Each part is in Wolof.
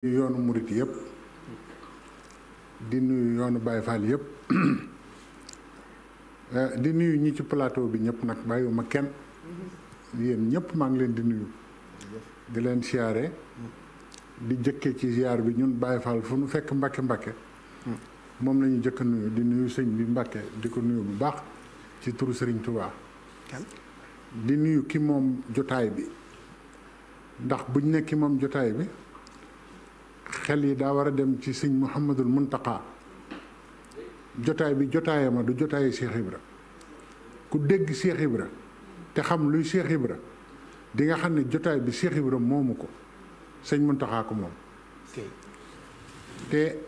di yoonu murit yépp di nuyu yoonu Baye Fall yëpp eh, di nuyu ñi ci plateau bi ñëpp nag bàyyiwuma kenn mm-hmm. yéen ñëpp maa ngi leen di nuyu di leen siyaare mm-hmm. di jëkke ci siyaar bi ñun Baye Fall fu nu fekk mbakke mbakke mm-hmm. moom lañu ñu jëkk nuyu di nuyu sëñ bi Mbàkke di ko nuyu bu baax ci turu Sëriñ Tuubaa di nuyu ki moom jotaay bi ndax buñ nekki moom jotaay bi xel yi daa war a dem ci sëñ Mouhamadul Muntaqa jotaay bi jotaayama du jotaayu Cheikh ra ku dégg Cheikh ra te xam luy Cheikh ra di nga xam ne jotaay bi Cheikh Ibra moomu ko sëñ Muntaqa ko moom te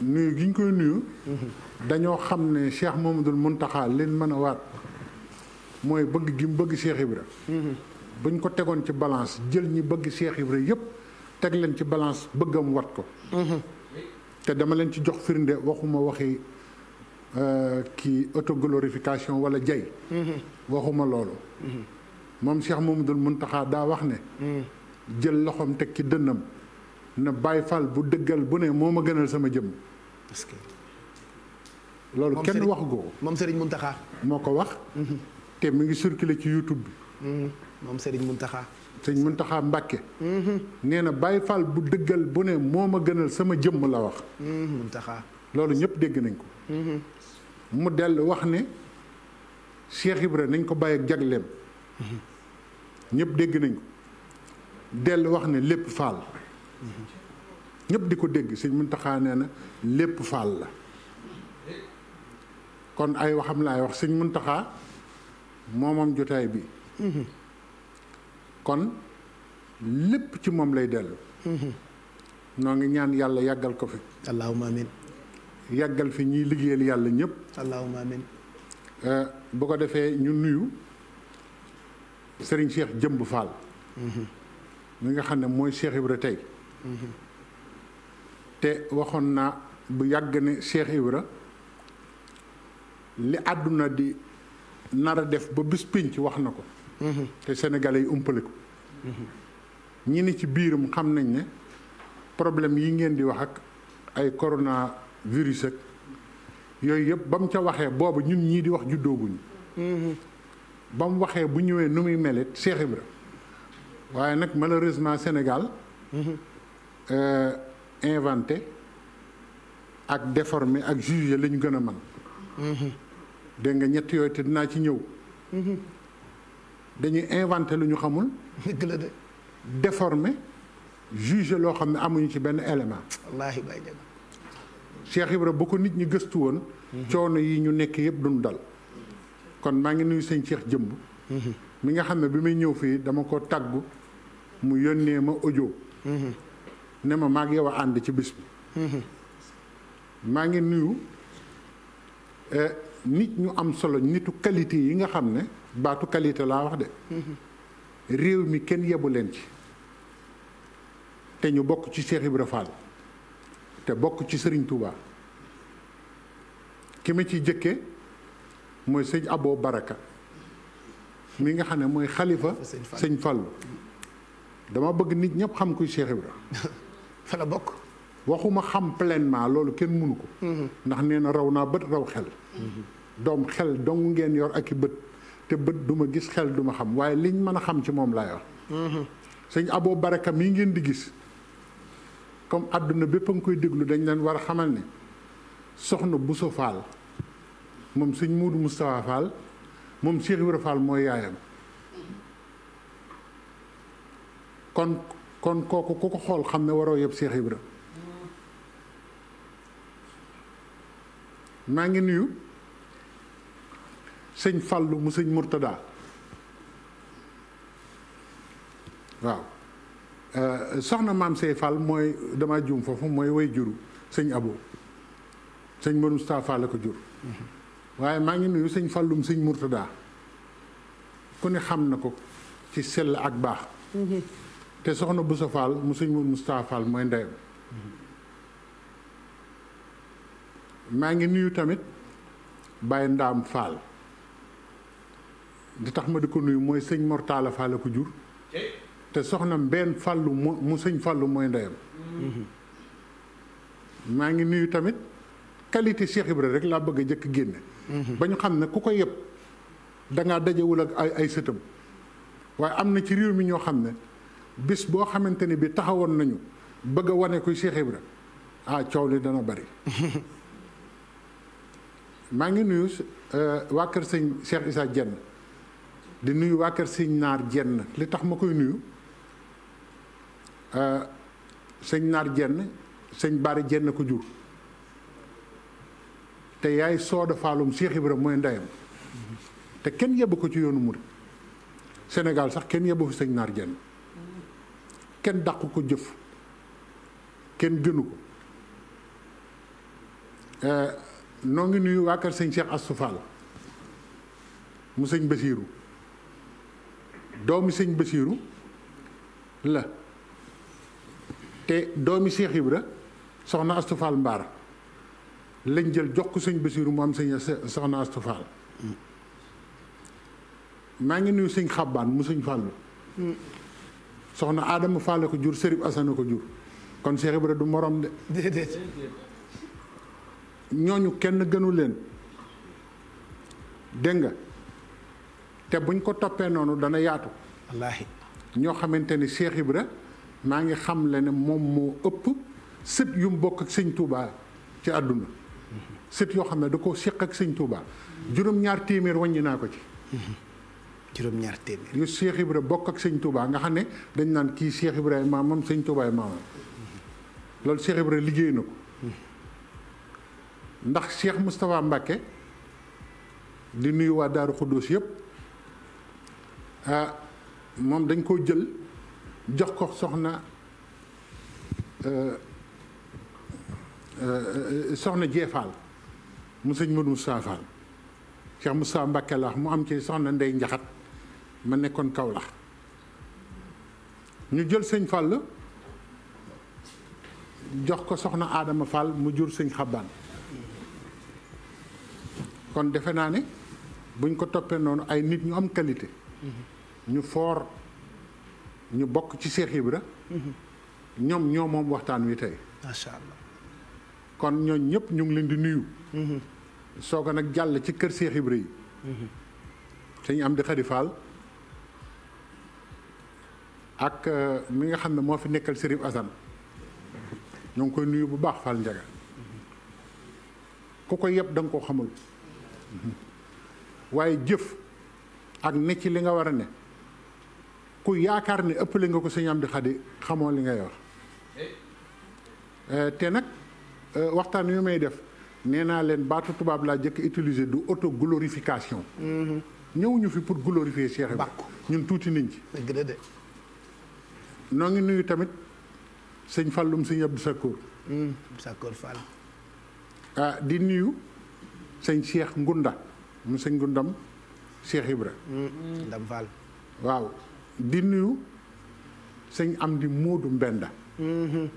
nuyu gi ñu koy nuyu dañoo xam ne Cheikh Mouhamadul Muntaqa leen mën a waat mooy bëgg gi mu bëgg Cheikh Ibra mm-hmm. buñ ko tegoon ci balance jël ñi bëgg Cheikh Ibra yépp teg leen ci balance bëggam wat ko mhm. te dama leen ci jox firnde waxuma waxi euh, kii autoglorification wala jay mhm. waxuma loolu mhm. moom Cheikh Mamadou Mountakha daa wax ne jël loxoom teg ki dënnam na Baay Faal bu dëggal bu ne moo ma gënal sama jëmm loolu kenn wax goo moom Serigne Mountakha moo ko wax te mu ngi circulé ci YouTube bi moom Serigne Mountakha sëñ Muntaxa Mbàkke nee na Baay Faal bu dëggal bu ne moo ma gënal sama jëmm la wax mm-hmm, Muntaxa loolu ñëpp dégg nañ ko mm-hmm. mu dell wax ne Cheikh Ibra nañ ko bàyyi ak jagleem mm-hmm. ñëpp dégg nañ ko dellu wax ne lépp faal ñépp di ko dégg sëñ Muntaxa nee na lépp faal la kon ay waxam laay wax sëñ Muntaxa moomam jotaay bi kon lépp ci moom lay dellu mm-hmm. noo ngi ñaan yàlla yàggal ko fi allahumma amin yàggal fi ñuy liggéeyal yàlla ñëpp allahumma amin eh, bu ko defee ñu nuyu sëriñ Cheikh Jëmb Fall mm-hmm. mi nga xam ne mooy Cheikh Ibra tey mm-hmm. te waxoon naa bu yàgg ne Cheikh Ibra li àdduna di nara def ba bis pinc wax na ko te sénégalais yi ñi ni ci biiram xam nañ ne problème yi ngeen di wax ak ay coronavirus ak yooyu yëpp ba mu ca waxee boobu ñun ñii di wax juddooguñu ba mu waxee bu ñëwee nu muy melit Cheikh waaye nag malheureusement Sénégal euh, inventé ak déformé ak jugé la ñu gën a man mm-hmm. dégg nga ñett yooyu te dinaa ci ñëw mm-hmm. dañuy inventé lu ñu xamul. dëgg la déformé jugé loo xam ne amuñu ci benn élément. wallaahi bay dëgg. bu ko nit ñi gëstu woon. Mhm. coono yi ñu nekk yëpp duñ dal. kon maa ngi nuyu sëñ Cheikh Jëmb. Mhm. mi nga xam ne bi may ñëw fii dama ko tàggu mu yónnee ma audio. Mhm. ne ma maa ngi yow ànd ci bis maa ngi nuyu eh, nit ñu am solo nitu qualité yi nga xam ne. baatu qualité laa wax de réew mi kenn yebu leen ci te ñu bokk ci Cheikh Ibra Fall te bokk ci sëriñ Touba ki ma ci jëkke mooy sëñ Abo Baraka mi nga xam ne mooy xalifa sëñ Fallu dama bëgg nit ñëpp xam kuy Cheikh Ibra fa la bokk waxuma xam pleinement loolu kenn mënu ko mm-hmm. ndax nee na raw naa bët raw xel mm-hmm. doom xel dong ngeen yor ak i bët te bët du ma gis xel duma xam waaye liñ mën a xam ci moom laay wax. Mhm. sëñ Abo Baraka yi ngeen di gis comme àdduna bépp a nga koy déglu dañ leen war a xamal ni soxna Bousso Fall moom sëñ Muudu Moustapha moom Cheikh Ibrahima mooy yaayam kon kon kooku ku ko xool xam ne waroo yëpp seex Ibrahima maa ngi nuyu. sëñ Fàllu mu sëñ Murtada waaw euh, soxna maam Sey Fall mooy dama juum foofu mooy way juru sëñ Abo sëñ Mor Moustapha ko jur mm-hmm. waaye maa ngi nuyu sëñ Fàllum sëñ Murtada ku ne xam na ko ci sell ak baax mm-hmm. te soxna Boussa Fall mu sëñ Mor Moustapha mooy ndeyam mm-hmm. maa ngi nuyu tamit bàyyi Ndaam Fall di tax ma di ko nuyu mooy sëñ Mortala Fall la ko jur te soxna benn fàllu mu mu sëñ fàllu mooy ndeyam mm-hmm. maa ngi nuyu tamit qualité Cheikh Ibra rek laa bëgg a jëkk génne mm-hmm. ba ñu xam ne ku ko yëpp dangaa dajewul ak ay ay sëtam waaye am na ci réew mi ñoo xam ne bis boo xamante ni bi taxawoon nañu bëgg a wane kuy Cheikh Ibra ah coow li dana bari maa ngi nuyu euh, waa kër sëñ Cheikh Issa Dieng di nuyu waa kër sëñ naar jenn li tax ma koy nuyu euh, sëñ naar jenn sëñ bari jenn ko jur te yaay sooda faalum Cheikh Ibrahima mooy ndeyam te kenn yebbu ko ci yoonu murid Sénégal sax kenn yebbu fi sëñ naar jenn kenn dàqu ko jëf kenn gënu ko euh, noo ngi nuyu waa kër sëñ Cheikh Astou mu sëñ Basiiru doomi seigne basiru la té doomi Cheikh Ibra soxna Astoufal mbar lañ jël jox ko seigne Basiiru mo am seigne soxna Astoufal ma ngi nuyu seigne khabban mu seigne Fàllu soxna adam Fall ko jur serif Asana ko jur kon Cheikh Ibra du morom de déedéet ñoñu kenn gënu len denga te buñ ko toppee noonu dana yaatu. wallaahi ñoo xamante ni Cheikh Ibra maa ngi xam le ne moom moo ëpp sët yu mu bokk ak sëñ Touba ci àdduna sët yoo xam ne da ko séq ak sëñ Touba juróom wàññi naa ko ci. juróom-ñaar téeméer. yu bokk ak sëñ Touba nga xam ne dañ naan kii Cheikh Ibra maamam sëñ Touba ay maamam loolu Cheikh liggéey na ko ndax Cheikh Moustapha Mbacke di nuyu waa Daaru Xuddoos yëpp. ah moom dañ koo jël jox ko soxna euh, euh, euh, soxna jeefaal mu sëñ Modou Moustapha Fall Cheikh Moustapha Mbacke la mu am ci soxna ndey njaxat ma nekkoon Kaolack ñu jël sëñ Fall jox ko soxna aadama Fall mu jur sëñ xabbaan kon defe naa ne buñ ko toppee noonu ay nit ñu am qualité ñu foor ñu bokk ci Cheikh Ibra ñoom ñoo moom waxtaan wi tey macha allah kon ñooñ ñëpp ñu ngi leen di nuyu soog a nag jàll ci kër Cheikh Ibra yi sëñ Amdi Khady Fall ak euh, mi nga xam ne moo fi nekkal Serigne Assane ñoo ngi koy nuyu bu baax Fall Ndiaga ku ko yëpp da nga koo xamul waaye jëf ak ne ci li nga war a ne ku yaakaar ne ëppale nga ko sëñ Amdi Xadi xamoo li ngay wax eh, te nag eh, waxtaan yu may def nee naa leen baatu tubaab laa jëkk utiliser du auto glorification mm-hmm. ñëwuñu fi pour glorifier Cheikh Ibra ñun tuuti nañ ci noo ngi nuyu tamit sëñ Fallum sëñ Abdou Sakkoor mm, Sakkoor Fall ah, di nuyu sëñ Cheikh Ngunda mu sëñ Ngundam Cheikh Ibra. Ndam Fall. waaw di nuyu Seigne Amdi Modou Mbenda hmm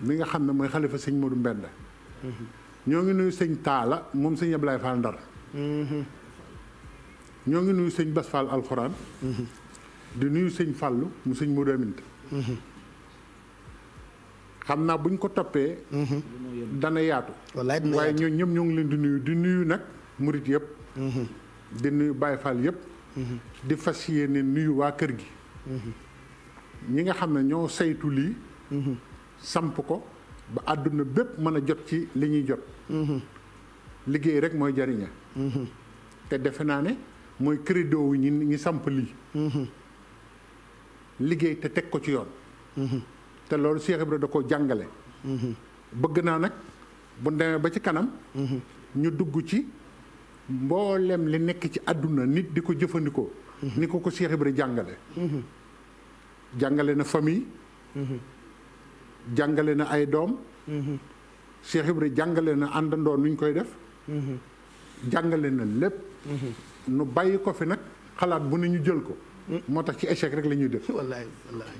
mi nga xamne moy khalifa Seigne Modou Moodu Mbenda. Mm-hmm. ñoo ngi nuyu Seigne Tala mom Seigne Ablaye Fall Ndar. Mm-hmm. ñoo ngi nuyu Seigne Bass Fall Alcorane hmm di nuyu Seigne Fallu mu Seigne Modou Aminta. hmm xamna buñ ko topé hmm dana yaatu. waaye ñoo ñëpp ñoo ngi leen di nuyu di nuyu nak murit yépp Mm-hmm. di nuyu Baye Fall yëpp. Mm-hmm. di fas yéene nuyu waa kër gi. Mm-hmm. ñi nga xam ne ñoo saytu lii. samp ko ba àdduna bépp mën a jot ci li ñuy jot. liggéey rek mooy jariña te defe naa ne mooy credo wu ñi ñi samp lii. liggéey te teg ko ci yoon. te loolu Cheikh Ibra da ko jàngale. bëgg naa nag bu demee ba ci kanam. ñu dugg ci. mboolem li nekk ci àdduna nit di ko jëfandikoo. ni ko ko Cheikh Ibra jàngale. jàngale na famille. jàngale na ay doom. Cheikh Ibra jàngale na àndandoo nuñ koy def. jàngale na lépp. nu bàyyi ko fi nag xalaat bu ne ñu jël ko. moo tax ci échec rek la ñuy def. wallaay wallaay.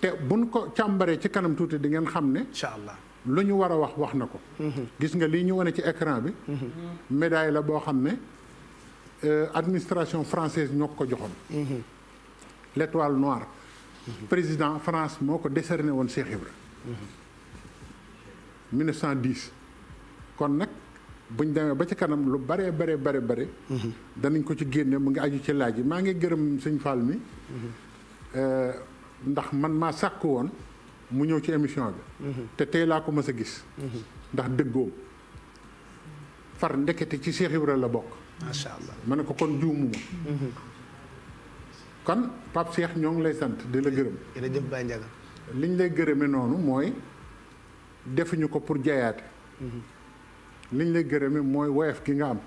te buñ ko càmbaree ci kanam tuuti di ngeen xam ne. incha allah. lu ñu war a wax wax na ko. Mm-hmm. gis nga lii ñu wane ci écran bi. Mm-hmm. médaille la boo xam ne euh, administration française ñoo ko joxoon. Mm-hmm. l'étoile noire. président France moo ko décerné woon Cheikh Ibra. 1910 kon nag buñ demee ba ci kanam lu bare bare bare bare. danañ ko ci génne mu ngi aju ci laaj yi maa ngi gërëm sëñ Fall mi. Euh, ndax man maa sàkk woon. mu ñëw ci émission bi. Mhm. te tey laa ko mës a gis. Mhm. ndax dëggoom far ndekete ci Cheikh Ibra la bokk. macha allah ma ne ko kon juumuma. Mhm. kon Pape Cheikh ñoo ngi lay sant di la gërëm. jërëjëf Baye Ndiaga. liñ lay gërëme noonu mooy defuñu ko pour jayaate. liñ lay gërëme mooy woyof gi nga am.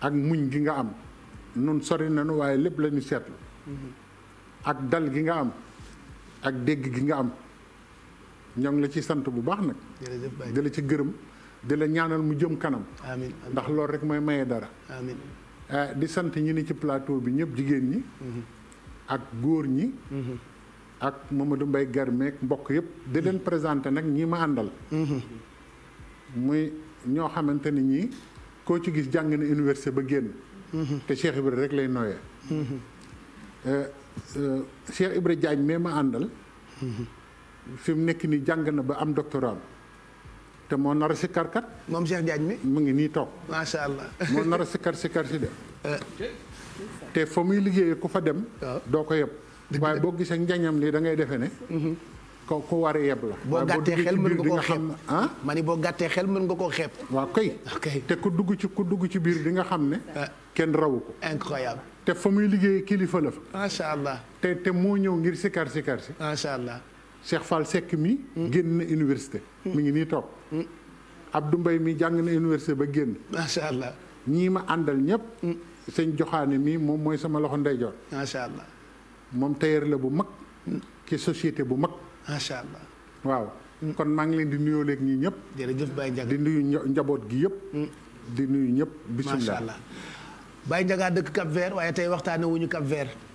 ak muñ gi nga am. nun sori nañu waaye lépp la ñu seetlu. ak dal gi nga am. ak dégg gi nga am ñoo ngi la ci sant bu baax nag. di la ci gërëm di la ñaanal mu jëm kanam. amiin ndax loolu rek mooy maye dara. amiin eh, di sant ñi ni ci plateau bi ñëpp jigéen ñi. Mm-hmm. ak góor ñi. Mm-hmm. ak Mamadou mbay Garmeek mbokk yëpp di leen mm-hmm. présenté nag ñi ma àndal. muy ñoo xamante ni ñi koo ci gis jàng na université ba génn. te Cheikh Ibrahima rek lay nooyee. Eh, Euh, Cheikh Ibra jaañ mais ma àndal fi mu nekk nii jàng na ba am doctorat te moo nara a kat moom Cheikh Diagne mi mu ngi nii toog macha allah moo nar a sikkar si de euh. te fa muy liggéey ku fa dem doo ko yeb waaye boo gisee njañam li da ngay defee ne mm-hmm. ko ku war a yeb la boo gàttee xel mën nga koo xeeb ah ma ni boo gàttee xel mën nga koo xeeb waaw kay te ku dugg ci ku dugg ci biir di nga xam ne euh. kenn rawu ko té famuy liggéey kilifa la fa. allah te té mo ñew ngir sikar sikar si. macha allah Cheikh Fall sek mi. Hmm. genn na université. Hmm. mi ngi ni top hmm. Abdou mbay mi jang na université ba allah ñi ma andal ñep seigne joxane mi mom moy sama loxo ndeyjoor. macha allah mom tayer la bu mak ci société bu mak? macha allah waaw. kon ma ngi leen di nuyoo léegi ñii ñëpp. jërëjëf di nuyu njabot gi yep di nuyu Baye Ndiaga dëkk Cap Vert waaye tey waxtaane wuñu Cap Vert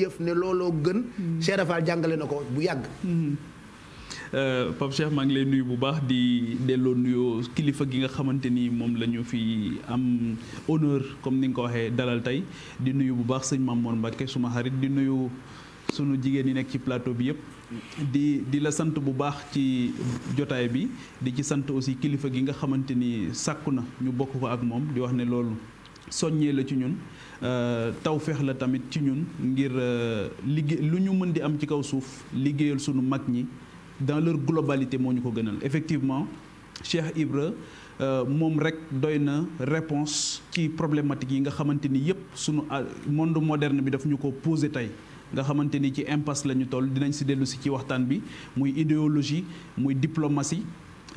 yëf ne looloo gën. Mm. Cheikh jàngale na ko bu yàgg. Mm. Euh, Pape Cheikh maa ngi lay nuyu bu baax di delloo nuyoo kilifa gi nga xamante ni moom la ñu fi am honneur comme ni nga ko waxee dalal tey di nuyu bu baax sëñ Mamour Mbacke suma xarit di nuyu sunu jigéen yi nekk ci plateau bi yëpp. di di la sant bu baax ci jotaay bi di ci sant aussi kilifa gi nga xamante ni sàkku na ñu bokk ko ak moom di wax ne loolu soññee la ci ñun. Euh, tawféex la tamit ci ñun ngir euh, liggéey lu ñu mën di am ci kaw suuf liggéeyal suñu mag ñi dans leur globalité moo ñu ko gënal effectivement Cheikh Ibra euh, moom rek doy na réponse ci problématique yi nga xamante ni yëpp monde moderne bi daf ñu ko posé tey nga xamante ni ci impasse la ñu toll dinañ si dellu si ci waxtaan bi muy idéologie muy diplomatie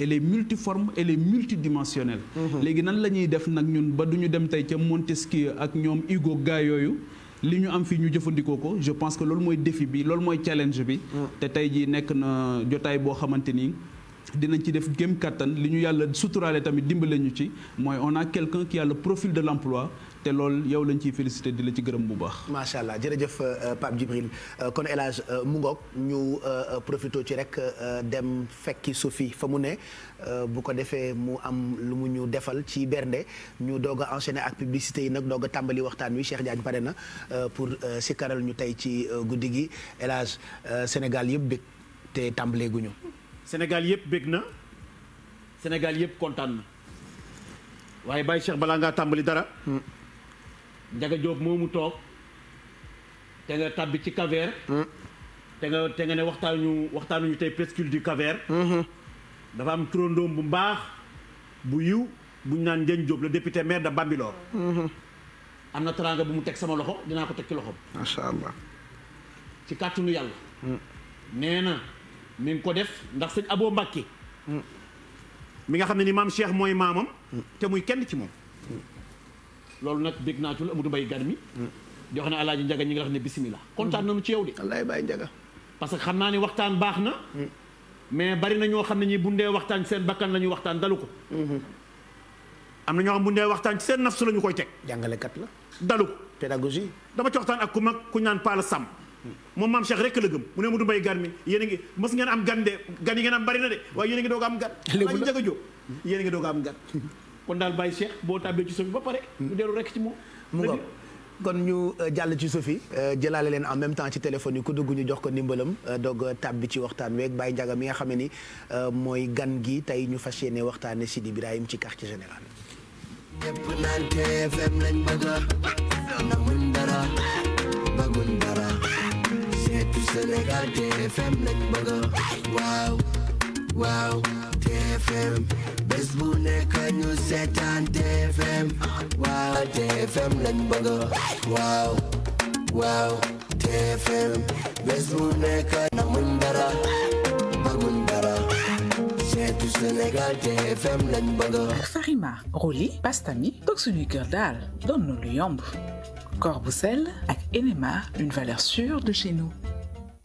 elle est multiforme elle est multidimensionnelle. Mhm. léegi nan la ñuy def nag ñun ba du ñu dem tey ca Montesquieu ak ñoom Hugo gaa yooyu. li ñu am fii ñu jëfandikoo ko je pense que loolu mooy défi bi loolu mooy challenge bi. Mm. te tey jii nekk na jotaay boo xamante ni. dinañ ci def gém kattan li ñu yàlla suturaale tamit dimbale ñu ci mooy on a quelqu'un qui a le profil de l'emploi té loolu yow lañ ci félicité di la ci gërëm bu baax. macha allah jëf euh, Pape jibril euh, kon El Hadj euh, mu ngoog ñu profito ci rek dem fekki Sophie fa mu ne bu ko défé mu am lu mu ñu défal ci berndé ñu doga enchaîner ak publicité yi nak doga tambali tàmbali waxtaan wi Cheikh Diagne pare pour si karal ñu tay ci guddigi gi Sénégal yëpp bég té tàmbalee guñu Sénégal yëpp bég na Sénégal yëpp contane waye bay Cheikh balaa ngaa tàmbali dara. Hmm. Njaga Jóob moomu tok té nga tabbi ci Cap-Vert hmm. té nga té nga waxtanu waxtanu ñu tey pescule du Cap-Vert hmm. dafa am trondom bu mbaax bu yiw bu ñaan Ndiagne Diop le député maire de Bambilor hmm. am amna tranga bu mu tek sama loxo dina ko tek ci loxo sha allah ci kàttanu yàlla nee na mi ngi ko def ndax sëñ Abo mbacké Mbàkke mi nga xam ne ni maam Cheikh moy mamam té muy kenn ci moom loolu nag dégg naa ci lu Amadou Mbaye gar mi jox na alaaji njaga ñi ngi xam ne bisimilah kontaan nañu ci yow de wallaay bàyyi njaga parce que xam naa ne waxtaan baax na mais bari na ñoo xam ne ñi bundee waxtaan seen bakkan la ñuy waxtaan dalu ko am na ñoo xam bundee waxtaan ci seen nafsu la ñu koy teg jàngalekat la dalu ko pédagogie dama ci waxtaan ak ku mag ku ñaan Paala Sam moom maam Cheikh rek la gëm mu ne Amadou Mbaye gar mi yéen a ngi mës ngeen am gan de gan yi bari na de waaye yéen a ngi doog a am gan alaaji njaga jóg yéen a ngi doog am gan kon daal bàyyi Cheikh boo tàbbee ci Sophie ba pare. mu dellu rek ci moom. mu ngoog kon ñu euh, jàll ci Sophie euh, jëlaale leen en même temps ci téléphone yi ku dugg ñu jox ko ndimbalam euh, doog tàbbi ci waxtaan weeg Baye Ndiaga mi nga xam ne ni mooy gan gi tey ñu fas yéene waxtaane Sidi Ibrahima ci quartier général. ñëpp naan TFM lañ bëgg namuñ dara baguñ dara seetu Sénégal TFM lañ bëgg waaw waaw TFM bés bu nekk ñu TFM waaw TFM lañ bëgg waaw waaw TFM bés bu nekk namuñ dara maguñ dara seetu Sénégal TFM lañ bëgg farima roli pastami toog suñuy kër daal doon na lu yomb corps bu ak enema une valeur sûre de chez nous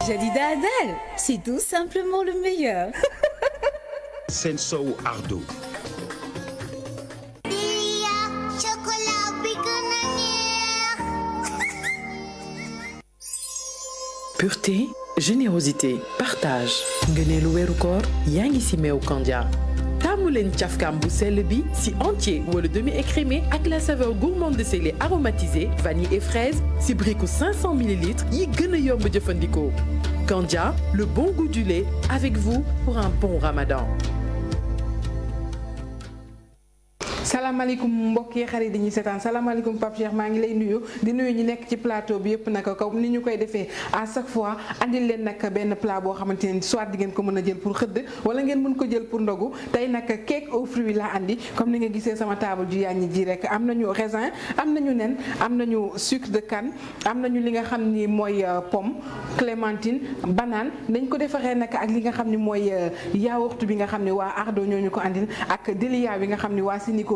Jadida Adel, c'est tout simplement le meilleur. Senso Ardo. Pureté, générosité, partage. Gëneelu weeru koor yaa ngi si Kandia moulin leen cafkaam selbi si entier ou le demi écrémé avec la saveur gourmande de sel aromatisé vanille et fraise si bricot 500 ml yi gëna yomb jëfëndiko Kandia le bon goût du lait avec vous pour un bon ramadan salaamaaleykum mbokk yi xarit di ñu seetaan salaamaaleykum Pape Cheikh maa ngi lay nuyu di nuyu ñi nekk ci plateau yëpp naka ñu koy defee à chaque fois andil leen nag benn plat boo xamante ne soit di ngeen ko mën a jël pour xëdd wala ngeen mën ko jël pour ndogu tey nag cake aux fruits laa comme ni nga gisee sama table ji yaa ñi ji rek am nañu raisin am nañu nen am nañu sucre de canne am nañu li nga xam ni mooy euh, pomme clémentine banane dañ ko defaree nag ak li nga xam ni mooy euh, yaourt bi nga xam ni waa Ardo ñoo ñu ko andil ak délia bi nga xam ni waa Sinico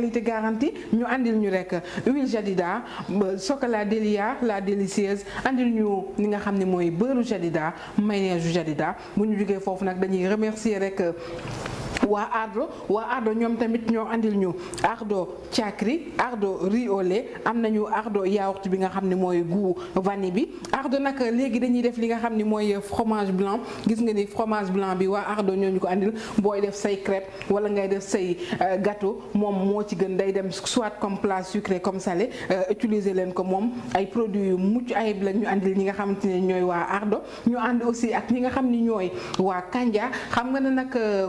qualité garantie nous andil ñu huile jadida chocolat Delia la délicieuse andil ñu ni nga xamni moy jadida mayonnaise jadida bu ñu remercier Wa ardo wa ardo ñom tamit ñoo andil ñu ardo tiakri ardo riz au lait ardo yaourt bi nga xamni moy goût vanille bi ardo nak légui dañuy def li nga xamni moy fromage blanc gis nga ni fromage blanc bi wa ardo ñoo ñu ko andil boy def say crêpe wala ngay def say euh, gâteau moom mo ci gën day dem soit comme plat sucré comme salé euh, utiliser leen ko moom ay produits mucc ayib lañ andil ñi nga xamni ñoy ardo ñu and aussi ak ñi nga xamni ni wa waa kanja xam nga nak euh,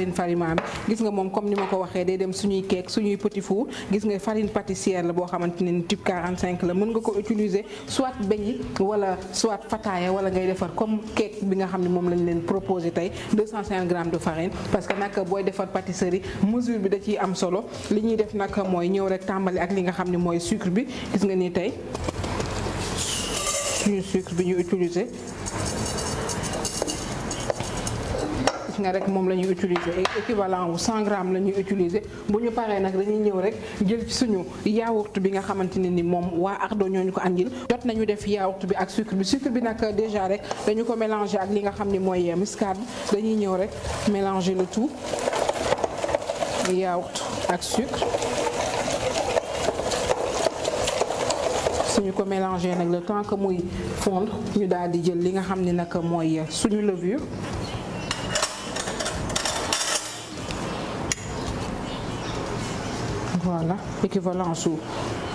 farine farima gis nga mom comme nima ko waxe day dem suñuy keek suñuy petit four gis nga farine pâtissière la bo xamanteni type 45 la mën nga ko utiliser soit beñ wala soit fataaya wala ngay défar comme keek bi nga xamni mom lañ leen proposer tay 250 grammes de farine parce que nak boy défar pâtisserie mesure bi da ci am solo liñuy def nak moy ñew rek tambali ak li nga xamni moy sucre bi gis nga ni tay suñu sucre bi ñu utiliser ne rek moom la utiliser ay équivalent wu 100 grammes la ñuy utiliser bu ñu paree nag dañuy ñëw rek jël ci suñu yaourt bi nga xamante ne ni moom waa Ardo ñooñu ko andil jot nañu def yaourt bi ak sucre bi sucre bi nak déjà rek dañu ko mélanger ak li nga xamni moy mooy muscade dañuy ñëw rek mélanger le tout yaourt ak sucre suñu ko mélanger nak le temps que muy fondre ñu daal di jël li nga xamni nak moy suñu levure voilà équivalent soupe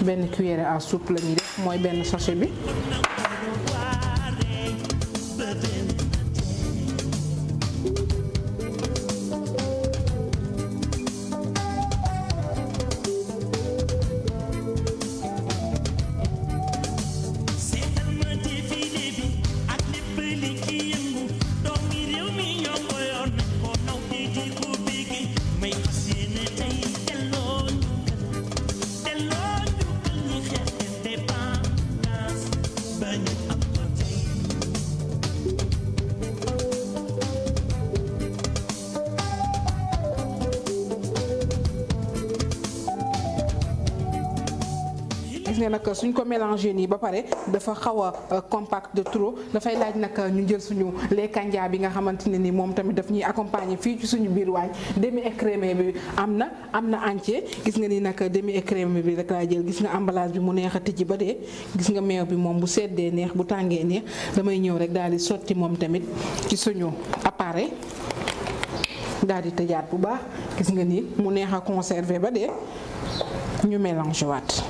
ben cuillère à soupe la ñuy def mooy benn sachet bi ko mélanger ni ba paré dafa xawa euh, compact de trop da fay laaj nak euh, ñu jël suñu les kanja bi nga xamanteni ni mom tamit daf ñi accompagner fi ci suñu bir way demi écrémé bi amna amna entier gis nga ni nak euh, demi écrémé bi rek laa jël gis nga emballage bi mu neex a ba dé gis nga meew bi mom bu seddee neex bu tangé ni damay ñëw rek daal di sotti moom tamit ci suñu appareil daal di tëjaat bu baax gis nga ni mu neex a conserver ba dé ñu mélanger waat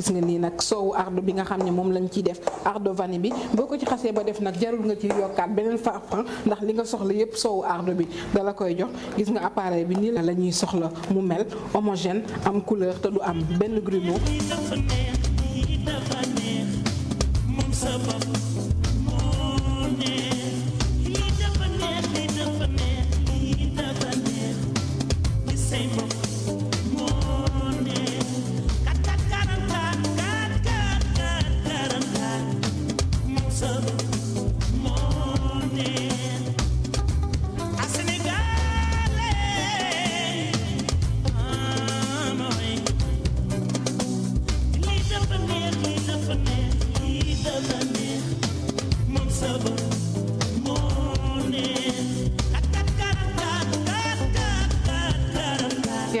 gis nga nii nag soowu ardo bi nga xam mom lañ ci def ardo vanille bi boo ci xasse ba def nak jarul nga ci yokkat benen fa farfan ndax li nga soxla yépp soowu ardo bi dala koy jox gis nga appareil bi ni lañuy soxla mu mel homogène am couleur te du am benn grumeau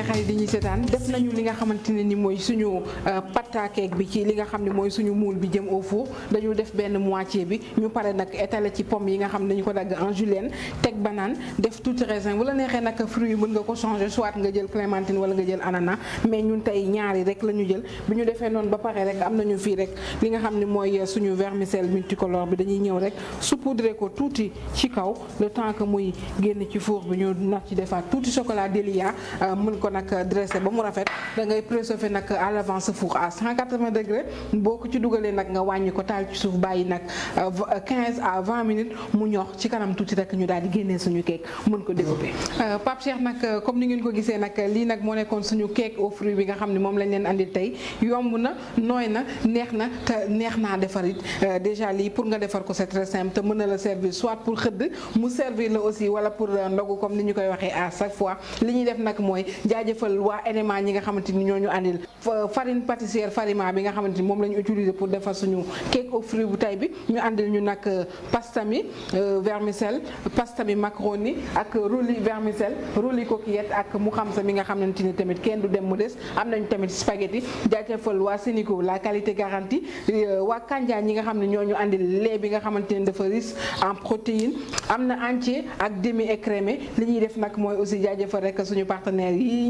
mbokki xarit di ñu seetaan def nañu li nga xamante ne ni mooy suñu euh, pataakeeg bi ci li nga xam ne mooy suñu muul bi jëm au four dañu def benn moitié bi ñu pare nag étaler ci pomme yi nga xam ne dañu ko dagg en julienne teg banaan def tuuti raisin bu la neexee nag fruit yi mën nga ko changer soit nga jël clémentine wala nga jël ananas mais ñun tey ñaari rek la ñu jël bu ñu defee noonu ba pare rek am nañu fii rek li nga xam ni mooy euh, suñu vermicelle multicolore bi dañuy ñëw rek saupoudrer ko tuuti ci kaw le temps que muy génn ci four bi ñu nag ci defaat tuuti chocolat délia euh, ko dressé ba mu rafet da ngay préchauffer nak à l'avance four à 180 degrés boku ci dougalé nak nga wàññi ko taal ci suuf bàyyi nak 15 euh, euh, à 20 minutes mu ñox ci kanam tuuti rek ñu dal di génné suñu cake mën ko découper. Euh, Pape Cheikh nak comme ni ngeen ko gissé nak li nak mo nekkoon suñu cake au fruit bi nga xamni mom lañ leen andi tay yomb na noy na neex na te neex na défar it déjà li pour nga défar ko c'est très simple te mëna la servir soit pour xëdd mu servir la aussi wala pour ndogu comme ni ñu koy waxé à chaque fois li ñi def nak moy jaajëfal waa NMA ñi nga xamante ni ñoo ñu andil farine pâtissière Farima bi nga xamante ni moom la ñu utiliser pour defar suñu cake aux fruits bu tay bi ñu andil ñu nag euh, pasta mi euh, vermicelle pasta mi macaroni ak rouli vermicelle rouli coquillette ak mu xam sa mi nga xamante ni tamit kenn du dem mu des am nañu tamit spaghetti jaajëfal waa Sénico la qualité garantie euh, waa Kandia ñi nga xam ne ñoo ñu andil lait bi nga xamante ni dafa riche en protéines am na entier ak demi li ñuy def nag mooy aussi jaajëfal rek suñu partenaires yi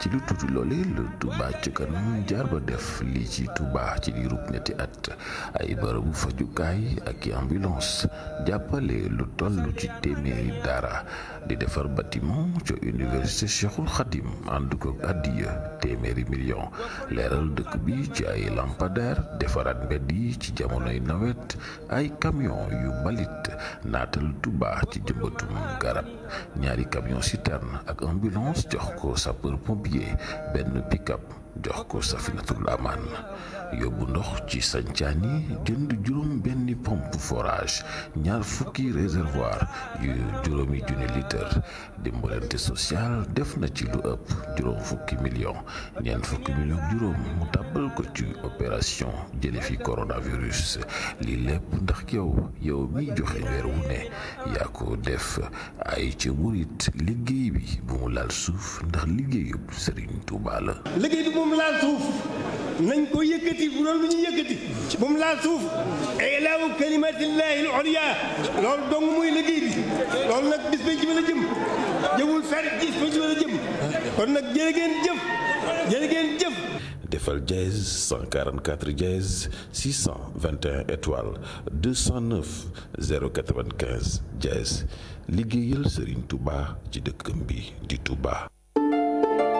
ci lu tuuti loole lu Touba ci kanam jaar ba def li ci Touba ci diiru ñetti at ay bërëbu fajukaay ak i ambulance jàppale lu toll ci téeméeri dara di defar bâtiment ca université Cheikhul Khadim ànd ko addiya téeméeri million leeral dëkk bi ci ay lampadaire defaraat mbedd yi ci jamonoy nawet ay camion yu mbalit naatal Touba ci jëmbatum garab ñaari camion citerne ak ambulance jox ko sapeur pompier benn pick jox ko Safinatul Amaan yóbbu ndox ci sancaan yi jënd juróom benn pompe forage ñaar fukki réservoir yu juróomi junni litre dimbalante social def na ci lu ëpp juróom fukki million ñeent fukki million juróom mu tàbbal ko ci opération jële fi coronavirus li lépp ndax yow yow joxe weer wu ne yaa ko def ay ca murit liggéey bi bu mu laal suuf ndax liggéeyub Serigne Touba la liggéey bi mu laal suuf nañ ko yëkkati yëkkati bu doon lu ñuy yëkkati bu ci mën kon nag jërë ngeen jëf jërë ngeen jëf defal jazz jazz liggéeyal Serigne Touba ci dëkkam bi di Touba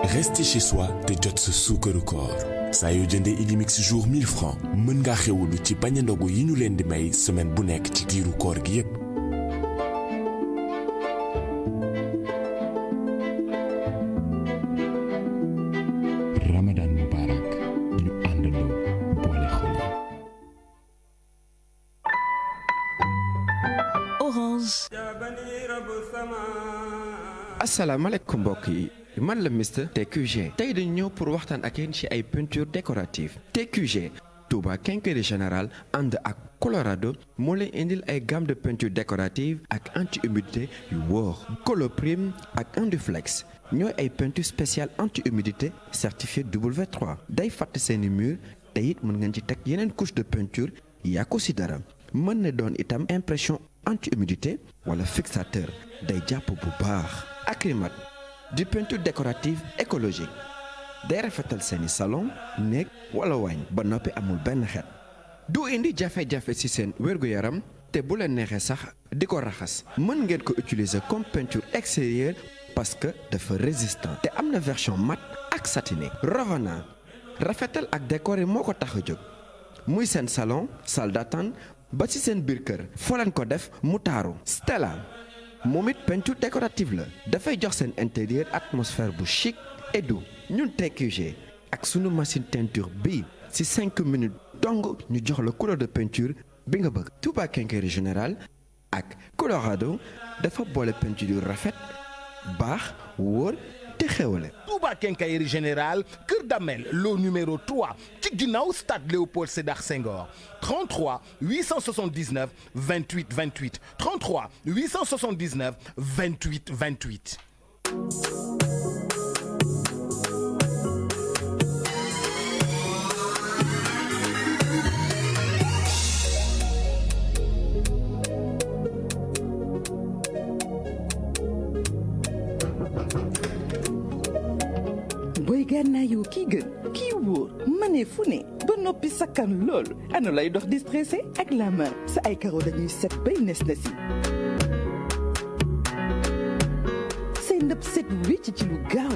rester chez soi te jot sa suukaru koor saa yoo des Illimix jour 1000 francs Mon nga xewulu ci bañ a ndogu yi ñu di may semaine bu nekk ci diiru corps. Ramadan Mubarak nous allons boole xol Orange Assalamu alaikum Boki man la Mister TQG tay dañu ñëw pour waxtaan ak yéen ci ay peinture décorative TQG Touba Quincaillerie Générale And ak Colorado mo leen indil ay gamme de peinture décorative ak anti humidité yu wor Coloprime ak Induflex ñoy ay peinture spéciale anti humidité certifié W3 day fàtte seeni mur te it mën ngeen ci tek yeneen couche de peinture yaa ko si dara mën na doon itam impression anti humidité wala fixateur day jàpp bu baax Acrimat du peinture décorative écologique day rafetal séni salon nek wala wagn ba nopi amul ben xet du indi jafé jafé ci sen wergu yaram te bu len nexé sax diko raxas mën ko utiliser comme peinture extérieure parce que dafa résistant Té amna version mat ak satiné revenant rafetal ak décoré moko ko tax a muy salon salle d'attente ba ci seen biir kër ko def Stella moom peinture décorative la dafay jox sen intérieur atmosphère bu chic et doux ñun TQG ak sunu machine teinture bi ci 5 minutes dong ñu jox la couleur de peinture bi nga bëgg. Touba Quincaillerie Générale ak Colorado dafa bolé peinture yu rafet baax wor tout Touba Quincaillerie Général, Kër Damel lot numéro 3 qui stade Léopold Sédar Senghor 33 879 28 28 33 879 28 28 gànnaayoo kii gën kii wóor mënee fu ne ba noppi sakkan loolu ana lay dox distressé stressé ak la main sa ay karo dañuy set bay nes na si say ndëpp set wécc ci lu gaaw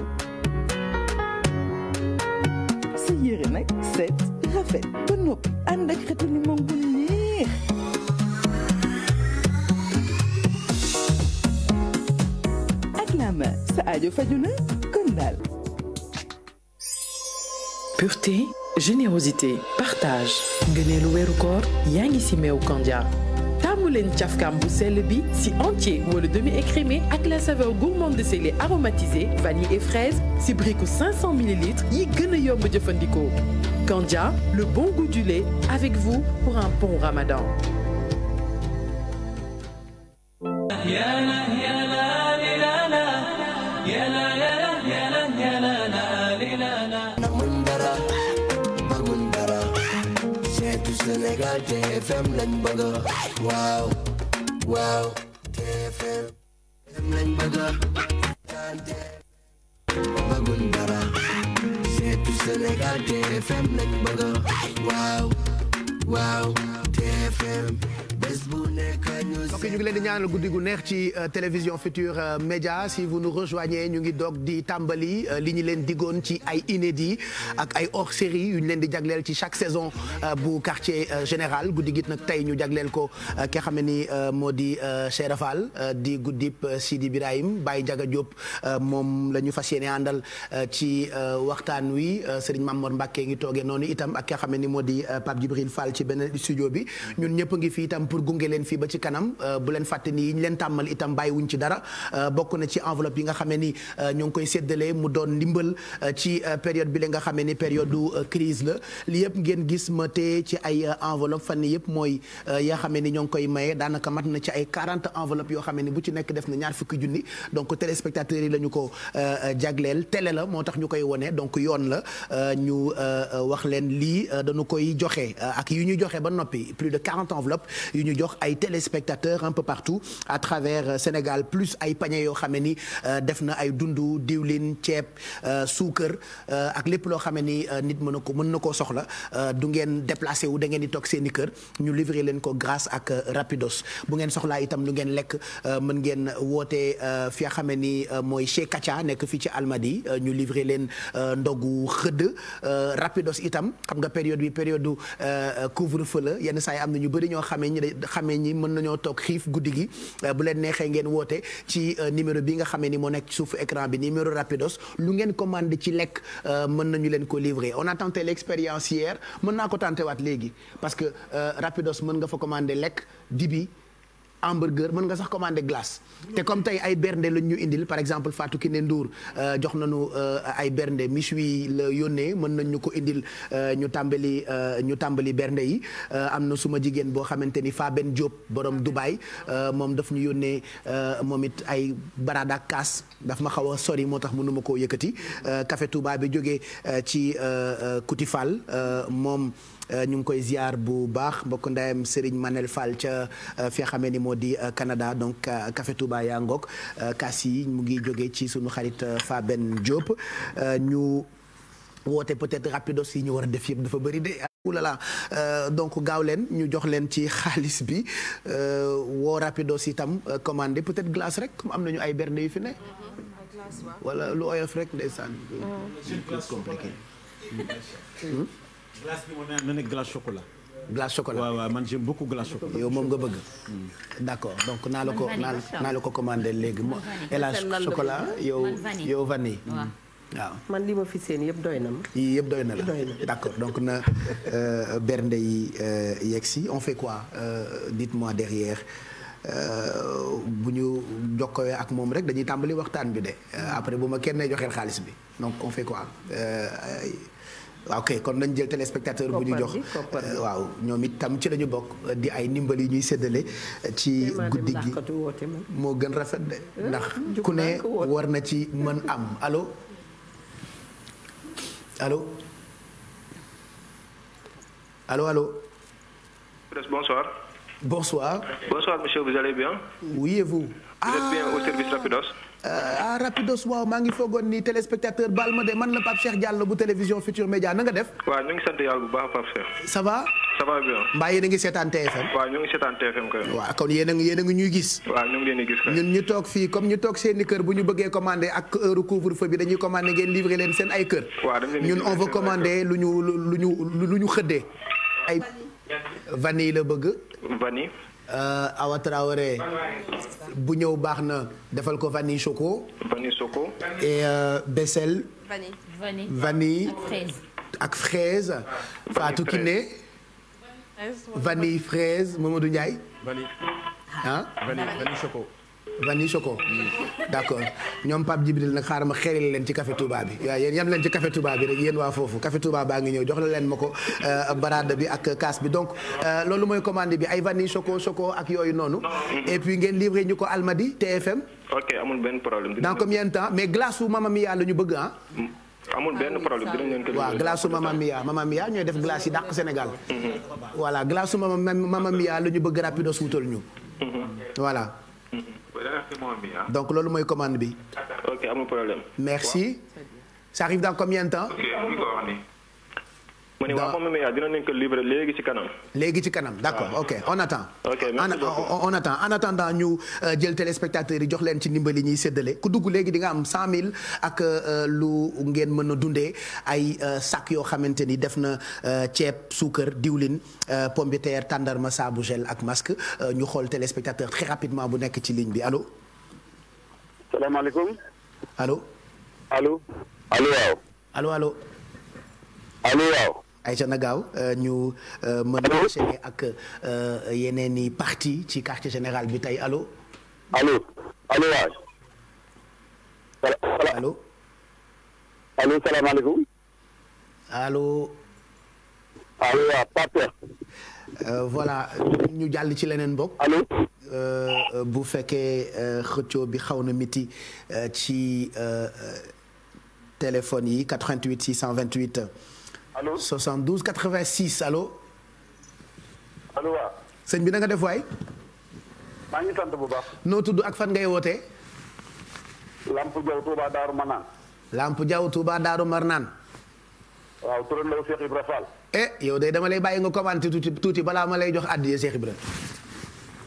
sa yére nag set rafet ba noppi ànd ak xetu ni moom bu neex ak la main sa aajo faju kon daal pureté générosité partage ngëneelu weeru koor yang ngi si meew Kandia taamu leen cafkaam bu si bi si entier demi écrémé avec la saveur gourmand de selé aromatisé vanille et fraise Si briku 500 ml yi gën a yomb Kandia le bon goût du lait avec vous pour un bon ramadan matinal TFM lañ bëgg waaw waaw TFM lañ bëgg tante bëgguñ dara seetu Sénégal TFM lañ bëgg waaw waaw TFM donc ñu ngi leen di ñaanal guddi gu neex ci euh, télévision future euh, Média si vous nous rejoignez ñu ngi doog di tambali euh, li ñu leen diggoon ci ay inédits ak ay hors série yu ñu leen di jagleel ci chaque saison bu quartier général guddi git nag tey ñu jagleel ko ki xam ne ni moo di Cheikh Fall di guddib Sidi Birahim Baye Ndiaga Diop moom la ñu fas yéene àndal ci waxtaan wi Serigne Mamor Mbacke ngi toogee noonu itam ak ki xam ne ni moo di Pape Djibril Fall ci beneen studio bi ñun ñëpp ngi fi itam pour gunge leen fii ba ci kanam euh, bu leen fàtte ni yi ñu leen tàmmal itam bàyyiwuñ ci dara euh, bokk na ci enveloppe yi nga xamee ni euh, ñoo ngi koy séddalee mu doon ndimbal ci période bi la nga xame ni période du crise la lii yëpp ngeen gis ma te ci ay enveloppe fan ni yëpp mooy yaa xamee ni ñoo ngi koy maye daanaka mat na ci ay quarante enveloppe yoo xamee ni bu ci nekk def na ñaar fukki junni donc téléspectateurs yi la ko jagleel télé la moo tax ñu koy wone donc yoon la ñu wax leen lii dañu koy joxe ak yu ñu joxe ba noppi New ñu jox ay téléspectateurs un peu partout à travers euh, Sénégal plus ay pagné yo xamé ni euh, def na ay dundu diwlin ceeb euh, suukar ak lepp lo xamé ni nit mëna ko mëna ko soxla du ngeen déplacé wu da ngeen di tok seen kër ñu livrer leen ko grâce ak Rapidos bu ngeen soxla itam lu ngeen lekk mën woté woote fi xamé xam ni mooy chez Kacha nekk ci Almadi ñu livrer leen ndogu xëdd Rapidos itam xam nga période bi période couvre-feu la yenn saa am na ñu bëri xamé ni xame ñi mën nañoo toog xiif guddi gi euh, bu leen neexee ngeen woote ci euh, numéro bi nga xamee ni moo nekk ci suufu écran bi numéro rapidos lu ngeen commandé ci lekk euh, mën nañu leen ko livrer on a tenté l'expérience hier mën naa ko tenté waat léegi parce que rapidos mën nga fa commandé lekk di bi hamburger mën nga sax commander glace te comme tey ay bernde lañ ñu indil par exemple ki ne Ndour euh, jox na nañu euh, ay bernde méchoui la yónnee mën nañ ñu ko indil euh, ñu tàmbali ñu tàmbali bernde yi am na suma jigéen boo xamante ni Faben Diop borom Dubaay moom daf ñu yónnee moom it ay barada kaas daf ma xaw a sori moo tax mënuma koo yëkkati Café Touba bi jógee ci Kuti Fall moom ñu ngi koy ziar bu baax mbokk ndayam Serigne Manel Fall ca fi xamee ni moo moo di euh, Canada donc euh, Café Touba yaa ngoog euh, kaas yi mu ngi jógee ci suñu xarit Faben Diop ñu woote peut-être rapidos yi ñu war a def yëpp dafa bëri de oulala donc gaaw leen ñu jox leen ci xaalis bi woo rapidos itam commandé peut-être glace rek comme am nañu ay bernde yu fi ne wala lu oyof rek ndeysaan ah. plus glace chocolat waaw waaw man j'aime beaucoup glace chocolat. yow moom nga bëgg. Mm. d'accord donc naa la ko naa la ko commandé léegi moom. glace chocolat yow yow vanille. Mm. Mm. waaw man li ma fi seen yëpp doy na ma. yii yëpp d'accord donc na euh, bernde yi euh, yegg si on fait quoi euh, dites-moi derrière. bu ñu jokkoo ak moom rek dañuy tàmbali waxtaan bi de après bu ma kenn joxeel xaalis bi donc on fait quoi. Ok, kon nañ jël téléspectateur bu ñu jox euh, waaw tam ci di ay yi ñuy ci gën rafet de hein? ndax ku né war na ci am Allô Allô Allô, allô bonsoir. bonsoir. bonsoir monsieur vous allez bien. oui et vous. vous bien au service Rapidos. Euh, ah rapidos waaw maa ngi foogoon ni téléspectateur baal ma man le Pape Cheikh Diallo bu télévision Futur Média nga def. wa ñu ngi sant yàlla bu baax Pape Cheikh. ça va. ça va bien. mbaa yéen ngi seetaan TFM. wa ñu ngi seetaan TFM kay. wa kon yéen nga ngi nga ñuy gis. wa ñu ngi leen gis kay. ñun ñu tok fi comme ñu tok seen kër bu ñu bëggee commander ak heure couvre feu bi dañuy commander ngeen livrer leen seen ay kër. waaw dañu leen ñun on veut commander lu ñu lu ñu lu ñu xëddee. ay vanille la bëgg. vanille. Euh, Awa Traoré bu Barna De vanille choco. vanille choco. et euh, Bessel. vanille vanille. ak fraise. Fatou Kiné. vanille fraise Mamadou Ndiaye. vanille hein? vanille choco vanille choco d'accord ñoom Pape Jibril nag xaaral ma xeeril leen ci café Touba bi waaw yeen yam len ci café Touba bi rek yeen wa fofu. café Touba ba nga ñëw jox la len mako euh barade bi ak casse bi donc euh, lolu moy commande bi ay vanille choco choco ak yooyu Nonu. Mhm. et puis ngeen livrer ñuko Almadie, Almadi TFM ok amul ben problème dans combien de temps mais glace ou Mamma Mia la ñu bëgg ah mm, amul benn problème dinañ leen ko waaw glace su Mamma Mia Mamma Mia ñooy def glace yi Sénégal mhm. voilà glace ou Mamma Mia la ñu bëgg rapide wutal ñu mhm. voilà donc le mooy commande bi. ok de problème. merci. ça arrive dans combien de temps. ok mu ne waaw moom mi dina nañ ko livrer léegi ci kanam. léegi ci kanam d'accord ok on attend. ok merci beaucoup on attend en euh, yi jox leen ci ndimbali ñuy séddale dugg léegi di nga am 100000 ak euh, lu ngeen mën a dundee ay euh, sac yoo xamante ni def na ceeb suukar diwlin pomme de terre tàndarma saabu gel ak masque ñu xool téléspectateur très rapidement bu nekk ci ligne bi allo. salaamaaleykum. allo. allo. allo waaw. allo allo. allo waaw. ayca na nous euh, ñu euh, mën a ak euh, yeneen i parti ci quartier général bi tey allo. allo allo Allô allo. allo Allô allo. allo waaw voilà ñu jàll ci leneen bokk. allo. bu fekkee xëccoo bi xaw na miti ci téléphone yi 88 628. allo 72 86 allo. allo waaw. sëñ bi na def waay. maa ngi sant bu baax. noo tudd ak fan ngay wootee. Lamp Diaw daaru Darou Marnaan. Lamp Diaw Touba Darou naan waaw turandoo Cheikh Ibra Fall. eh yow day dama lay bàyyi nga commenté tuuti tuuti balaa ma lay jox àddiya Cheikh Ibra.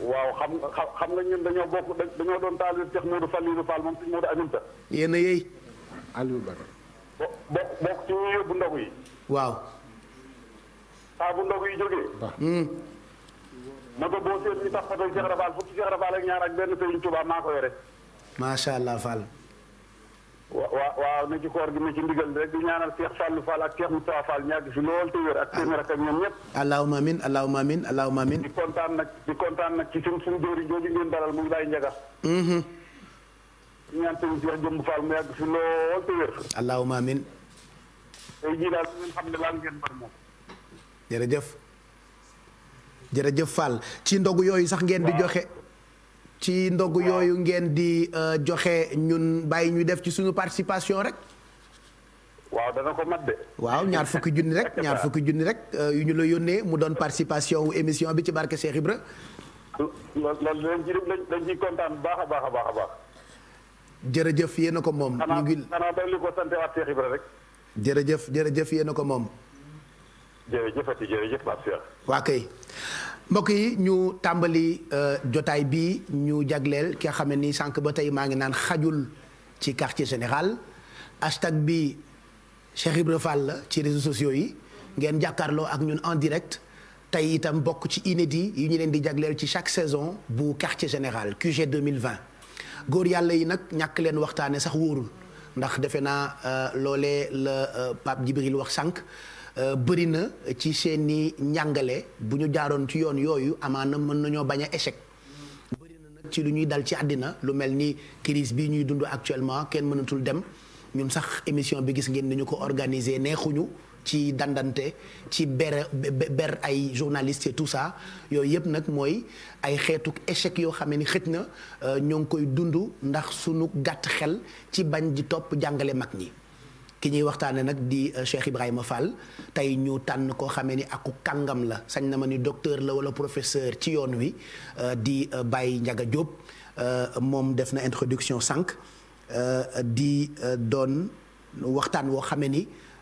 waaw xam nga xam nga ñun dañoo bokk dañoo doon taal Cheikh Modou Fallou Fall moom si Modou Aminta. yéen a yéy. Aliou Bakar. bo bokk ci ñu yóbbu ndogu yi. waaw. saa bu ndogu yi jógee. Hmm. Hmm. na boo seet ñu tax photo Cheikh Rafal fukki Cheikh Rafal ak ñaar ak benn Serigne Touba maa ko yore. macha allah Fall. waaw na ci koor gi na ci ndigal rek di ñaanal Cheikh Fallou Fall ak Cheikh Moustapha Fall ñàgg fi lool te wér ak seen rak ak ñoom ñëpp. allahumma amin allahumma amin allahumma amin. di kontaan nag di kontaan nag ci suñ suñu jëwriñ jooju ngeen dalal muy Baye Ndiaga. Hmm. di ñaan Serigne Cheikh Jëmb Fall mu yàgg fi lool te wér. allahumma amin. tey jii daal ngeen xam ne laal ngeen mbar jërëjëf jërëjëf ci ndogu yooyu sax ngeen di joxe. ci ndogu yooyu ngeen di euh, joxe ñun bàyyi ñu def ci suñu participation rek. waaw dana ko mat de. waaw ñaar fukki junni rek ñaar fukki junni rek euh, yu ñu la yónnee mu doon participation wu émission bi ci barke Cheikh Ibra. loolu bu baax a baax a baax jërëjëf yéen a ko moom. ñu ngi xanaa xanaa dañ jërëjëf jërëjëf yéen a ko moom. jërëjëfati jërëjëf ma sœur. waa kay mbokk yi ñu tàmbali euh, jotaay bi ñu jagleel ki nga xam ne nii sànq ba tey maa ngi naan xajul ci quartier général hashtag bi Cheikh Ibra Fall la ci réseaux sociaux yi ngeen jàkkaarloo ak ñun en direct tey itam bokk ci inédit yi ñu leen di jagleel ci chaque saison bu quartier général QG 2020 góor yàlla yi nag ñàkk leen waxtaane sax wóorul. ndax defe naa euh, loolee la euh, Pape Djibril wax sànq euh, bëri na ci seen i njàngale bu ñu jaaroon ci yoon yooyu amaana mën nañoo bañ a échec. bëri na nag ci lu ñuy dal ci àddina lu mel ni crise bi ñuy dund actuellement kenn mënatul dem ñun sax émission bi gis ngeen ni ko organiser neexuñu. ci dandante ci ber ay journalistes et tout yooyu yëpp nag mooy ay xeetu échec yoo xam ne ni xëj na euh, ñoo ngi koy dund ndax suñu gàtt xel ci bañ di topp jàngale mag ñi. ki ñuy waxtaane nag di euh, Cheikh Ibrahima Fall tey ñu tànn koo xamee ni aku kàngam la sañ na ma ni docteur la wala professeur ci yoon wi euh, di Baye Ndiaga Diop moom def na introduction sànq di doon waxtaan woo xamee ni.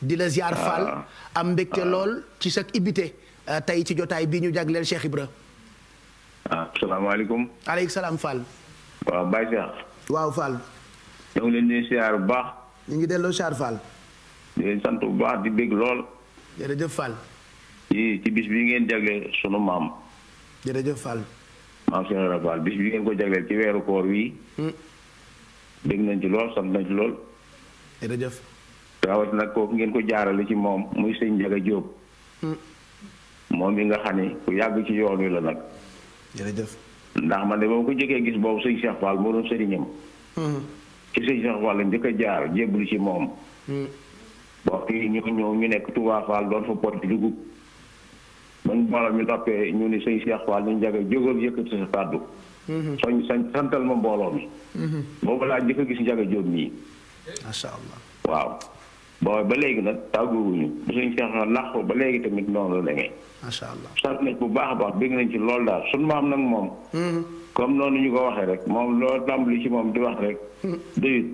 di la jaar ah. Fall am mbégte ah. lool ci sa ibité euh, tey ci jotaay bi ñu jagleel Cheikh Ibra ah salaamaaleykum. aleykum salaam Fall. waaw Baye Cheikh. waaw Fall. ñoo leen di ziar bu baax. ñu ngi delloo ziar Fall. di sant bu baax di bég lool. jërëjëf Fall. ci ci bis bi ngeen jagleel sunu maam. jërëjëf Fall. maam Cheikh Rafal bis bi ngeen ko jagleel ci weeru koor wi. dégg hmm. nañ ci lool sant nañ ci lool. jërëjëf. rawat nag kooku ngeen ko jaarale ci moom muy sëñ Njaga Jóob hmm. moom mi nga xam ne ku yàgg ci yoon wi la nag jërëjëf ndax man de boo ko jëkkee gis boobu sëñ Cheikh Fall moo doon sëriñam hmm. ci njëkk a jaar jébbalu ci moom hmm. bokk yi nekk Touba Fall doon fa pot dugub man mbooloo ñu toppee ñu ni sëñ Cheikh Fall ñu Njaga jógal yëkkati sa kàddu soñ sañ santal ma mbooloo mi boobu laa njëkk a gis Njaga Jóob mii waaw boo ba léegi nag tàggoowuñu bu suñu seex làqu ba léegi tamit noonu la demee. macha allah sant nañ bu baax a baax bëgg nañ ci loolu daal suñu maam nag moom. Mm-hmm. comme noonu ñu ko waxee rek moom loo tàmbali ci moom di wax rek. Mm-hmm. doyut.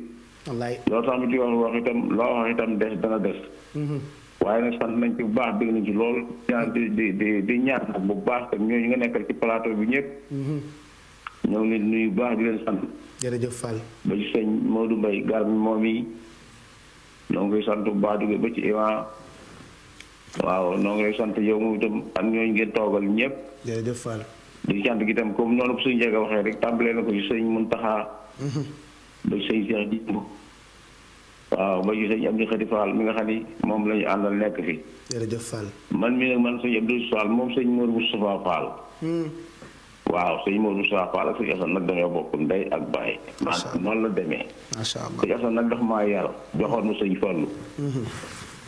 wallaay loo tàmbali ci wax wax itam loo wax itam des dana des. Mm-hmm. waaye nag sant nañ ci bu baax bëgg nañ ci lool ñaan di di di bu baax tam ñooñu nga nekkal ci plateau bi ñëpp. ñoo ngi leen nuyu bu baax di leen sant. jërëjëf Fall. ba ci sëñ Modou Mbaye gar mi moom yi. noo ngi sant baaduge ba ci imaam waaw noo ngi lay sant yow moom itam ak ñooñu ngeen toogal ñëpp. jërëjëf Fall. di sant gi itam comme noonu suñu njëkk a waxee rek tàmbalee na ko ci sëñ mun taxaa mhm. ci sëñ Cheikh Jimbo. waaw ba ci sëñ Abdou Khadi Fall mi nga xam ni moom la ñu àndal nekk fi. def Fall. man mi nag man sëñ Abdou Fall moom sëñ Mour Moustapha Fall. Mhm. waaw sëñ Modou Sa Fall ak sëñ Assane nag dañoo bokk ndey ak baay. macha allah noonu la demee. macha allah sëñ Assane nag dafa maa yar joxoon ma sëñ Fallu. Mhm.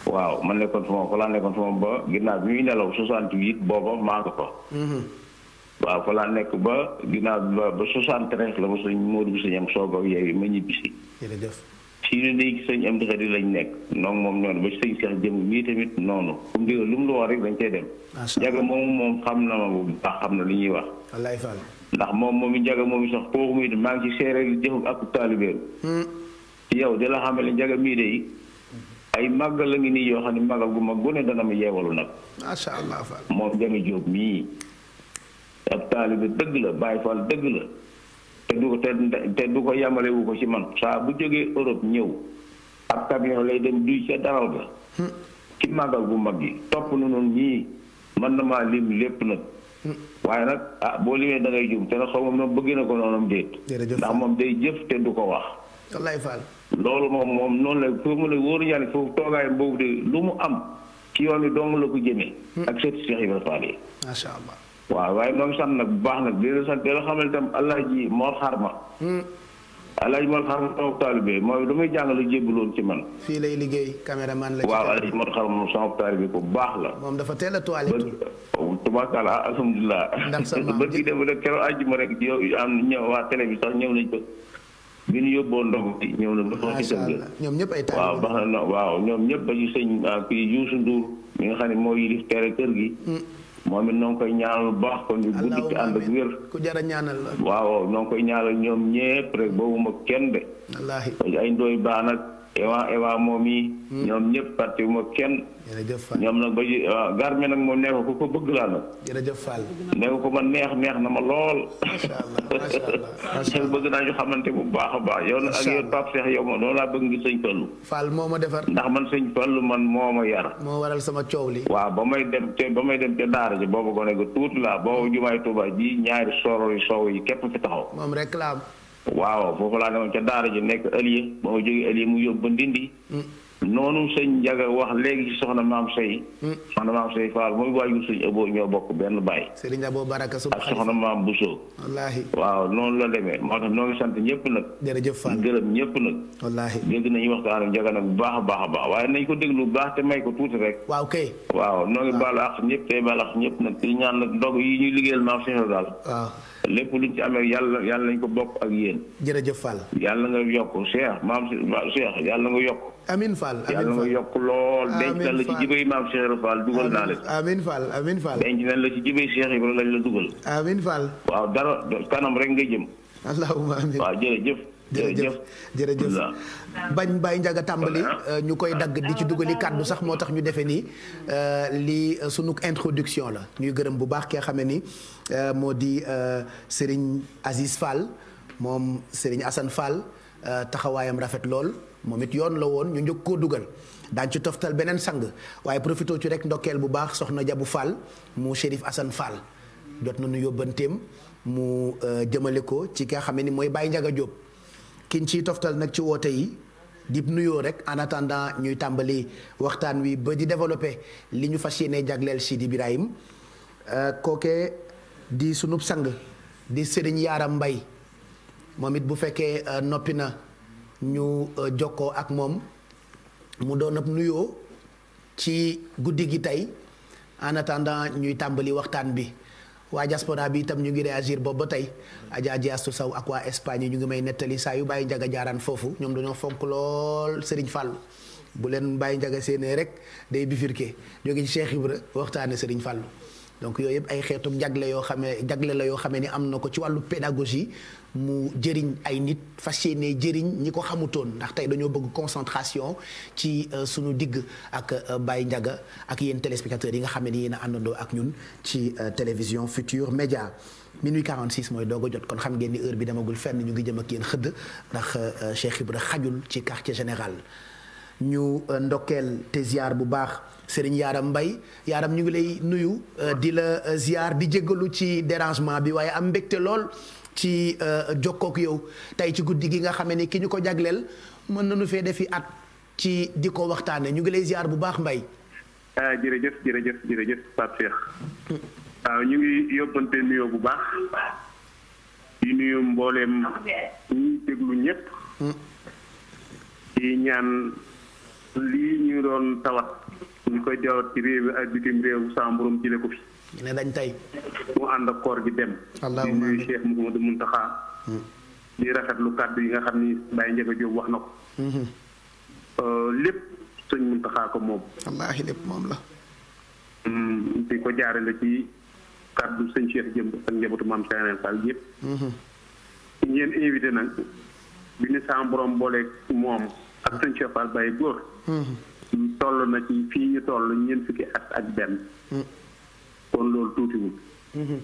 waaw man nekkoon fa moom fa laa nekkoon fa moom ba ginnaaw bi ñuy nelaw 68 booba maa ngi fa. Mhm. waaw fa laa nekk ba ginnaaw ba ba 73 la ma sëñ Modou Sa ñam soog a yeewi ma ñibbisi. ci léegi sëñ am di xarit lañ nekk noonu moom noonu ba sëñ Cheikh jëm mii tamit noonu comme lu mu lu wax rek dañ cay dem jaga moom moom xam na ma bu baax li ñuy wax ndax moom moom i jaga moom i sax kooku muy de maa ngi ci seere li jëfam hmm. yow di la xamal ne jaga mii de ay màggal la ngi nii yoo xam ne màggal gu mag gu ne dana ma yeewalu nag masha Allah moom jaga jóob mii ab taalibe dëgg la Baay Faal dëgg la du ko te te du ko yamale wu ko ci man saa bu jógee Europe ñëw ab camion lay dem duy ca daral ga hmm. ci màggal bu mag gi topp na noonu ñii man na maa lim lépp nag hmm. waaye nag ah boo limee da ngay jum te xaw ma moom ko noonam déet ndax moom day jëf te du ko wax wallaay faal loolu moom moom noonu la foofu mu ne wóoru yàlla foofu toogaay boobu de lu mu am ci yoon wi dong la ko jëmee hmm. ak seeti Cheikh Ibrahima Fall yi macha allah waaw waaye ñoo ngi sant nag bu baax nag di leen sant di leen xamal itam allah ji moo xaar ma. Hmm. alaaji Mor Xarma sama taalibe mooy lu muy jàngale jébbuloon ci man. fii lay liggéey caméraman la ci. waaw alaaji Mor Xarma sama taalibe bu baax la. moom dafa teel a toilette. tubaarkalla alhamdulilah. ndax sama ba kii dem rek keroog rek yow am ñëw waa télé bi sax ñëw nañ ko. bi ñu yóbboo ndox bi ñëw na ba. macha allah ñoom ñëpp ay taalibe waaw baax na waaw ñoom ñëpp ba ci sëñ ah, kii Youssou Ndour nga xam ne moo yilif tere kër gi. Hmm. moom it noo koy ñaanal bu baax ko ñu gudd ci ànd ak wér. ku jar a ñaanal la. waaw noo koy ñaanal ñoom ñépp rek boobu ma kenn de. wallaahi ay ndooy baax nag. Ewa Ewa moom yi. Hmm. ñoom ñëpp parti wu ma kenn. jërëjëf Fall ñoom nag ba ji waaw nag moom nee ko ku ko bëgg laa nag. jërëjëf ko ma neex neex na ma lool. macha allah macha allah bëgg naa ñu xamante bu baax a baax. yow nag ak yow Pape yow ma noonu laa bëgg ngi sëñ Fallu. Fall moo ma defar. ndax man sëñ Fallu man moo ma yar. moo waral sama coow li. waaw ba may dem te ba may dem ca Daara ji boobu gone gu tuuti laa boobu jumaay Tuuba ji ñaari soro yu soow yi képp fi taxaw. waaw foofu laa demoon ca daara ji nekk ëllëg ba ma jógee ëllëg mu yóbbu ndindi. Mm. noonu sëñ Ndiaga wax léegi ci soxna maam Sey. Mm. soxna maam Sey Fall mooy waajur sëñ Abo ñoo bokk benn baay. Serigne Abo Baraka ak soxna maam Bousso. wallaahi waaw noonu la demee moo tax noo ngi sant ñëpp nag. jërëjëf Fall gërëm ñëpp nag. wallaahi dégg nañu waxtaanu Ndiaga nag bu baax a baax a baax waaye nañ ko déglu bu baax te may ko tuuti rek. waaw kay. waaw noo ñëpp tey ñëpp nag di ñaan nag ndog yi ñuy liggéeyal maam Sey daal. lépp luñ ci amee yàlla yàlla nañ ko bokk ak yéen. jërëjëf Fall. yàlla nga yokk Cheikh maam Cheikh yàlla nga yokk. amin Fall amin Fall yàlla nga yokk lool. denc nañ la ci jibéy maam Cheikh Fall dugal naa leen. amin Fall amin Fall. denc nañ la ci jibéy Cheikh Ibrahima lañu la dugal. amin Fall. waaw dara kanam rek nga jëm. allahumma amin waaw jërëjëf jërëjëf bañ Baye Ndiaga tàmbali euh, ñu koy di ci dugali kàddu sax moo tax ñu defee nii euh, lii euh, sunu introduction la ñuy gërëm bu baax kee xamee ni moo di Serigne Aziz Fall moom Serigne Assane Fall taxawaayam rafet lol, momit it yoon la woon ñu njëkk koo dugal daañ ci toftal beneen sang waaye profito ci rek ndokkeel bu baax soxna Jabu Fall mu Chérif Assane Fall jot nañu yóbbanteem mu jëmale ko ci ki nga ni kiñ ciy toftal nag ci woote yi di nuyoo rek en attendant ñuy tàmbali waxtaan wi ba di développé li ñu fas yéene jagleel sii di Ibrahim euh, kooke di sunub sang di Sëriñ Yaaram Mbay moom it bu fekkee euh, noppi na ñu euh, jokkoo ak moom mu doon nuyoo ci guddi gi tey en attendant ñuy tàmbali waxtaan bi waa diaspora bi itam ñu ngi réagir boobu ba tey Adja Diastu Saw ak waa Espagne ñu ngi may nettali saa yu bàyyi njaga jaaraan foofu ñoom dañoo fonk lool Serigne Fallou bu leen bàyyi njaga séenee rek day bifurqué jóge ci Cheikh Ibra waxtaane Serigne Fallou donc yooyu yëpp ay xétum jaglé yo xamé jaglé la yo xamé ni amna ko ci walu pédagogie mu jëriñ ay nit fas jëriñ ñi ko xamutoon ndax tay dañoo bëgg concentration ci euh, suñu digg ak euh, Baye Ndiaga ak yeen téléspectateurs yi nga xamé ni yéen a ak ñun ci euh, télévision Futur Média minuit 46 moy dogo jot kon xam ngeen ni heure bi dama gul fenn ñu ngi jëm ak yeen xëdd ndax Cheikh Ibra xajul ci quartier général ñu ndokkeel té ziar bu baax. serigne yaram bay yaram ñu ngi lay nuyu euh, di la euh, ziar di jéggalu ci dérangement bi waye am bekté lool ci euh, ak yow tay ci guddi gi nga xamé ni ki ñuko ko mën nañu fé defi at ci di waxtané ñu ngi lay ziar bu baax mbay ah, jërëjëf jërëjëf jërëjëf Pape Cheikh mm. ah ñu ngi yóbbante nuyu bu baax di nuyu mbolém ñi déglu ñepp mm. di ñaan li ñu doon tawat ñu koy teewat ci réew ay bitim réew saa mburum ko fi ne dañ tey mu ànd ak koor gi dem di nuyu Cheikh Mouhamadou Mountakha hmm. di rafetlu kàddu yi nga xam ni Baye Ndiaga Diop wax na ko hmm. euh, lépp sëñ Mountakha ko moom wallaahi lépp moom la hmm, di ko jaarale ci kàddu sëñ Cheikh jëmb ak njabootu maam Sénégal Fall yëpp ñeen invité nag bi ñu saa borom booleeg moom ak sëñ Cheikh Fall Baye góor toll na ci fii ñu toll ñeent fukki at ak benn kon loolu tuutiwul mhm.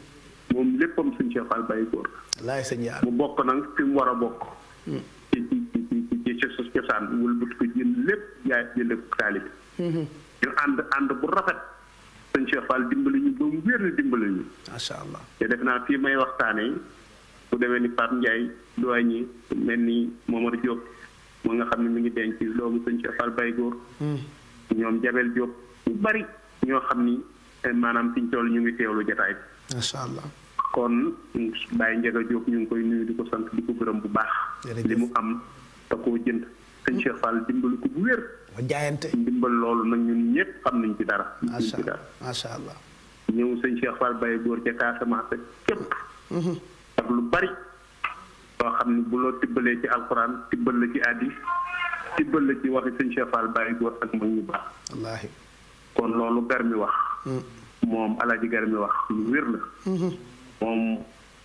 moom léppam suñ Cheikh Fall bàyyi góor laay sëñ yaa mu bokk nag fi mu war a bokk mhm. ci ci ci ci ci ci cosaan wëlbut ko jël lépp jaay di ko taalib mhm. ñu ànd ànd bu rafet suñ Cheikh Fall dimbali ñu ba mu wér ni dimbali ñu masha Allah te def naa fii may waxtaanee bu demee ni Pape Ndiaye doy ñi mel ni Momar Diop mu nga xam ne mu ngi denc loolu sëñ Cheikh Fall Baye Góor hmm. ñoom Jabel jóob bu bari ñoo xam ni eh, maanaam fiñ toll ñu ngi teewlu jotaay bi macha allah kon Baye Ndiaga Diop ñu ngi koy nuyu di ko sant di ko gërëm bu baax li mu am te koo jënd sëñ Cheikh Fall dimbalu ko bu wér jaayante dimbal loolu nag ñun ñëpp xam nañ ci dara ci dara macha allah ñëw sëñ Cheikh Fall Baye Góor ca Casamance képp hmm. ak lu bari soo xam ni bu loo tibbalee ci alxuraan tibbal la ci àddi tibbal la ci waxi sëñ Cheikh Fall bàyyi góor ak mag ñu baax wallaahi kon loolu garmi wax mm. moom alaaji garmi wax lu wér la mm-hmm. moom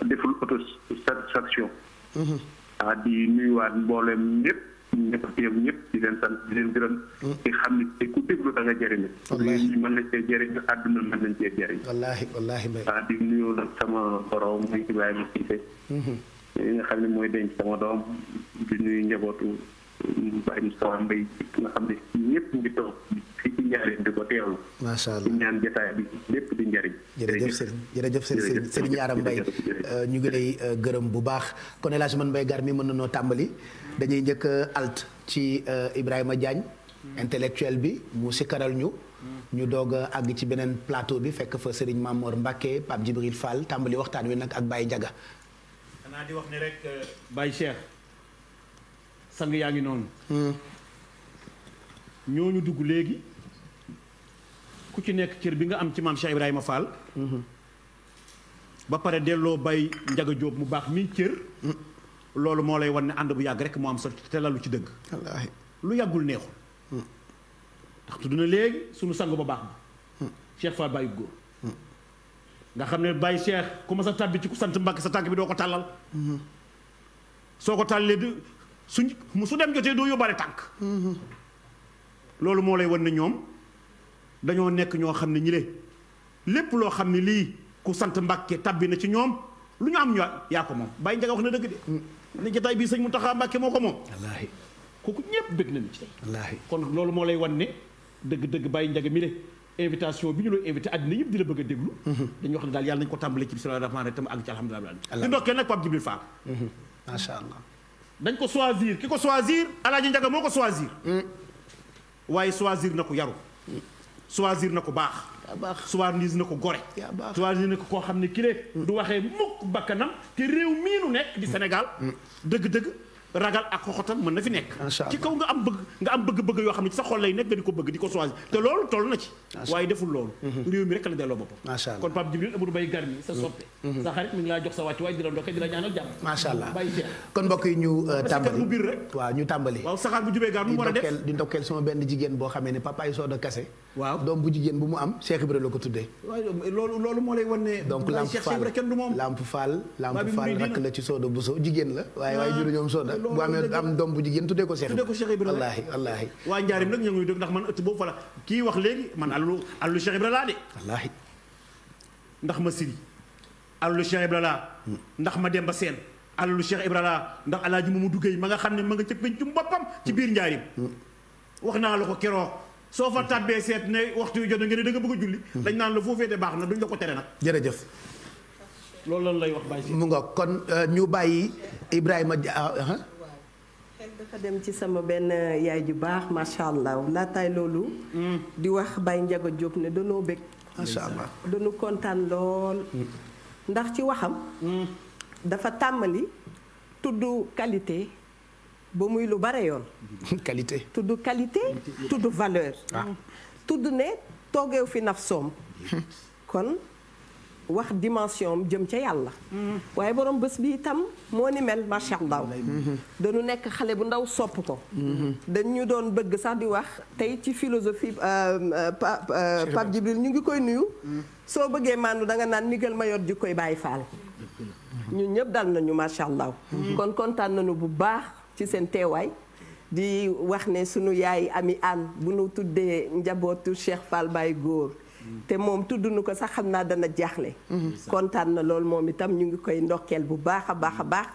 deful auto satisfaction waa mm-hmm. di nuyuwaat mbooleem ñëpp ñëpp teew ñëpp di leen sant di leen gërëm mm. di xam ne ku déglu da nga jëriñu mën na cee jëriñu àdduna mën nañ cee jëriñ wallaahi wallaahi mbay waa di nuyu nag sama li nga xam ne mooy denc sama doom di nuyu njabootu mm, Mbay nga xam ne ñëpp di ko teewlu Allah ñaan di jërëjëf sëriñ jërëjëf sëriñ sëriñ Yaram Mbay euh, ñu ngi lay euh, gërëm bu baax kon El Hadj alt ci euh, Ibrahima Diagne intellectuel bi mu sikaral ñu ñu doog a àgg ci beneen plateau bi fekk fa sëriñ Mamor Mbacke Pape Djibril Fall tàmbali waxtaan wi nag ak Baye Jaga naa di wax ne rek. Euh, Baye Cheikh sang yaa ngi noonu. Hmm. ñu dugg léegi ku ci nekk cër bi nga am ci maam Cheikh Ibrahima Fall. Hmm. ba pare delloo bay Njaga Jóob mu baax mi cër. Hmm. loolu moo lay wan ne ànd bu yàgg rekk moo am sa te lalu ci dëgg. wallaahi lu yàggul neexul. ndax tudd na léegi sunu sang ba baax ma. Cheikh Fall Baye Góor. nga xam ne Baye Cheikh ku ma sa tàbbi ci ku sant Mbàkke sa tànk bi doo ko tàllal soo ko tàllee du suñ su dem jotee doo yóbbaale tànk loolu moo lay wan ne ñoom dañoo nekk ñoo xam ne ñi le lépp loo xam ne lii ku sant Mbàkke tàbbi na ci ñoom lu ñu am ñu yaa ko moom Baye Njaga wax na dëgg de ne jotaay bii sëñ Muntaxa Mbàkke moo ko moom wallaahi kooku ñépp bëgg nañu ci tey wallaahi kon loolu moo lay wan ne dëgg-dëgg Baye Njaga mi le invitation bi ñu la invité àddina yëpp di la bëgg a déglu dañu wax ne daal yàlla nañu ko tàmbalee ci bismillahi rahmaani tam àgg ci alhamdulilah di allah dañ ko choisir ki ko choisir Alaaji Njaga moo ko choisir hmm. waaye choisir na ko yaru hmm. choisir na ko baax choisir na ko gore choisir na ko koo xam ne ki hmm. du waxee mukk bakkanam te réew miinu ne di Sénégal dëgg-dëgg ragal ak xoxotal mën na fi nekk ci kaw nga am bëgg nga am bëgg-bëgg yoo xam ne ci sa xol lay nekk nga di ko bëgg di ko choisir te loolu toll na ci waaye deful loolu mhm. réew mi rek la delloo boppam mhm. Mhm. kon mbokk yi ñu euh, tàmbali mu biir rek ñu tàmbali waaw saxaar bu jubee gaar mu war a def di ndokkeel sama benn jigéen boo xamee ne papa yi soo da kase waaw doom bu jigéen bu mu am Cheikh Ibra la ko tuddee. Eh, loolu loolu moo lay wan ne. donc Lamp Fall kenn du moom Lamp Fall. Lamp Fall rakk la ci Soda jigéen la. waaye ah, waaye juru ñoom Soda. bu am doom bu jigéen tuddee ko Cheikh Ibra. tuddee ko Cheikh Ibra wallaahi waa Njaarim nag ñoo ngi dégg ndax man ëtt boobu fa la kii wax léegi man alalu alalu Cheikh Ibra laa de. wallaahi. ndax ma Sidi. alalu Cheikh Ibra laa. Hmm. ndax ma Demba Seen. alalu Cheikh Ibra laa ndax alaaji mu Gueye ma nga xam ne ma nga ca pencum boppam ci biir Njaarim hmm. wax naa la ko keroog soo fa tàbbee seet ne waxtu yu jot na nga ne da bëgg a julli. dañ naan la foofee de baax na duñ la ko tere nag. jërëjëf. loolu lan lay wax mu nga kon euh, ñu bàyyi Ibrahima. Ah, ah. xel dem ci sama benn yaay ju baax macha allah laataay loolu. Hmm. di wax bay Ndiago Diop ne danoo bëgg. macha allah kontaan lool. Hmm. ndax ci waxam. Hmm. dafa tàmmali tudd qualité. ba lu bare yoon. qualité tudd qualité. tudd valeur. Ah. tudd ne toogeew fi naf soom kon wax dimension am jëm ca yàlla. Mm. waaye borom bés bi itam moo ni mel macha mm-hmm. allah. Mm-hmm. dañu nekk xale bu ndaw sopp ko. Mm-hmm. dañu doon bëgg sax di wax tey ci philosophie euh, euh, euh, pap Djibril ñu ngi koy nuyu. Mm. soo bëggee maandu danga naan nigal ma yor ji koy bàyyi faal. ñun ñëpp dal nañu macha allah. kon kontaan nañu bu baax. ci seen teewaay di wax ne sunu yaay ami aan bu nu tuddee njabootu Cheikh Fall Baye góor te moom tudd nu ko sax xam naa dana jaaxle kontaan na lool moom itam ñu ngi koy ndokkeel bu baax a baax a baax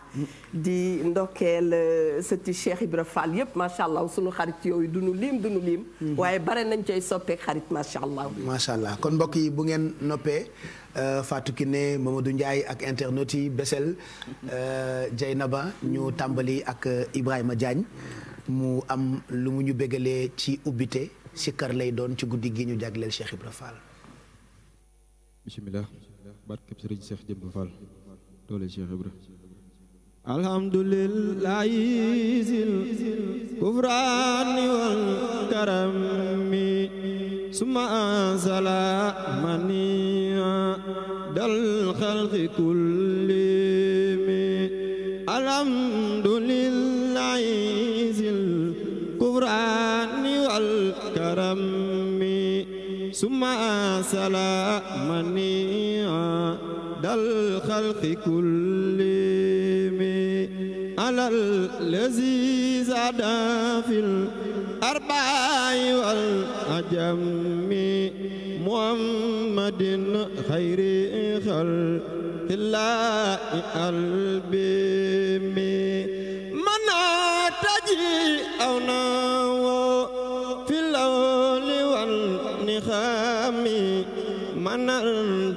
di ndokkeel euh, sëti Cheikh Ibra Fall yëpp macha allah sunu xarit yooyu duñu lim duñu liim mm-hmm. waaye bare nañ koy soppeek xarit macha allah macha allah kon mbokk yi bu ngeen noppee Euh, Fatou Kiné Mamadou Ndiaye ak internautes yi Bessel euh, Dieynaba ñu tàmbali ak euh, Ibrahima Diagne mu am lu mu ñu bégalee ci ubbite si kër lay doon ci guddi gi ñu jagleel Cheikh Ibra Fall. الحمد لله ذي الغفران والكرم ثم أنزل منيا دل خلق كل الحمد لله ذي الغفران والكرم ثم أنزل منيا دل خلق كل مي. على الذي زاد في الأربع والأجم محمد خير خلق الله قلبي من تجي أو ناو في الأول والنخام من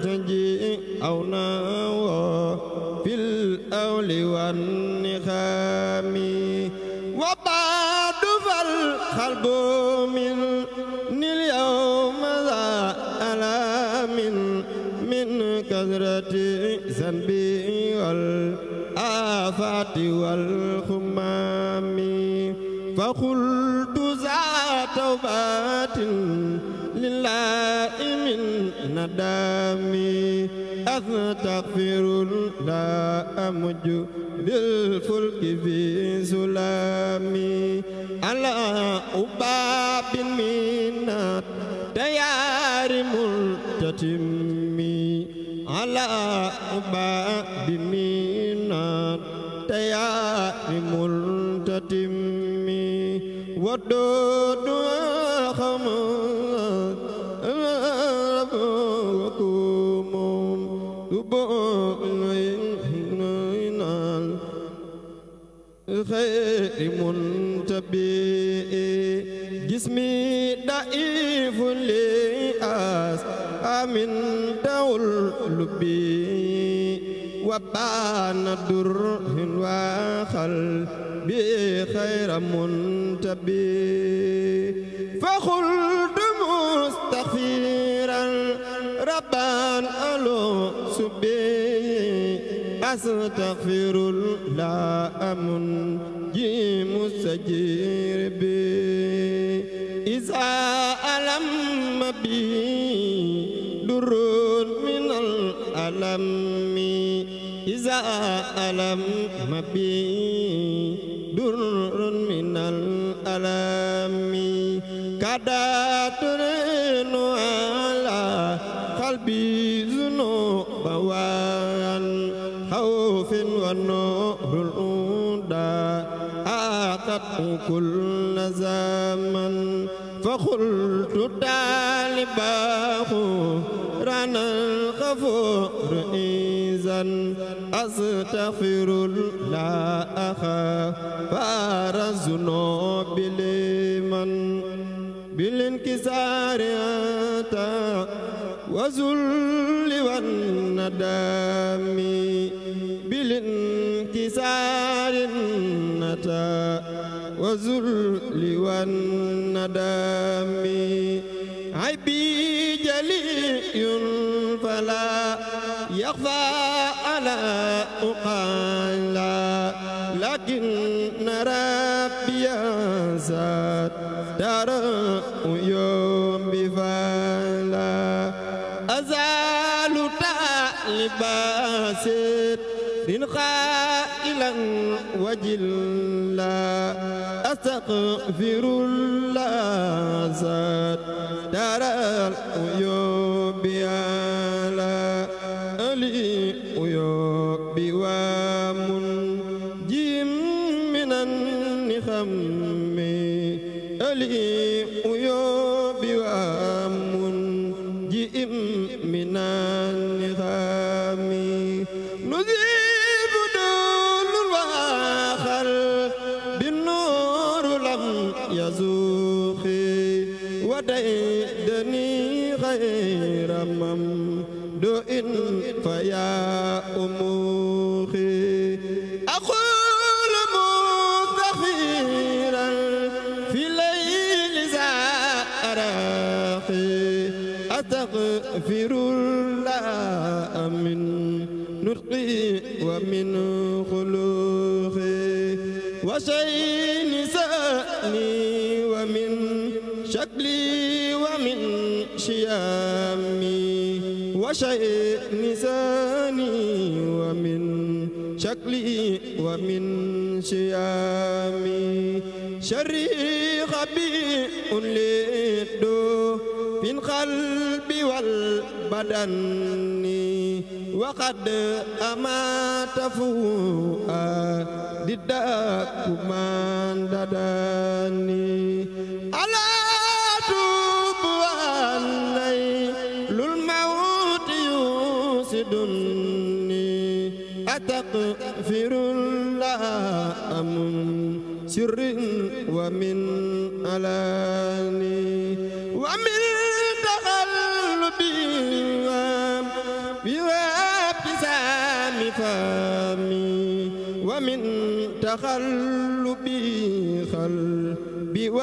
تجي أو ناو في الأول والنخام خامي وبعد فالقلب من اليوم ذا ألام من كثرة ذنبي والآفات والخمام فقلت ذا توبات لله من ندامي أستغفر لا أمجو بالفلك في سلامي على أباب من ديار ملتتم على أباب من ديار ملتتم ودود بالخير منتبئ جسمي ضعيف لأس أمن تولب وبان در وخل بخير منتبئ فخلد مستغفرا ربان ألو سبيل أستغفر الله منجي مستجير بي إذا ألم بي درون من الألم إذا ألم بي در من الألم كدا تري خلقت كل زمن فخلت طالباه رانا الغفور إذا أستغفر الله فار الذنوب لمن بالانكسار أتى وذل والندم ذل والندم أستغفر الله قد أماته دداك من ددا و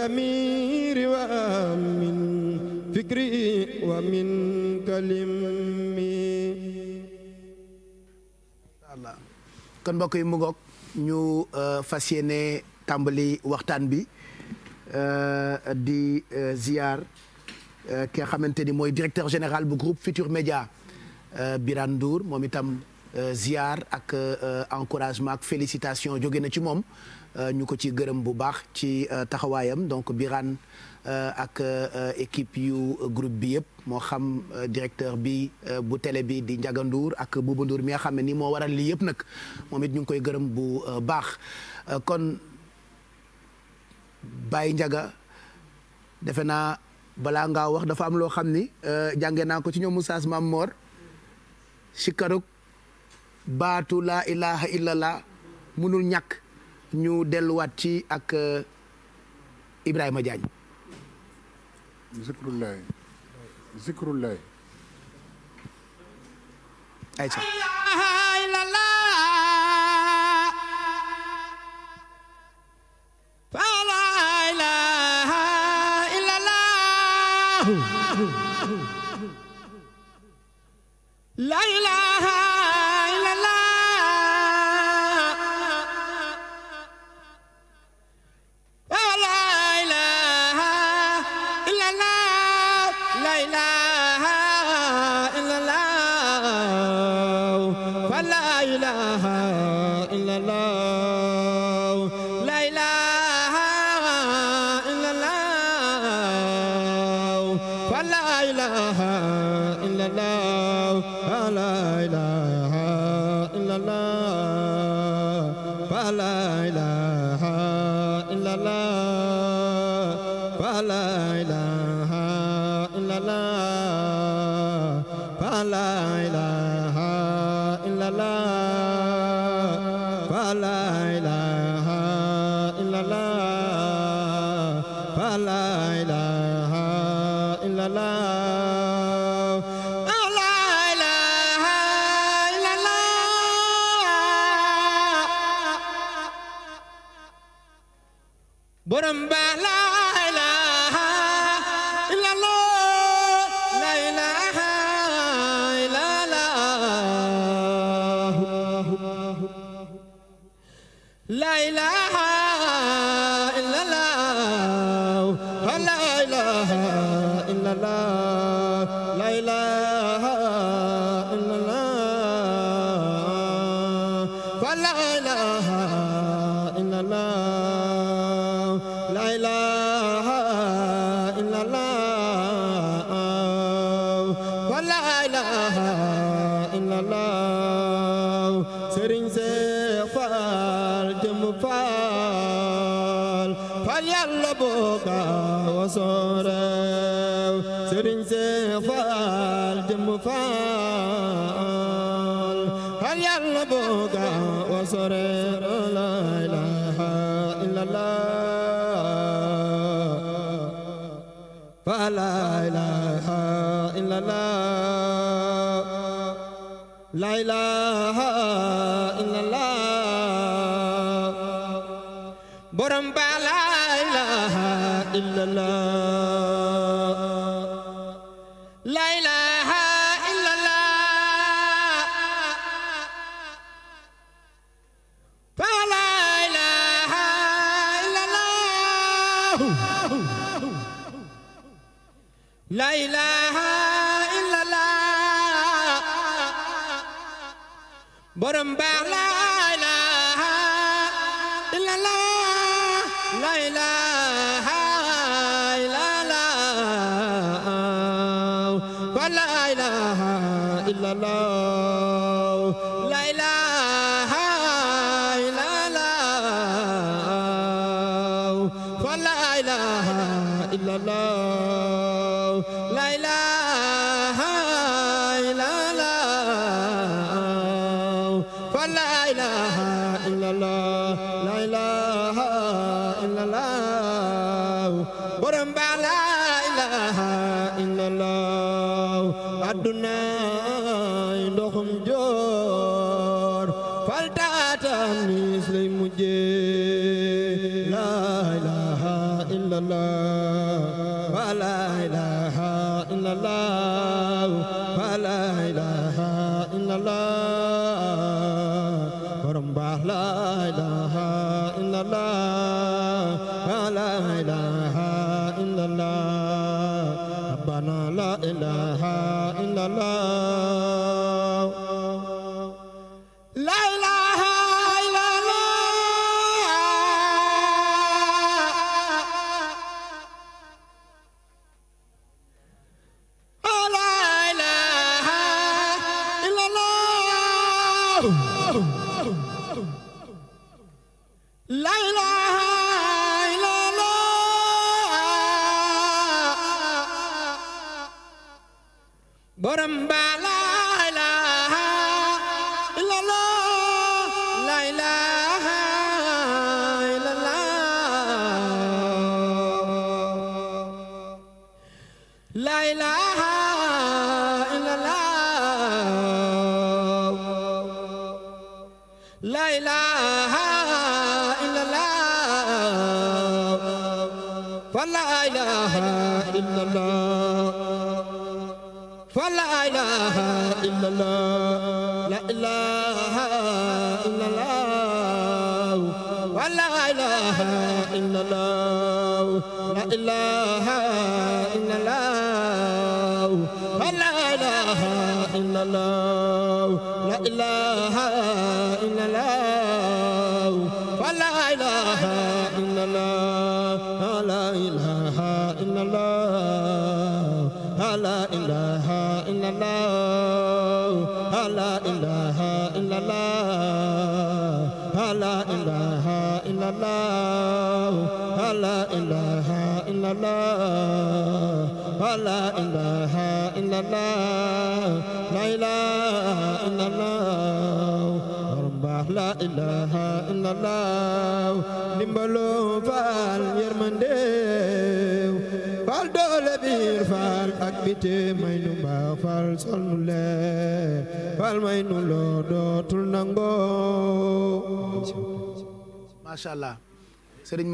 ضميري ومن فكري ومن كلمي Allah kon mbokk yi mu ngoog ñu euh, fas yéene tàmbali waxtaan bi euh, di euh, ziar ki nga xamante ni mooy directeur général bu groupe Futur Média Birane Ndour moom itam ziar ak encouragement ak félicitation jóge na ci moom Euh, ñu ko ci gërëm bu baax ci euh, taxawayam donc biran euh, ak équipe yu groupe bi yépp moo xam directeur bi bu télé bi di Ndiaga ak Bouba Ndour mi nga xam ni moo waral li yépp nag momit ñu koy gërëm bu baax kon Baye njaga defe naa balaa ngaa wax dafa am loo xam ni jànge naa ko ci ñoom Moussa Mam Mor si karuk baatu ilaha illallah munul ñàkk ñu delluwaat ci ak euh, Ibrahima Diagne.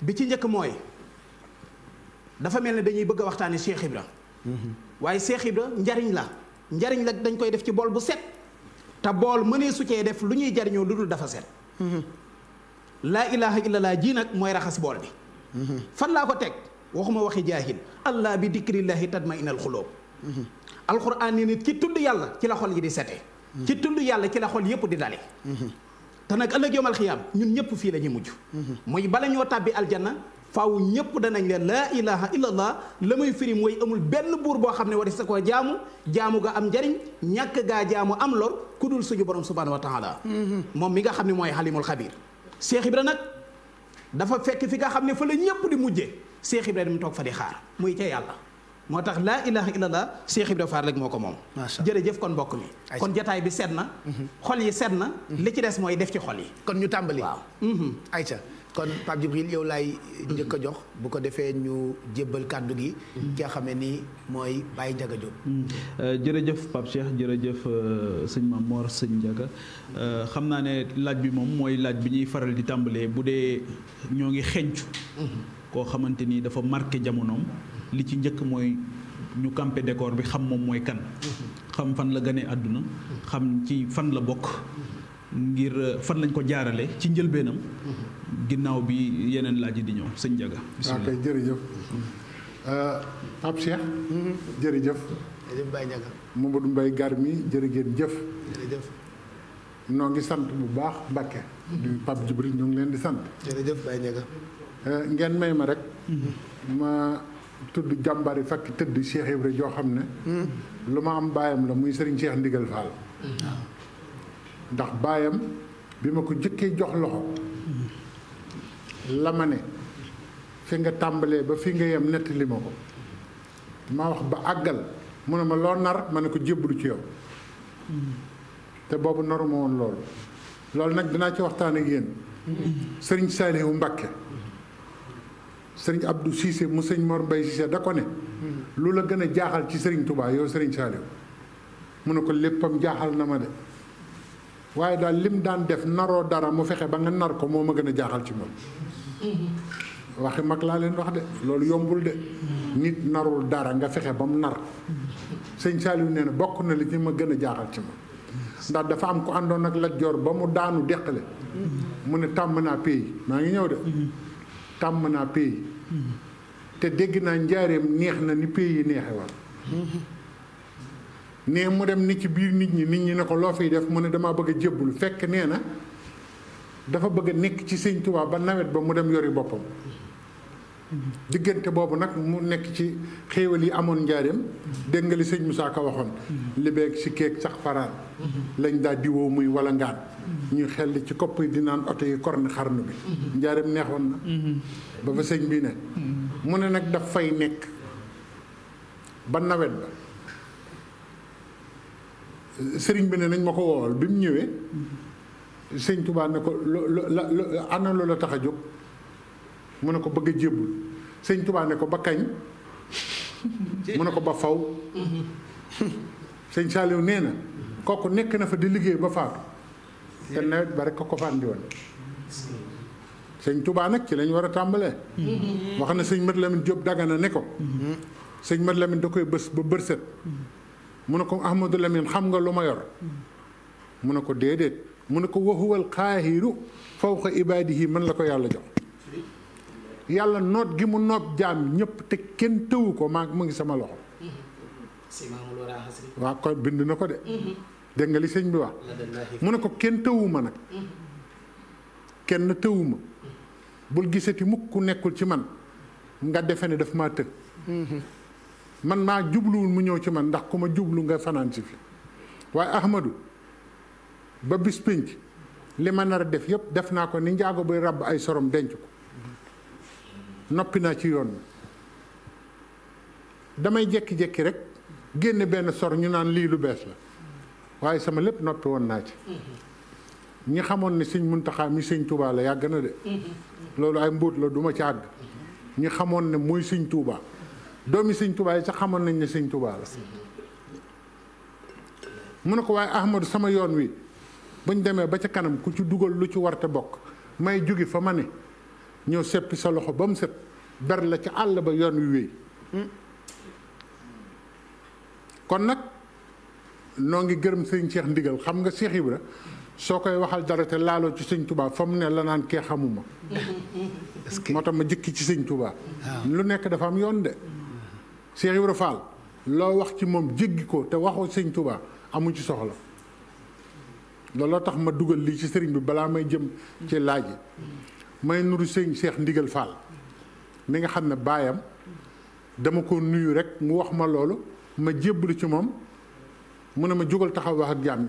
bi ci njëkk mooy dafa mel ne dañuy bëgg a waxtaanee Cheikh Ibra waaye Cheikh Ibra njariñ la njariñ la dañ koy def ci bool bu set te bool mënee su cee def lu ñuy jariñoo lu dul dafa set laa ilaha illallah ji nag mooy raxas bool bi fan laa ko teg waxuma waxi jaahil allah bi dikrillahi ma inal xuloob alxuraan ne nit ci tudd yàlla ci la xol yi di setee ci tudd yàlla ci la xol yépp di dale te nag ëllëg yomal xiyaam ñun ñëpp fii la ñuy mujj muy mm-hmm. bala ñoo tàbbi aljanna faw ñëpp danañ leen laa ilaha illallah la muy firi mooy amul benn buur boo xam ne war sa ko jaamu jaamu ga am njariñ ñàkk gaa jaamu am lor ku dul suñu borom subhanahu wa taala mm-hmm. moom mi nga xam ne mooy xalimul xabiir Cheikh Ibra nag dafa fekk fi nga xam ne fa la ñëpp di mujje Cheikh Ibra dem toog fa di xaar muy ca yàlla moo tax laa la illallah Cheikh Ibra Fall rek moo ko moom jërëjëf kon mbokk mi kon jataay bi sedd na mhm. xol yi sedd na mhm. li ci des mooy def ci xol yi kon ñu tàmbali waaw mhm. Aïcha kon Pape Djibril yow laay njëkk a jox bu ko defee ñu jébbal kàddu gi ki nga xam ne nii mooy Baye Ndiaga Diop euh, jërëjëf Pape Cheikh jërëjëf euh, sëñ Mamor sëñ Ndiaga euh, xam naa ne laaj bi moom mooy laaj bi ñuy faral di tàmbalee bu dee ñoo ngi xencu koo xamante ni dafa marqué jamonoom li ci njëkk mooy ñu campé décor bi xam moom mooy kan xam fan la gane àdduna xam ci fan la bokk ngir euh, fan lañ ko jaarale ci njëlbeenam ginnaaw bi yeneen laaj di ñëw sëñ Ndiaga bismillah kay jërëjëf euh, Pape Cheikh mm-hmm. jërëjëf Mamadou Mbaye Garmi jërë ngeen jëf noo ngi sant bu baax Mbacke du Pape Djibril ñu ngi leen di sant jërëjëf Baye Ndiaga euh, ngeen may ma rek mm-hmm. tudd jàmbari fakki tëdd Cheikh Ibra joo xam ne lu ma am baayam la muy sëriñ seex Ndigal Fall ndax baayam bi ma ko jëkkee jox loxo la ma ne fi nga tàmbalee ba fi nga yem nettali ma ko ma wax ba àggal mu ne ma loo nar ma ne ko jébbalu ci yow te boobu noruma woon loolu loolu nag dinaa ci waxtaan ak yéen sëriñ Saalihu Mbàkke sëriñ Abdou Cissé mu sëñ Mor Mbaye Cissé da ko ne lu la gën a jaaxal ci sëriñ Touba yow sëriñ Saliou mu ne ko léppam jaaxal na ma de waaye daal lim daan def naroo dara mu fexe ba nga nar ko moo ma gën a jaaxal ci moom waxi mag laa leen wax de loolu yombul de nit narul dara nga fexe ba mu nar sëñ Saliou nee na bokk na li ma gën a jaaxal ci ndax dafa am ko àndoon ak Lat Joor ba mu daanu deqale mu ne tàmm naa pay maa ngi ñëw de tàmm naa pays te dégg naa njaareem neex na ni pays yi neexe woon nee mu dem nit ci biir nit ñi nit ñi ne ko loo fiy def mu ne damaa bëgg a jébbalu fekk nee na dafa bëgg a nekk ci sëñ Tuubaa ba nawet ba mu dem yori boppam diggante boobu nag mu nekk ci xéewal yi amoon njaareem dégg nga li sëñ Moussa Ka waxoon li beeg si keeg sax faraan lañ daa diwoo muy wala ngaan ñu xel ci kopp yi di naan oto yi korne xarnu bi njaareem neexoon na ba fa sëñ bi ne mu ne nag daf nekk ba nawet ba sëriñ bi ne lañ ma ko woowal bi mu ñëwee sëñ Tuubaa ne ko lo lo ana loola tax a jóg mun ne ko bëgg a jébbul sëñ Tuubaa ne ko ba kañ mu ne ko ba faw sëñ Saaliw nee na kooku nekk na fa di liggéey ba faatu te nawet ba rek ko ko fàndi woon sëñ Tuubaa nag ci lañ war a tàmbalee wax na sëñ Mat Lamin Jóob Dagana ne ko sëñ Mat Lamin da koy bës ba bërset mu ne ko Ahmadu Lamin xam nga lu ma yor mu ne ko déedéet mu ne ko wa huwal qaahiru fawqa ibaadihi mën la ko yàlla jox yalla note gi mu noot jam ñep te ken teewu ko ma ngi sama loxo. wa ko bind nako de de. nga li sëñ bi wax. mu ne ko kenn tëwuma nag. teewu ma bul mukk ku nekkul ci man nga defene daf maa man ma jublu mu ñew ci man ndax kuma jublu nga fanan ci fi waaye ahmadu ba bis pénc li ma def yep def naa ko ni njaago bay rab ay sorom denc ko. noppi naa ci yoon damay jékki-jékki rek génne benn sor ñu naan lii lu bees la waaye sama lépp noppi woon naa ci ñi xamoon ne sëñ Muntaxa mi sëñ Tuubaa la yàgg na de loolu ay mbóot la duma ci àgg ñi xamoon ne muy sëñ Tuubaa doomi sëñ Tuubaa yi sax xamoon nañ ne sëñ Tuubaa la mu ne ko waaye Ahmadu sama yoon wi buñ demee ba ca kanam ku ci dugal lu ci warte bokk may jóge fa ma ne ñëw seppi sa loxo ba mu set ber la ca àll ba yoon wi wéy kon nag noo ngi gërëm sëñ Cheikh ndigal xam nga Cheikh Ibra soo koy waxal dara te laaloo ci sëñ Touba fa mu ne la naan kee xamuma moo tax ma jëkki ci sëñ Touba ah. lu nekk dafa am yoon de Cheikh Ibra Fall loo wax ci moom jéggi ko te waxoo sëñ Touba amu ci soxla looloo tax ma dugal lii ci sëriñ bi balaa may jëm ci laaj yi may nuru sëñ Cheikh Ndigal Fall mi nga xam ne baayam dama ko nuyu rek mu wax ma loolu ma jébbalu ci moom mu ne ma jógal taxaw wax ak jàmm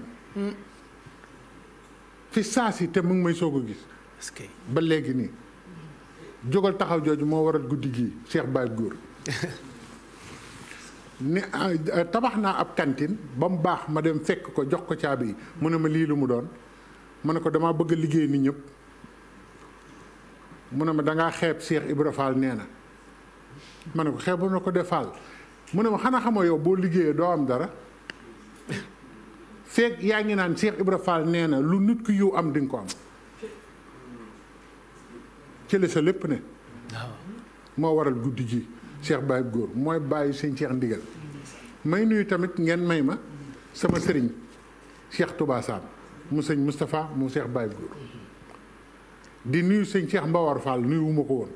fi saa si te mu ngi may soog a gis ba léegi nii jógal taxaw jooju moo waral guddi gii Cheikh Baye Góor ni ah, ah, tabax naa ab cantine ba mu baax ma dem fekk ko jox ko caabi yi mu ne ma lii lu mu doon mu ne ko damaa bëgg a liggéey ni ñëpp mu ne ma dangaa xeeb Cheikh Ibra Fall nee na ma ne ko xeebu na ko de Fall mu ne ma xanaa xamoo yow boo liggéeyee doo am dara feeg yaa ngi naan Cheikh Ibra Fall nee na lu nit ku yiw am di ko am cële sa lépp ne moo waral guddi ji Cheikh Baye Góor mooy bàyyi sëñ Cheikh Ndigal may nuyu tamit ngeen may ma sama sëriñ Cheikh Touba Sam mu sëñ Moustapha mu Cheikh Baye Góor di nuyu sëñ Cheikh Mbawar Fall nuyu wu ko woon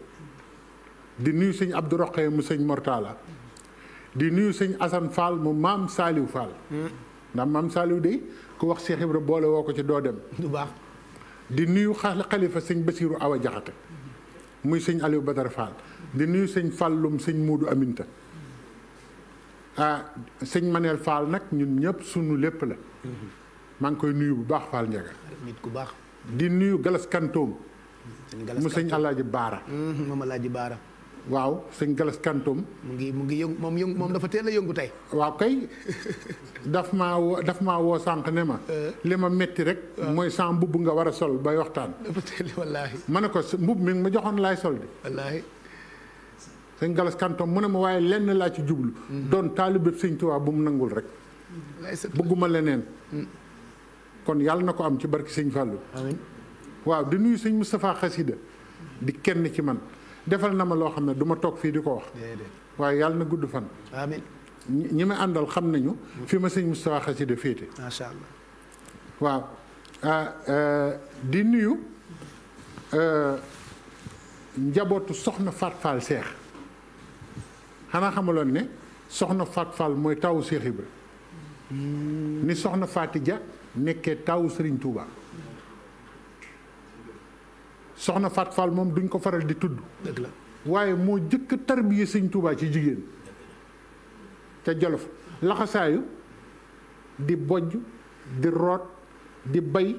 di nuyu sëñ Abdou Roqe mu sëñ Mortala di nuyu sëñ Assane Fall mu maam Saliou Fall ndax maam Saliou de ku wax Cheikh Ibra boole woo ko ci doo dem baax di nuyu xalifa sëñ Basiiru Awa Jaxate muy sëñ Aliou Badara Fall di nuyu sëñ Fallum sëñ Muudu Aminta ah sëñ Manel Fall nag ñun ñëpp sunu lépp la mm-hmm. maa ngi koy nuyu bu baax Fall Ndiaga ku baax di nuyu Galas Kantoom sëñ Galas mu sëñ Alaaji Baara. Mm-hmm, moom Alaaji waaw sëñ Galas Kantoum. mu ngi mu ngi yëngu moom yëngu moom dafa teel a yëngu tey. waaw kay daf maa woo daf maa woo sànq ne ma. Euh? li ma métti rek. Euh? mooy sa mbubb nga war a sol bay waxtaan. dafa teel ma ne ko mbubb mi ma joxoon laay sol de. wallaahi. sëñ Galas Kantoum mu ne ma waaye lenn laa ci jublu. Mm-hmm. doon taalibe sëñ Tuubaa bu mu nangul rek. bëgguma leneen. Mm. kon yàlla na ko am ci barki sëñ Fallou. waaw di nuyu sëñ Moustapha Xasida di kenn ci man defal na ma loo xam ne du toog fii di ko wax waaye yàlla na gudd fan ñi ma àndal xam nañu fi ma sëñ Moustapha Xasida féete macha allah waaw ah, euh, di nuyu euh, njabootu soxna Faat Fall Seex xanaa xamaloon ne soxna Faat Fall mooy tawu Seex Ibra ni soxna Faati Ja nekkee tawu Sëriñ Tuubaa soxna Faat Fall moom duñ ko faral di tudd. la waaye moo jëkk a tarbiye sëñ Tuubaa ci jigéen ca Jolof laxasaayu di bojj di root di bay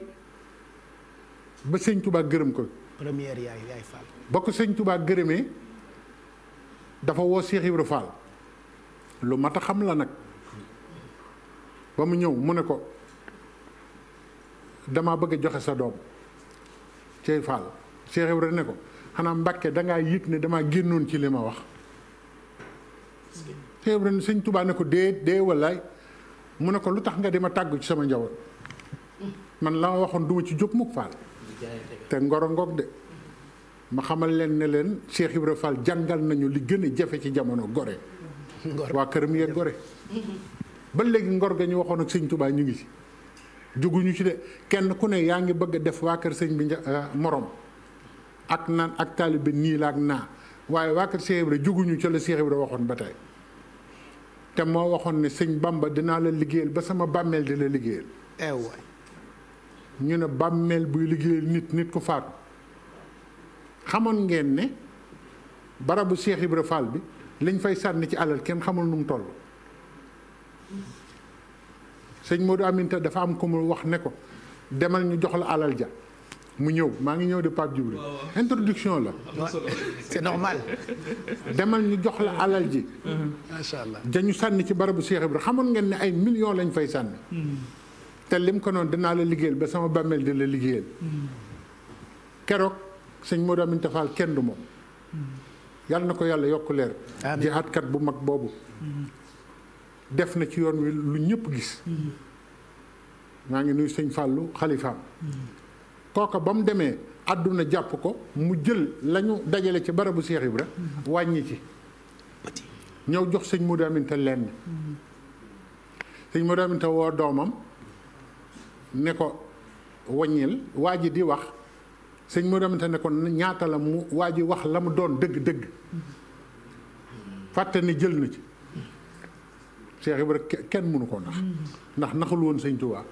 ba sëñ Tuubaa gërëm ko. première yaay yaay Fall. ba ko sëñ Tuubaa gërëmee dafa woo Cheikh Ibra Fall lu mat a xam la nag ba mu ñëw mu ne ko damaa bëgg a joxe sa doom Cheikh Fall. Cheikh Ibra ne ko xanaa Mbàkke dangaa yit ne damaa génnoon ci li ma wax Cheikh Ibra sëñ Tuubaa ne ko dee dee wallaay mu ne ko lu tax nga di ma tàggu ci sama njaboot man la ma waxoon duma ci jóg mukk faal te ngoro ngoog de ma xamal leen ne leen Cheikh Ibra Fall jàngal nañu li gën a jafe ci jamono gore waa këram yeeg gore ba léegi ngor ga ñu waxoon ak sëñ Tuubaa ñu ngi ci jóguñu ci de kenn ku ne yaa ngi bëgg a def waa kër sëñ bi euh, moroom ak naan ak taalibe nii la ak naa waaye waa kër Cheikh Ibra juguñu ca la Cheikh Ibra waxoon ba tey te moo waxoon ne sëñ Bamba dinaa la liggéeyal ba sama bàmmeel di la liggéeyal. Eh waay ñu ne bàmmeel buy liggéeyal nit nit ku faatu xamoon ngeen ne barabu Cheikh Ibra Fall bi liñ fay sànni ci alal kenn xamul nu mu toll. sëñ Modou Aminta dafa am ko mu wax ne ko demal ñu jox la alal ja. mu ñëw maa ngi ñëw di Pape Djibril introduction la. c'est normal. demal ñu jox la alal ji. Mm-hmm. macha allah dañu sànni ci barabu Cheikh Ibrahima xamoon ngeen ni ay millions lañu fay sànni. Mm-hmm. te lim ko noonu danaa la liggéeyal ba sama bàmmeel di la liggéeyal. Mm-hmm. keroog sëñ Modou Aminta Fall kenn du moom. yàlla na ko yàlla yokk leer. jihaatkat bu mag boobu. def na ci yoon wi lu ñëpp gis. maa ngi nuyu sëñ Fallou xalifaam kooka ba mu demee àdduna jàpp ko mu jël lañu dajale ci barabu Seex Ibra wàññi ci ñëw jox sëñ mu Aminta lenn sëñ Modou Aminta woo doomam ne ko wàññil waa ji di wax sëñ mu Aminta ne ko ñaata la mu waa ji wax la mu doon dëgg-dëgg fàtte ni jël na ci Seex Ibra kenn mënu ko nax ndax naxul woon sëñ Tuubaa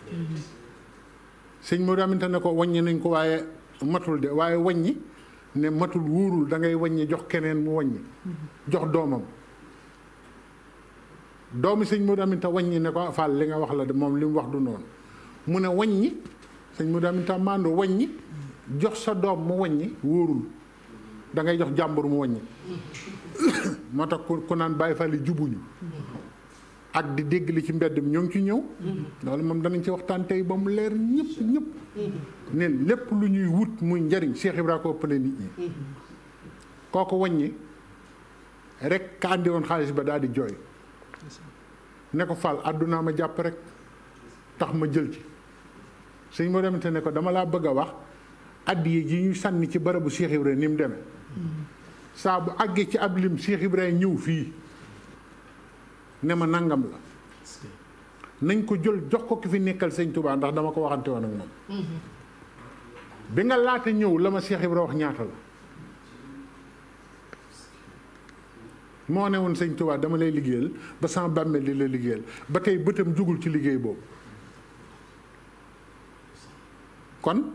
sëñ Modou Aminta ne ko wàññi nañ ko waaye matul de waaye waññi ne matul wóorul da ngay wàññi jox keneen mu waññi jox doomam doomi sëñ mu Modou Aminta waññi ne ko ah, Fall li nga wax la de moom li mu wax du noonu mu ne waññi sëñ Modou Aminta maandu waññi jox sa doom mu waññi wóorul dangay jox jàmbur mu wàññi moo tax ku naan Baye Fall yi jubuñu ak di dégg li ci mbedd mi ñoo ngi ci ñëw. loolu moom danañ ci waxtaan tey ba mu leer ñëpp ñëpp. ne lépp lu ñuy wut muy njariñ Cheikh Ibra ko ëppale nit ñi. kooku wàññi rek ka andi xaalis ba daal di jooy. ne ko fal àddunaa ma jàpp rek tax ma jël ci suñ ma demante ne ko dama laa bëgg a wax addiye ji ñu sànni ci barabu Cheikh ni mu demee. saa bu àggee ci ab lim Cheikh ñëw fii. ne ma nangam la nañ ko jël jox ko ki fi nekkal sëñ Touba ndax dama ko waxante woon ak moom mm-hmm. bi nga laata ñëw la ma Cheikh Ibra wax ñaata la moo ne woon sëñ Touba dama lay liggéeyal ba sama bàmmeel di la liggéeyal ba tey bëtam jógul ci liggéey boobu kon mm-hmm.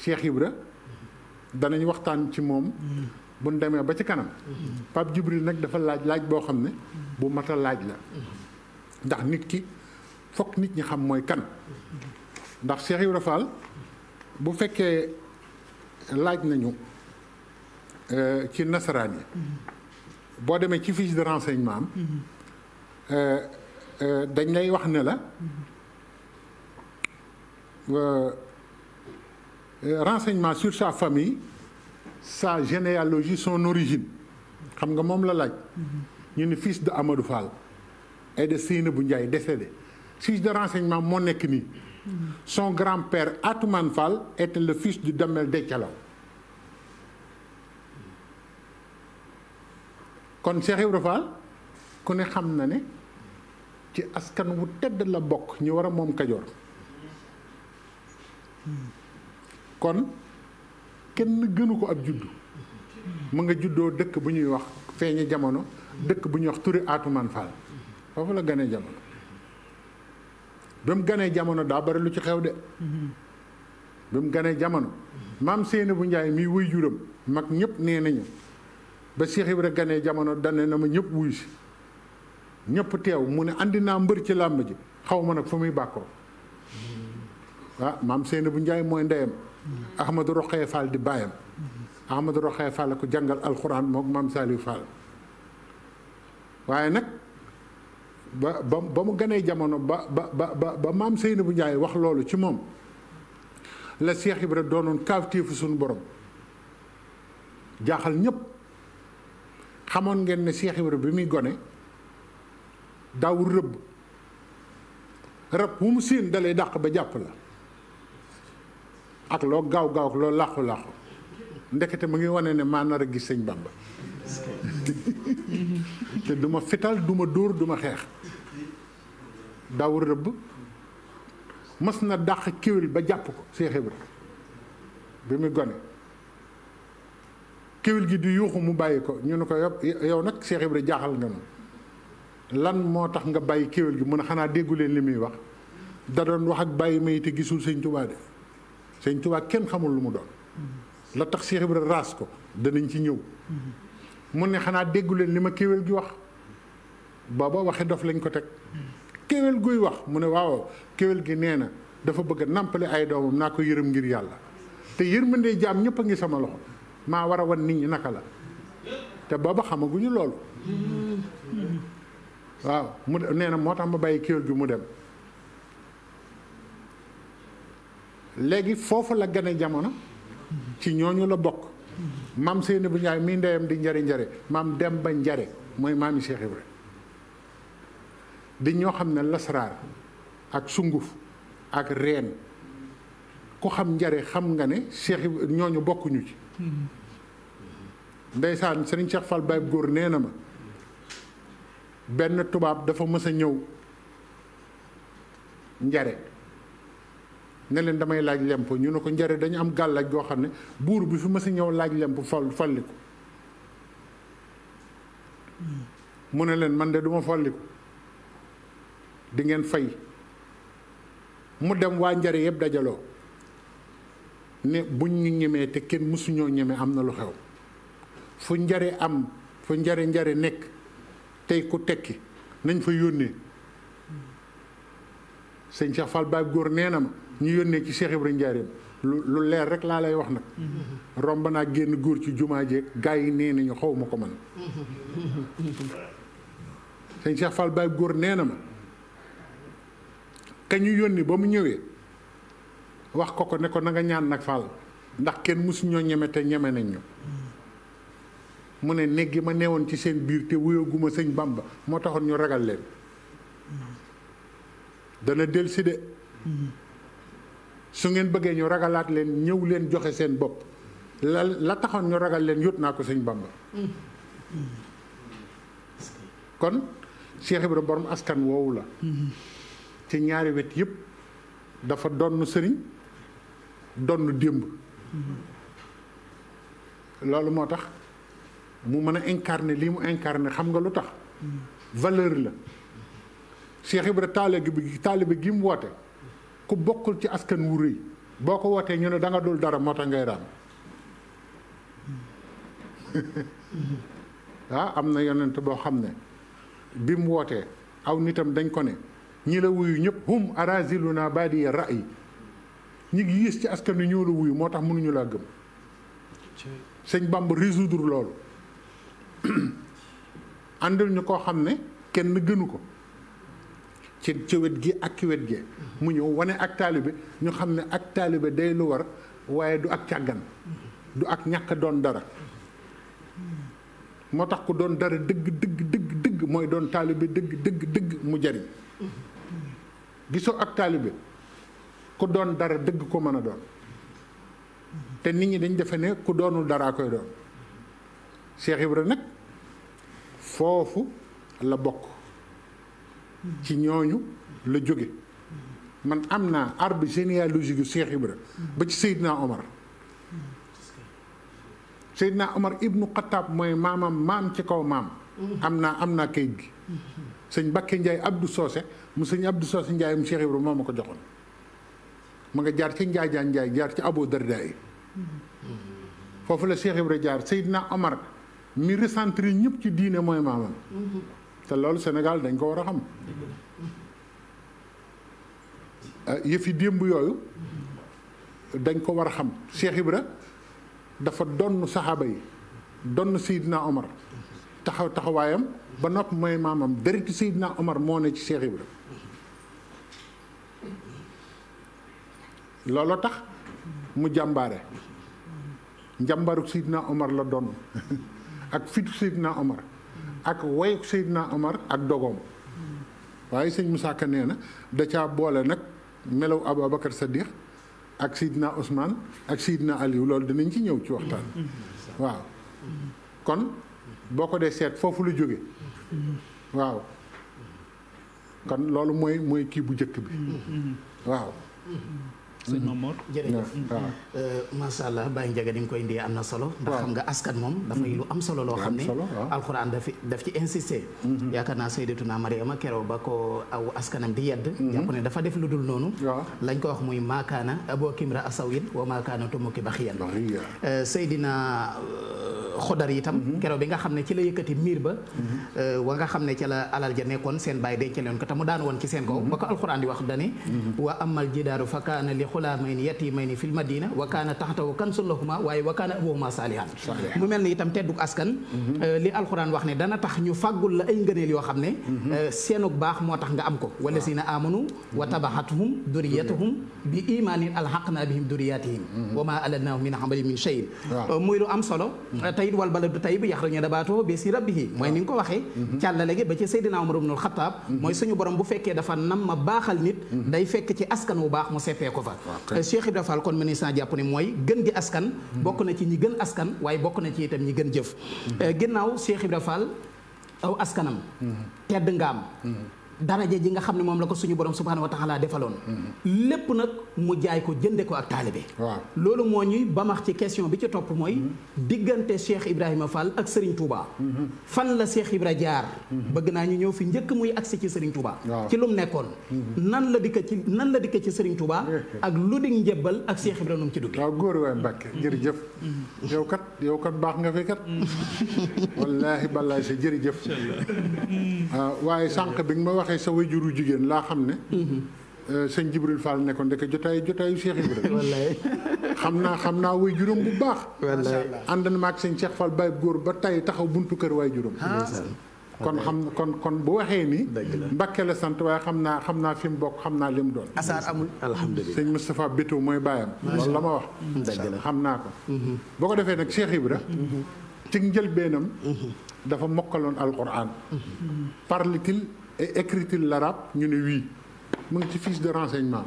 Cheikh Ibra mm-hmm. danañ waxtaan ci moom bu ñu demee ba ci kanam Pape Djibril nag dafa laaj laaj boo xam ne bu mata laaj la ndax nit ki fokk nit ñi xam mooy kan ndax Cheikh Ibra Fall bu fekkee laaj nañu euh, ci nasaraan yi mm-hmm. boo demee ci fiche de renseignement am mm-hmm. euh, euh, dañ lay wax ne la mm-hmm. renseignement sur sa famille sa généalogie son origine xam nga moom la laaj ñu fils de Amadou Fall et de Seynabou Ndiaye décédé fils de renseignement mo nek ni son grand-père Atouman Fall était le fils du Damel Dekalo kon Cheikh Ibra Fall ku ne xam na ne ci askan wu tedd la bok ñu wara mom kadior kon kenn gënu ab juddu mu nga juddoo dëkk bu ñuy wax feeñi jamono dëkk bu ñuy wax Touré Atoumane Fall foofu la ganee jamono ba mu ganee jamono daa bari lu ci xew de ba mu ganee jamono maam Seyna bu Njaay mii wuy juram mag ñëpp nee nañu ba Cheikh Ibra ganee jamono dane na ma ñëpp wuy si ñëpp teew mu ne andi naa mbër ci làmb ji xaw ma nag fu muy bàkkoo ah maam Seyna bu Njaay mooy ndeyam Ahmadou Roxee Fall di baayam Ahmadou Roxee Fall ko jàngal alxuraan mook maam Saliou Fall waaye nag ba ba ba mu ganee jamono ba ba ba ba maam Seynabou Ndiaye wax loolu ci moom la Cheikh Ibra doonoon kaawteefu suñu borom jaaxal ñépp xamoon ngeen ne Cheikh Ibra bi muy gone daawul rëbb rab wu mu séen dalay dàq ba jàpp la ak loo gaaw gaaw ak loo làqu làqu ndekete mu ngi wane ne maa nar a gis sëñ Bamba te du ma fital duma dóor duma xeex daawul rëbb mas na dàq kéwél ba jàpp ko Seex Ibra bi muy gone kéwél gi di yuuxu mu bàyyi ko ñu ne ko yow nag Seex Ibra jaaxal nga nu lan moo tax nga bàyyi kéwél gi mun a xanaa déggu leen li muy wax da doon wax ak bàyyi may te gisul sëñ Tuubaa de sëñ Tuubaa kenn xamul lu mu doon la tax Seex Ibra ras ko danañ ci ñëw mu ne xanaa déggu leen li ma kéwél gi wax booba waxi dof lañ ko teg kéwél guy wax mu ne waaw kéwél gi nee na dafa bëgg a nàmpale ay doomam naa ko yërëm ngir yàlla te yërmandee jaam ñépp a ngi sama loxo maa war a wan nit ñi naka la te booba xamaguñu loolu waaw mu nee na moo tax ma bàyyi kéwél gi mu dem léegi foofu la gane jamono ci ñooñu la bokk maam bu Ndiaye mi ndeyam di njari njare maam dem ba Njare mooy maami Cheikh Ibra di ñoo xam ne lasraar ak sunguf ak reen ku xam njare xam nga ne Cheikh ñooñu bokkuñu ci ndeysaan Serigne Cheikh Fall Baye góor nee na ma benn tubaab dafa mës a ñëw njare ne len damay laaj lemp ñu ne ko njare dañu am gal goo xam ne bi fi mësa ñew laaj lemp fal faliku. mu ne len man de duma falliku di ngeen fay mu dem wa njare yeb dajalo ne buñ ñu ñëmé te kenn ñoo am amna lu xew fu am fu njare nek nek tay ku tekki nañ fa yónnee sëñ Cheikh Fall Baye gor ñu yónnee ci Cheikh Ibrahima Ndiarène lu lu leer rek laa lay wax nag. romb naa génn góor ci jumaa jeeg gaa yi nee nañu xaw ma ko man sëñ Cheikh Fall Baye góor nee na ma te ñu yónni ba mu ñëwee wax ko ko ne ko na nga ñaan nag Fall ndax kenn mësuñoo ñeme te ñeme nañ ñu. mu ne gi ma neewoon ci seen biir te wuyaguma sëñ Bamba moo taxoon ñu ragal leen dana dellusi de. su ngeen bëggee ñu ragalaat leen ñëw leen joxe seen bopp la la taxoon ñu ragal leen yót naa ko sëñ Bamba kon Cheikh Ibrahima borom askan woowu la ci ñaari wet yëpp dafa donn sëriñ donn démb loolu moo tax mu mën a incarner lii mu incarner xam nga lu tax valleur la Cheikh Ibrahima taalibe bi taalibe gi mu woote ku bokkul ci askan wu rëy boo ko wootee ñu ne da dul dara moo tax ngay raam ah am na yonent boo xam ne bi mu wootee aw nitam dañ ko ne ñi la wuyu ñëpp hum arazilu naa baa di ra yi ñi ngi ci askan wi ñoo la wuyu moo tax mënuñu laa gëm sëñ Bàmb résoudre loolu àndal ñu koo xam ne kenn gënu ko ci ci gi ak ci wet gi mu ñëw wane ak taalibe ñu xam ne ak taalibe day lu war waaye du ak càggan du ak ñàkk doon dara moo tax ku doon dara dëgg dëgg dëgg dëgg mooy doon taalibe dëgg dëgg dëgg mu jariñ gisoo ak taalibe ku doon dara dëgg ko mën a doon te nit ñi dañ defe ne ku doonul daraa koy doon Cheikh Ibra nag foofu la bokk ci ñooñu la jóge man am naa arbre généalogique yu Cheikh Ibra ba ci Seydina Omar Seydina Omar ibnu Xattaab mooy maamam maam ci kaw maam am naa am naa kayit gi sëñ Bakke Ndiaye Abdou Socé mu sëñ Abdou Socé Ndiaye mu Cheikh Ibra moo ko joxoon ma nga jaar ci Njaajaan Ndiaye jaar ci Abou Darda foofu la Cheikh Ibra jaar Seydina Omar mi recentré ñëpp ci diine mooy maamam te loolu senegal dañ ko war a xam ah, yëfi démb yooyu dañ ko war a xam Cheikh Ibra dafa donn saxaaba yi donn Seydina Omar taxaw taxawaayam ba nopp mooy maamam dërëtu Seydina Omar moo ne ci Cheikh Ibra looloo tax mu jàmbaare njàmbaaruk Seydina Omar la doon ak fitu naa Omar ak woy Seydina Omar ak dogoom waaye sëñ Moussa Ka nee na da caa boole nag melaw Aboubacar Saddiq ak Seydina Ousmane ak Seydina Aliou loolu dinañ ci ñëw ci waxtaan waaw kon boo ko dee seet foofu la jóge waaw kon loolu mooy mooy kii bu njëkk bi waaw sëñ Mamour jërëjëf mm. euh, macha allah Baye Ndiaga ni mu koy indee am na solo ndax xam nga askan moom dafay lu am solo loo xam ne alxuraan daf daf ci insisté mm-hmm. yaakaar naa Sayyidatuna Mariama keroog ba ko aw askanam di yedd mm-hmm. jàpp ne dafa def lu dul noonu lañ ko wax muy maakaana abookim ra asawin wa maakaana tumuki baxiyan euh, Seydina euh, xodar itam mm-hmm. keroog bi nga xam ne ci la yëkkati miir ba wa nga xam ne ca la alal ja nekkoon seen bàyyi denc leen ko te mu daan woon ci seen kaw ba ko alxuraan di wax dane wa amal jidaaru fa kaana li فلان ماني يتيمين في المدينة وكان تحته كنس لهما واي وكان هوما صالحا ممن يتم تدك أسكن لي القرآن وحنا دنا تحنو فقول لا إنجني لي وخمنة سينك باخ ما تحنا أمكو ولسينا آمنو وتبعتهم دريتهم بإيمان الحقنا بهم دريتهم وما ألناهم من حمل من شيء مويلو أمسلو تايد والبلد تايب يخرج نباتو بسير به ما ينكو وخي كلا لجي بجي سيدنا عمر بن الخطاب ما يسني برام بفكر دفن نم باخ النت دايفك كي أسكن وباخ مسيح يكوفر Euh, Cheikh Ibra kon mën saa jàpp ne mooy gën gi askan hmm. bokk na ci ñi gën askan waaye bokk na ci itam ñi gën jëf hmm. euh, ginnaaw Cheikh aw askanam hmm. tedd ngaam daraja ji nga xam ne moom la ko suñu borom subhaanahu wa taala defaloon lépp nag mu jaay ko jënde ko ak taalibe waaw loolu moo ñuy bamax ci question bi ci topp mooy diggante Cheikh Ibrahima Fall ak sëriñ Touba fan la Cheikh Ibra jaar bëgg naa ñu ñëw fi njëkk muy agsi ci Serigne Touba ci lu mu nekkoon nan la dikk ci nan la dikk ci Serigne Touba ak lu dig njëbbal ak Cheikh Ibra num ci dugge waaw góor waay Mbàkke jërëjëf yow kat yow kat baax nga fi kat wallaahi waxee sa wayjuru jigéen laa xam ne. Mm-hmm. Euh, sëñ Jibril Fall nekkoon ndeke jotaayu jotaayu Cheikh xam naa xam naa way juróom bu baax. ànd na ma ak sëñ Cheikh Fall góor ba tay taxaw buntu kër waay juróom. kon xam kon kon bu waxee ni Mbàkke la sant waaye xam naa xam naa fi mu bokk xam naa li mu doon asaar amul alhamdulilah sëñ Moustapha Bétou mooy baayam loolu la ma wax xam naa ko mm-hmm. boo ko defee nag Cheikh Ibra mm-hmm. ci njëlbeenam dafa mokkaloon alquran parlitil et écrit-il ñu ne oui mu ngi ci fiche de renseignement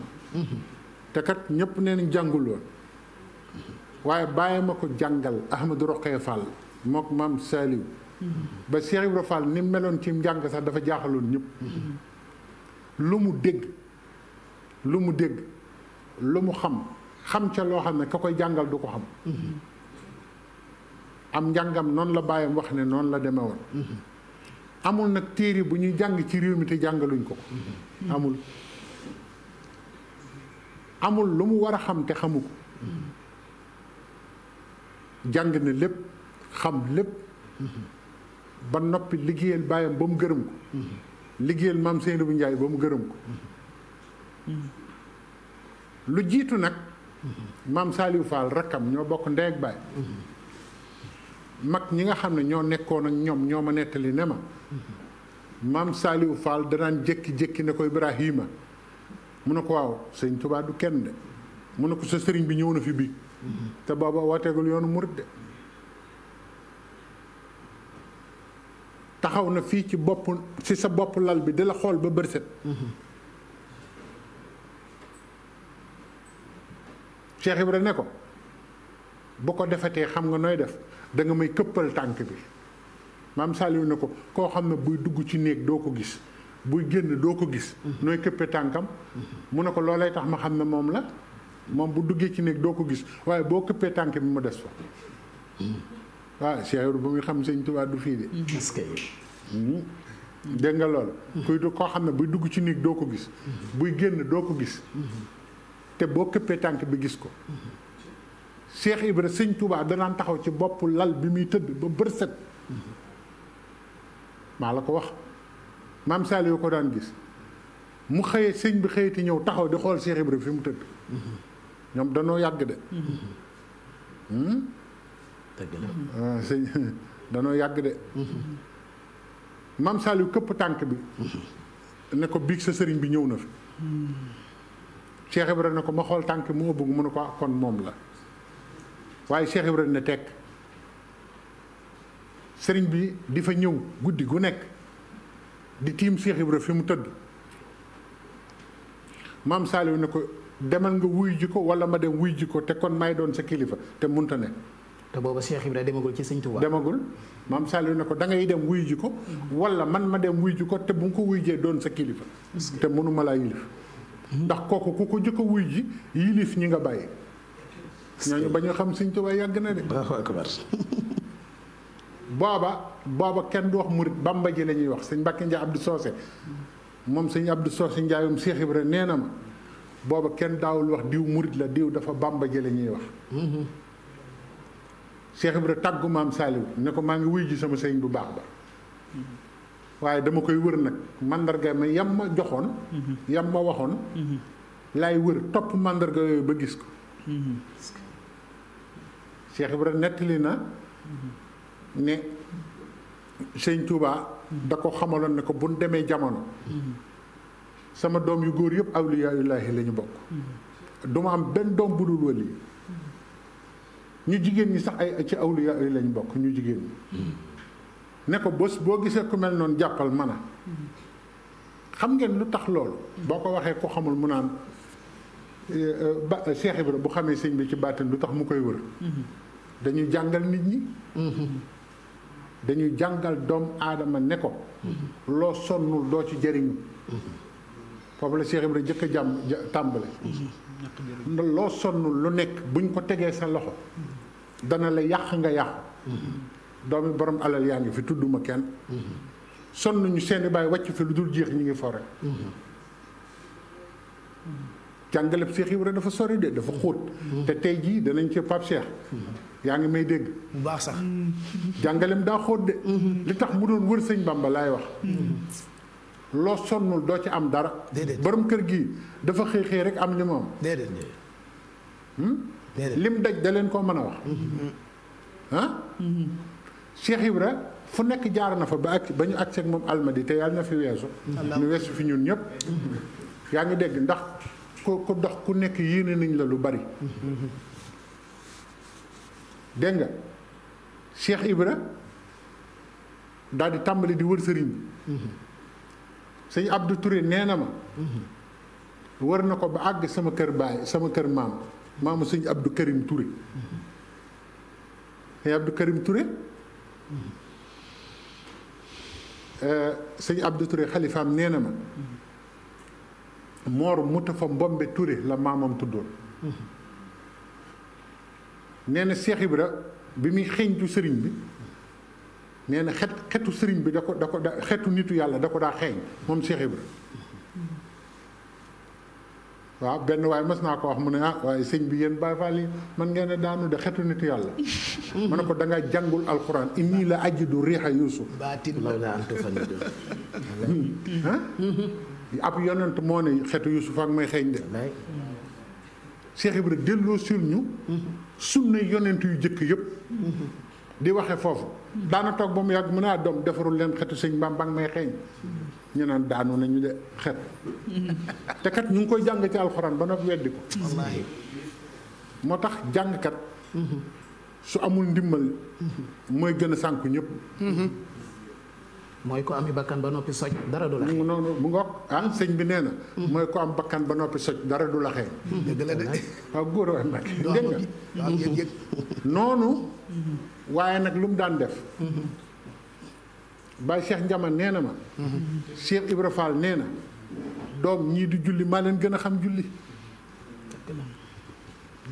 te kat ñëpp nee jànguloon waaye bàyyi ma ko jàngal Ahmadou Roqee Fall mook maam Saliou ba Cheikh Ibra ni meloon ci njàng sax dafa jaaxaloon ñëpp lu mu dégg lu mu dégg lu mu xam xam ca loo xam ne ka koy jàngal du ko xam am njàngam noonu la bàyyam wax ne noonu la demee woon amul nag téere bu ñuy jàng ci réew mi te jàngaluñ ko amul amul lu mu war a xam te xamu ko jàng na lépp xam lépp ba noppi liggéeyal baayam ba mu gërëm ko liggéeyal maam Seydou bu Njaay ba mu gërëm ko lu jiitu nag maam Saliou Fall rakkam ñoo bokk ndey ak baay mag ñi nga xam ne ñoo nekkoon ak ñoom ñoo ma nettali ne ma maam Saliou Fall danaan jékki-jékki ne ko Ibrahima mu ne ko waaw sëñ Tuubaa du kenn de mu ne ko sa sëriñ bi ñëw na fi bi te booba wooteegul yoonu murit de taxaw na fii ci bopp ci sa bopp lal bi di la xool ba bërset Cheikh Ibra ne ko boo ko defetee xam nga nooy def danga nga may këppal tànk bi maam Saliou ne ko koo xam ne buy dugg ci néeg doo ko gis buy génn doo ko gis. nooy tànkam. mu ne ko loolay tax ma xam ne moom la moom bu duggee ci néeg doo ko gis waaye boo këppee tànk bi mu des fa. waaw Cheikh Ibra ba muy xam sëñ du fii de. est-ce que. Hmm. dégg nga loolu. kuy koo xam ne buy dugg ci néeg doo ko gis. buy génn doo ko gis. te boo këppee tànk bi gis ko. Cheikh Ibra sëñ Tuubaa danaan taxaw ci boppu lal bi muy tëdd ba bërset. maa la ko wax maam Saliou ko daan gis mu xëye sëñ bi xëyati ñëw taxaw di xool Cheikh Ibrahima fi mu tëdd ñoom danoo yàgg de hmm? dëgg la ah, sëñ danoo yàgg maam Saliou këpp tànk bi ne ko biig sa sëriñ bi ñëw na fi Cheikh Ibrahima ne ko ma xool tànk mu ëbb mu ne ko ah, kon moom la waaye Cheikh Ibrahima ne tekk sëriñ bi di fa ñëw guddi gu nekk di tiim Cheikh Ibra fi mu tëdd maam Saliou ne ko demal nga wuy ji ko wala ma dem wuy ji ko te kon may doon sa kilifa te munta ne te booba Cheikh Ibra demagul ci seigne Touba demagul maam Saliou ne ko da ngay dem wuy ji ko wala man ma dem wuy ji ko te bu ko wuy jee doon sa kilifa te munuma la yilif ndax kooku ku ko jëk a wuy ji yilif ñi nga bàyyi ñooñu bañu xam seigne Touba yàgg na de booba booba kenn du wax murit bamba ji la ñuy wax sëñ Mbàkke Njaay Abdou Socé moom sëñ Abdou Socé njaayum Seex Ibra nee na ma booba kenn daawul wax diw murit la diw dafa bamba ji ñuy wax Seex mm-hmm. Ibra tàggu maam ne ko maa ngi wuy ji sama sëñ bu baax ba waaye dama koy wër nag màndarga ma yam ma joxoon mm-hmm. yam ma waxoon mm-hmm. laay wër topp màndarga yooyu ba gis ko Seex Ibra nettali na ne sëñ Touba da ko xamaloon ne ko bu demee jamono sama doom yu góor yëpp awliyaayullaahi la lañu bokk duma am benn doom bu dul wali ñu jigéen ñi sax ay ci awliyaay lañu bokk ñu jigéen ñi ne ko bés boo gisee ku mel noonu jàppal man a xam ngeen lu tax loolu boo ko waxee ku xamul mu naan euh, ba bi Ibra bu xamee sëñ bi ci baatin lu tax mu koy wër mm-hmm. dañuy jàngal nit ñi mm-hmm. dañuy jàngal doom aadama ne ko loo sonnul doo ci jëriñu foofu la Cheikh Ibrahima jëkk a jàmm tàmbale loo sonnul lu nekk buñ ko tegee sa loxo dana la yàq nga yàqu doomi borom alal yaa ngi fi tudduma kenn sonn ñu seeni bàyyi wàcc fi lu dul jeex ñu ngi fore jàngaleb Cheikh Ibrahima dafa sori de dafa xóot te tey jii danañ ci Pape yaa ngi may dégg. bu baax sax. jàngaleem daa xóot de. Mm-hmm. li tax mu doon wër sëñ Bamba laay wax. Mm-hmm. loo sonnul doo ci am dara. borom kër gi dafa xëy xëy rek am li mu hmm? lim daj da leen koo mën a wax. Mm-hmm. ah. Cheikh Ibra fu nekk jaar na fa ba ak ba ñu àgg moom almadi te yàlla na fi weesu. ñu weesu fi ñun ñëpp. yaa ngi dégg ndax ku ku dox ku nekk yéene nañ la lu bari. dégg nga Cheikh Ibra daal di tàmbali di wër sëriñ bi mhm. sëñ Abdou Touré nee na ma mhm. wër na ko ba àgg sama kër baay sama kër maam maamu sëñ Abdou kërim turi mhm. sëñ Abdou Karim Touré euh, sëñ Abdou Touré xalifaam nee na ma moor mu tafa mbombe Touré la maamam tuddoon nee na Cheikh Ibra bi muy xeeñtu sëriñ bi nee na xet xetu sëriñ bi da ko da ko da xetu nitu yàlla da ko daa xeeñ moom Cheikh Ibra waaw benn waaye mës naa ko wax mu ne ah waaye sëñ bi yéen Baay Faal yi man ngeen a daanu de xetu nitu yàlla mën ne ko da nga jàngul alxuraan inni la ajidu riixa yuusuf baatin la antu fan ab yonent moo ne xetu yuusuf ak may xeeñ de Cheikh delloo sur ñu mm-hmm. na yonent yu jëkk yëpp di waxe foofu daana toog ba mu yàgg mu ne ah, doom defarul leen xetu sëñ Bamba may xeeñ ñu naan daanu nañu de xet te kat ñu ngi koy jàng ci alxuraan ba noppi weddi ko moo tax jàngkat uhuh. su amul ndimbal uhuh. mooy gën a sànku ñëpp uhuh. mooy ko ami bakkan ba noppi soj dara du la noonu mu ngoog ah sëñ bi mooy ko am bakkan ba noppi soj dara du la xeeñ dëgg la de waaw góor a waaye nag lu mu daan def Baye Cheikh Ndiamane nee na ma Cheikh Ibra Fall nee na doom ñii di julli maa leen gën a xam julli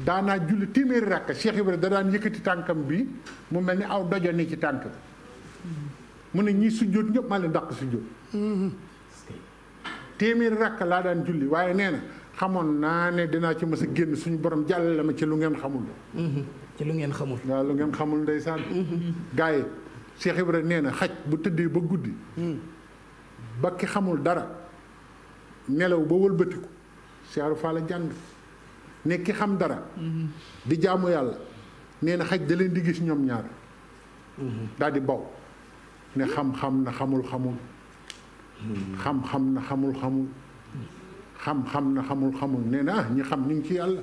daanaa julli téeméeri rakk Cheikh Ibra da daan yëkkati tànkam bi mu mel ni aw dojo ni ci tànk bi mun ne ñii sujjóot ñëpp maa leen dàq sujjóot téeméeri rakk laa daan julli waaye nee na xamoon naa ne dinaa ci ma a génn suñu borom jàllale ma ci lu ngeen xamul. ci lu ngeen xamul. waaw lu ngeen xamul ndeysaan. gars yi Cheikh nee na xaj bu tëddee ba guddi. ba ki xamul dara nelaw ba wëlbatiku Cheikh Fall la jàng ne ki xam dara. di jaamu yàlla nee na xaj da leen di gis ñoom ñaar. daal di baw. ne xam-xam na xamul xamul xam-xam na xamul xamul xam-xam na xamul xamul nee na ah, ñi xam ñu ngi ci yàlla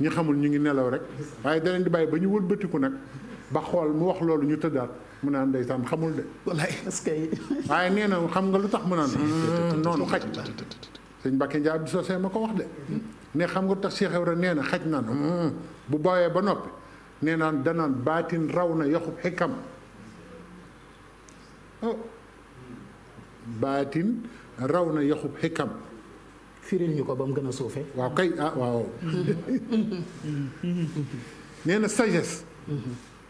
ñi xamul ñu ngi nelaw rek waaye da di bàyyi ba ñu wëlbatiku nag ba xool mu wax loolu ñu tëddaat mu naan ndeysaan xamul de. waaye nee na xam nga lu tax mu naan. noonu xaj. sëñ Mbacke Ndiaye bi sosee ma ko wax de. ne xam nga lu tax Cheikh Ibrahima nee na xaj naan hmm. bu booyee ba noppi nee naan danaan baatin raw na yoxub xikam oh baatin raw na yaxub xikam firil ñu ko ba mu gën a suufee waaw kay ah waaw nee na sagesse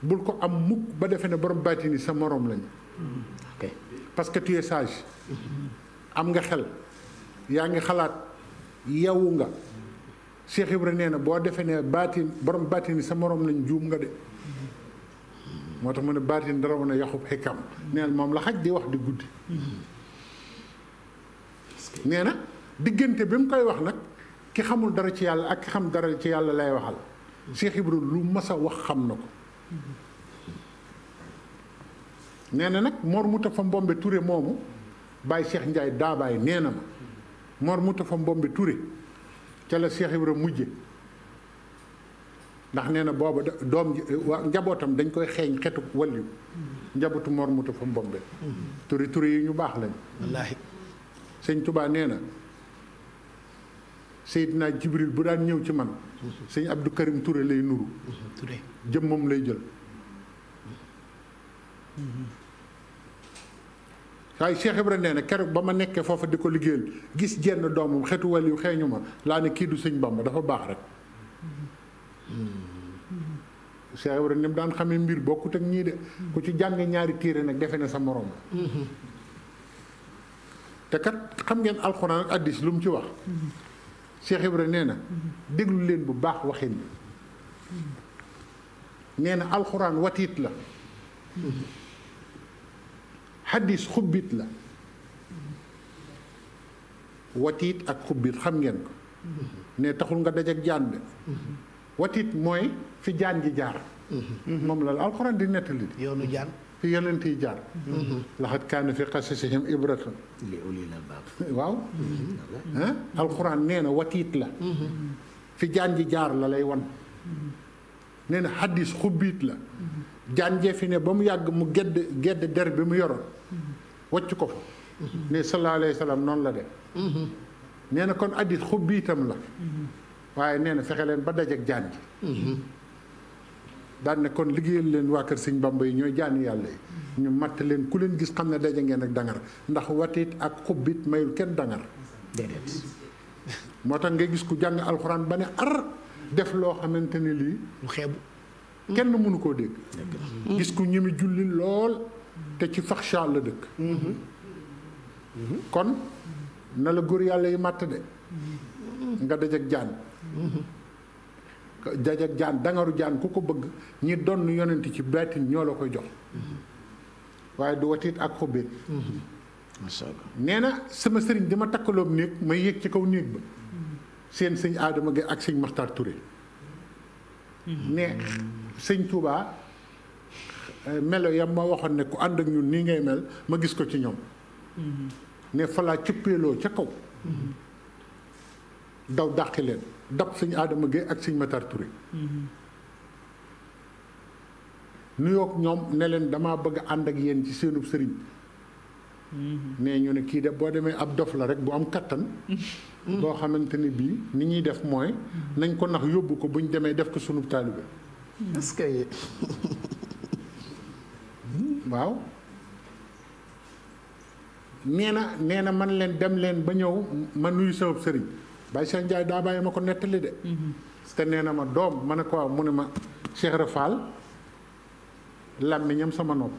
bul ko am mukk ba defe ne borom baatin yi sa moroom lañ parce que tu sage am nga xel yaa ngi xalaat yeewu nga Cheikh Ibra nee na boo defee ne baatin borom baatin yi sa moroom lañ juum nga de moo tax mu ne baatin dara mu ne yaxub xikam nee moom la xaj di wax di guddi nee na diggante bi mu koy wax nag ki xamul dara ci yàlla ak ki xam dara ci yàlla lay waxal Cheikh Ibra lu mas a wax xam na ko nee na nag Mor Moustapha Mbombe ture moomu Baye Cheikh Ndiaye daabaay nee na ma Mor fa Mbombe Touré ca la Cheikh Ibra mujje ndax nee na booba doom eh, waa njabootam dañ koy xeeñ xetu wàllu njabootu Mor Mutu fa Mbombe turi turi yi ñu baax lañ wallaahi sëñ Tubaa nee na Seydina Jibril bu daan ñëw ci man sëñ Abdou Karim lay nuru jëm moom lay jël waaye Cheikh Ibra nee na keroog ba ma nekkee foofa di ko liggéeyal gis jenn doomam xetu wàllu xeeñu ma laa ne kii du sëñ Bamba dafa baax rek Cheikh Ibrahima ni mu daan xamee mbir bokkut ak ñii de ku ci jàng ñaari téere nag defe na sa morom te kat xam ngeen alxuraan ak addis lu mu ci wax Cheikh Ibrahima nee na déglu leen bu baax waxin bi nee na alxuraan watiit la xaddis xubbit la watiit ak xubbit xam ngeen ko ne taxul nga daj ak jaan bi watit mooy fi jaan ji jaar moom la alxuraan di nettali yoonu jaan fi yonent yi jaar laxat kaana fi qasasihim ibratun li ulil albaab waaw alxuraan nee na watiit la fi jaan ji jaar la lay wan nee na xaddis xubbiit la jaanjee fi ne ba mu yàgg mu gedd gedd der bi mu yoroon wacc ko fa ne sallallahu alayhi wa sallam noonu la def nee na kon addis xubbiitam la waye nee na len ba dajeeg jaan ji mhm. dan ne kon liggéeyal leen waa kër sëñ Bamba yi ñooy jaani yàlla yi ñu matt leen ku leen gis xam ne daje ngeen ak dangar ndax watit ak xubbit mayul kenn dangar dedet moo tax nga gis ku jàng alxuraan ba ne ar def loo xamante ne lii lu xeebu kenn mënu koo dégg gis ku ñimi julli lool te ci faxsha la dëkk mhm. kon na la gor yàlla yi matt de mhm. nga dajeeg jaan jajak jaan dangaru jaan ku ko bëgg ñi donn yonent ci baatin ñoo la koy jox waaye du watit ak xubbeen nee na sama sëriñ ma takkaloo néeg ma yéeg ci kaw néeg ba seen sëñ Adama Gueye ak sëñ Maxtar Touré ne sëñ Touba melo yam ma waxoon ne ku ànd ak ñun nii ngay mel ma gis ko ci ñoom mm-hmm. ne falaa cëppeeloo ca kaw mm-hmm. daw dàqi leen dab sëñ Adama Gueye ak sëñ Matar Touré. nuyoog ñoom ne leen damaa bëgg ànd ak yéen ci seenub sëriñ. nee ñoo ne kii de boo demee ab dof la rek bu am kattan. loo xamante ni bii ni ñuy def mooy. nañ ko nax yóbbu ko bu ñu demee def ko sunub taalibe. est-ce waaw. nee na nee na man leen dem leen ba ñëw ma nuyu seenub sëriñ. Baye Cheikh Ndiaye daa bàyyi ma ko nettali de. te mhm. nee na ma doom ma ne ko waaw mu ne ma Cheikh Rafal làmmiñam sama nopp.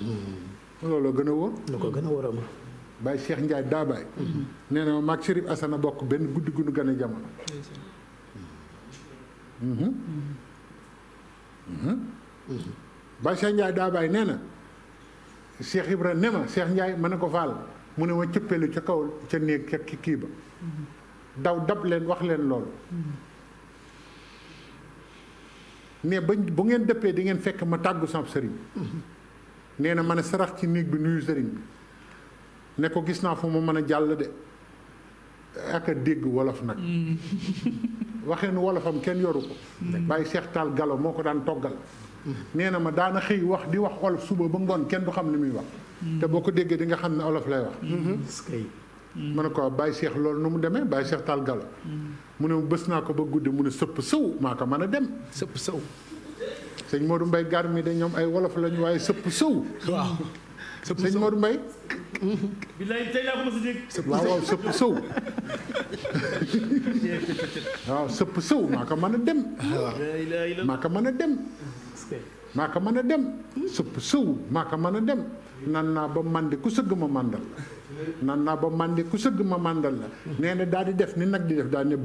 Mhm. looloo gën a wóor. ko gën a wóor a ma. Baye Cheikh Ndiaye mhm. ma maag Chérif benn guddi gu gën a jamono. Baye na Cheikh Ibra ne ma Cheikh Ndiaye ma ne ko faal mu ne ma cëppeelu ca kaw ca néeg ca kii ba. daw dab leen wax leen loolu mais bañ bu ngeen dëppee di ngeen fekk ma tàggu sama sëriñ nee na man a sarax ci néeg bi nuyu sëriñ bi ne ko gis naa fu ma mën a jàll de ak dégg wolof nag waxeen wolofam kenn yoru ko bàyyi Seex Taal Galo moo ko daan toggal nee na ma daana xëy wax di wax olof suba ba ngoon kenn du xam ni muy wax te boo ko déggee di nga xam ne olof lay wax mm-hmm. mën ne ko Baye Cheikh loolu nu mu demee Baye Cheikh Tall Gallo mm. mu ne bës naa ko ba guddi mu ne sëpp sëw maa ko mën a dem sëpp sëw sëñ Modou Mbaye gar mi de ñoom ay wolof lañu waaye sëpp sëw waaw sëpp sëñ Modou waaw sëpp sëw waaw sëpp sëw maa ko mën a dem maa ko mën a dem maa ko mën a dem supp sëw maa ko mën a dem nan naa ba màndi ku sëgg ma màndal la nan naa ba màndi ku ma màndal la nee daal di def ni nag di def daal ne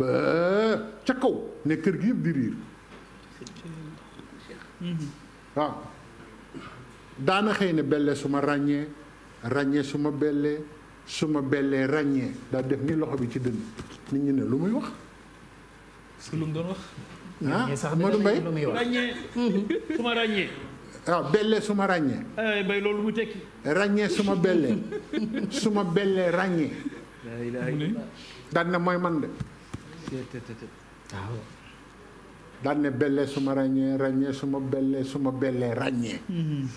ca kaw ne kër gi yëpp di riir waaw daana xëy ne bellee su ma ràññee ràññee suma ma bellee su bellee ràññee daal def ni loxo bi ci dënn nit ñi ne lu muy wax. parce lu mu doon wax. ah Modou Mbaye ràññee mhm. su ma ràññee. waaw ah, bellee su ma ràññee. Eh, bay loolu mu tekki. ràññee su ma bellee su ma bellee ràññee. daan mooy man de. waaw. bellee su ma ràññee ràññee suma ma bellee su bellee ràññee. Mhm.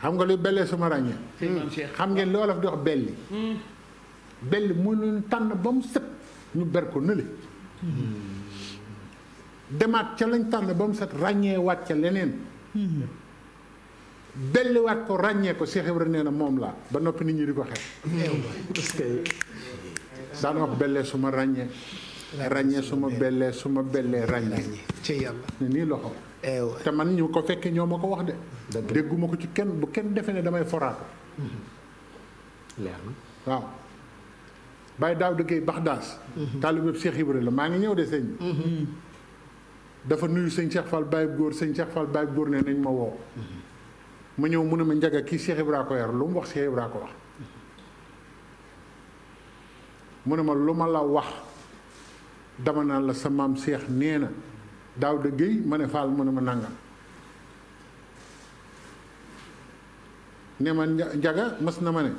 xam nga luy bellee suma ma ràññee. xam ngeen loola di wax belli. Hmm. belli mënuñ tànn ba mu sëb ñu ber ko nële. Mhm. demaat ca lañ tànn ba mu set ràññeewaat ca leneen. delliwaat ko ràññee ko Cheikh nee na moom laa ba noppi nit ñi di ko xeeb. daan wax bellee su ma ràññee. ràññee su ma bellee su ma bellee ràññee. ci yàlla ne nii loxo. te man ñu ko fekkee ñoo ma ko wax de. dégguma ko ci kenn bu kenn defe ne damay foraatu. leer na waaw. Baye Daouda Gueye Baxdaas. Mhm. taalibu Cheikh la maa ngi ñëw de sëñ bi. Mhm. dafa nuyu sëñ Cheikh Fall Baye góor sëñ Cheikh Fall Baye góor ne nañ ma woo mm-hmm. ma ñëw mu ne ma njaga kii Cheikh Ibra ko yar lu mu wax Cheikh Ibra ko wax mm-hmm. mu lu ma la wax dama naan la sa maam Cheikh nee na daaw de géy ma ne Fall mu ma nangam ne ma njaga mas na ma ne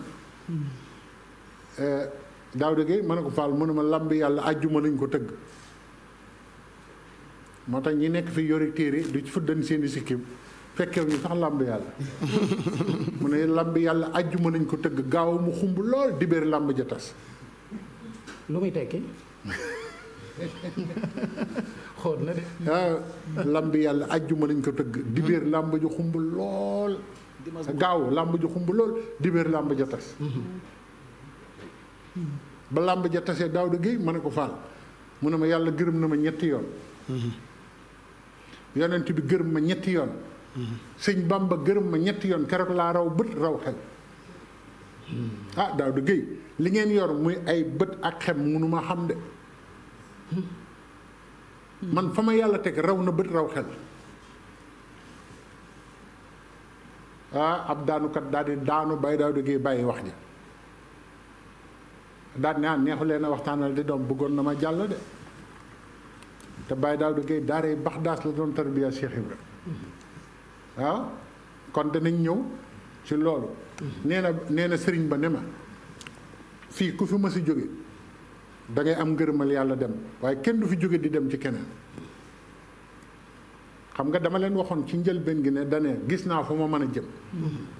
daaw de géy ma ne ko Fall mu ne làmb yàlla àjjuma lañ ko tëgg Mata ñi nek fi yori téré du fuddan seen sikim fekke ñu sax lamb yalla mu ne lamb yalla aju mënañ ko tëgg gaaw mu lol di ber lamb ja tass lu muy tekki xor na de ah, lamb yalla aju mënañ ko di ber lamb ju xumbu lol gaaw lamb ju lol di ber lamb ja tass mhm. ba lamb ja tassé de mané ko faal mu ne ma yalla gërëm na ma ñetti yoon mhm. yonent bi gërëm ma ñetti yoon sëñ Bamba gërëm ma ñetti yoon keroog laa raw bët raw xel hmm. ah daaw di géy li ngeen yor muy ay bët ak xem munuma xam de hmm. man fa ma yàlla teg raw na bët raw xel ah ab daanukat daal di daanu bay daaw di géey bàyyi wax ja daal ne ah, neexu leen a waxtaanal di doom bëggoon na ma jàll de te bàyyi daal du Baye Daouda yi daaree Baxdaas la doon tarbiya Cheikh Ibra waaw kon danañ ñëw ci loolu nee na nee na sëriñ ba ne ma fii ku fi ma si jóge dangay am ngërëmal yàlla dem waaye kenn du fi jóge di dem ci keneen xam nga dama leen waxoon ci njëlbeen gi ne dane gis naa fu ma mën a jëm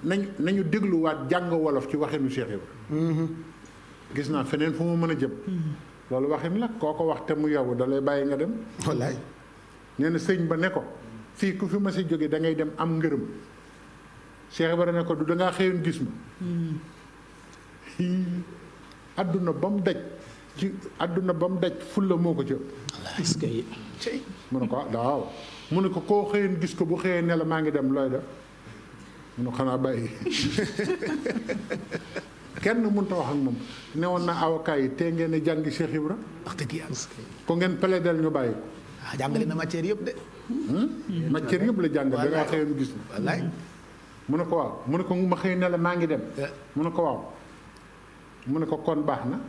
nañ nañu dégluwaat jàng wolof ci waxinu Cheikh Ibra mm-hmm. gis naa feneen fu ma mën a jëm loolu waxin la koo ko wax te mu yow da bàyyi nga dem. wallaay nee na sëñ ba ne ko. fii ku fi ma si jóge da ngay dem am ngërëm. Cheikh Ibra ne ko du dangaa ngaa xëyoon gis ma. adduna ba mu daj. ci àdduna ba mu daj fulla moo ko ca. est-ce que mu ne ko ah, waaw mu ne ko koo xëyoon gis ko bu xëyee ne maa ngi dem looy def mu ne xanaa bàyyi. kenn mun a wax ak moom newoon na avocat yi tee ngeen a jàngi Cheikh ra wax dëgg yàlla. ko ngeen plaidel ñu bàyyi ko. ah na matière yëpp de. Hmm? matière yëpp la jàng da ngaa xëyoon gis. wallaay mu ne ko waaw mu ne ko ma xëy ne maa ngi dem. Eh. mu ne ko waaw mu ne ko kon baax na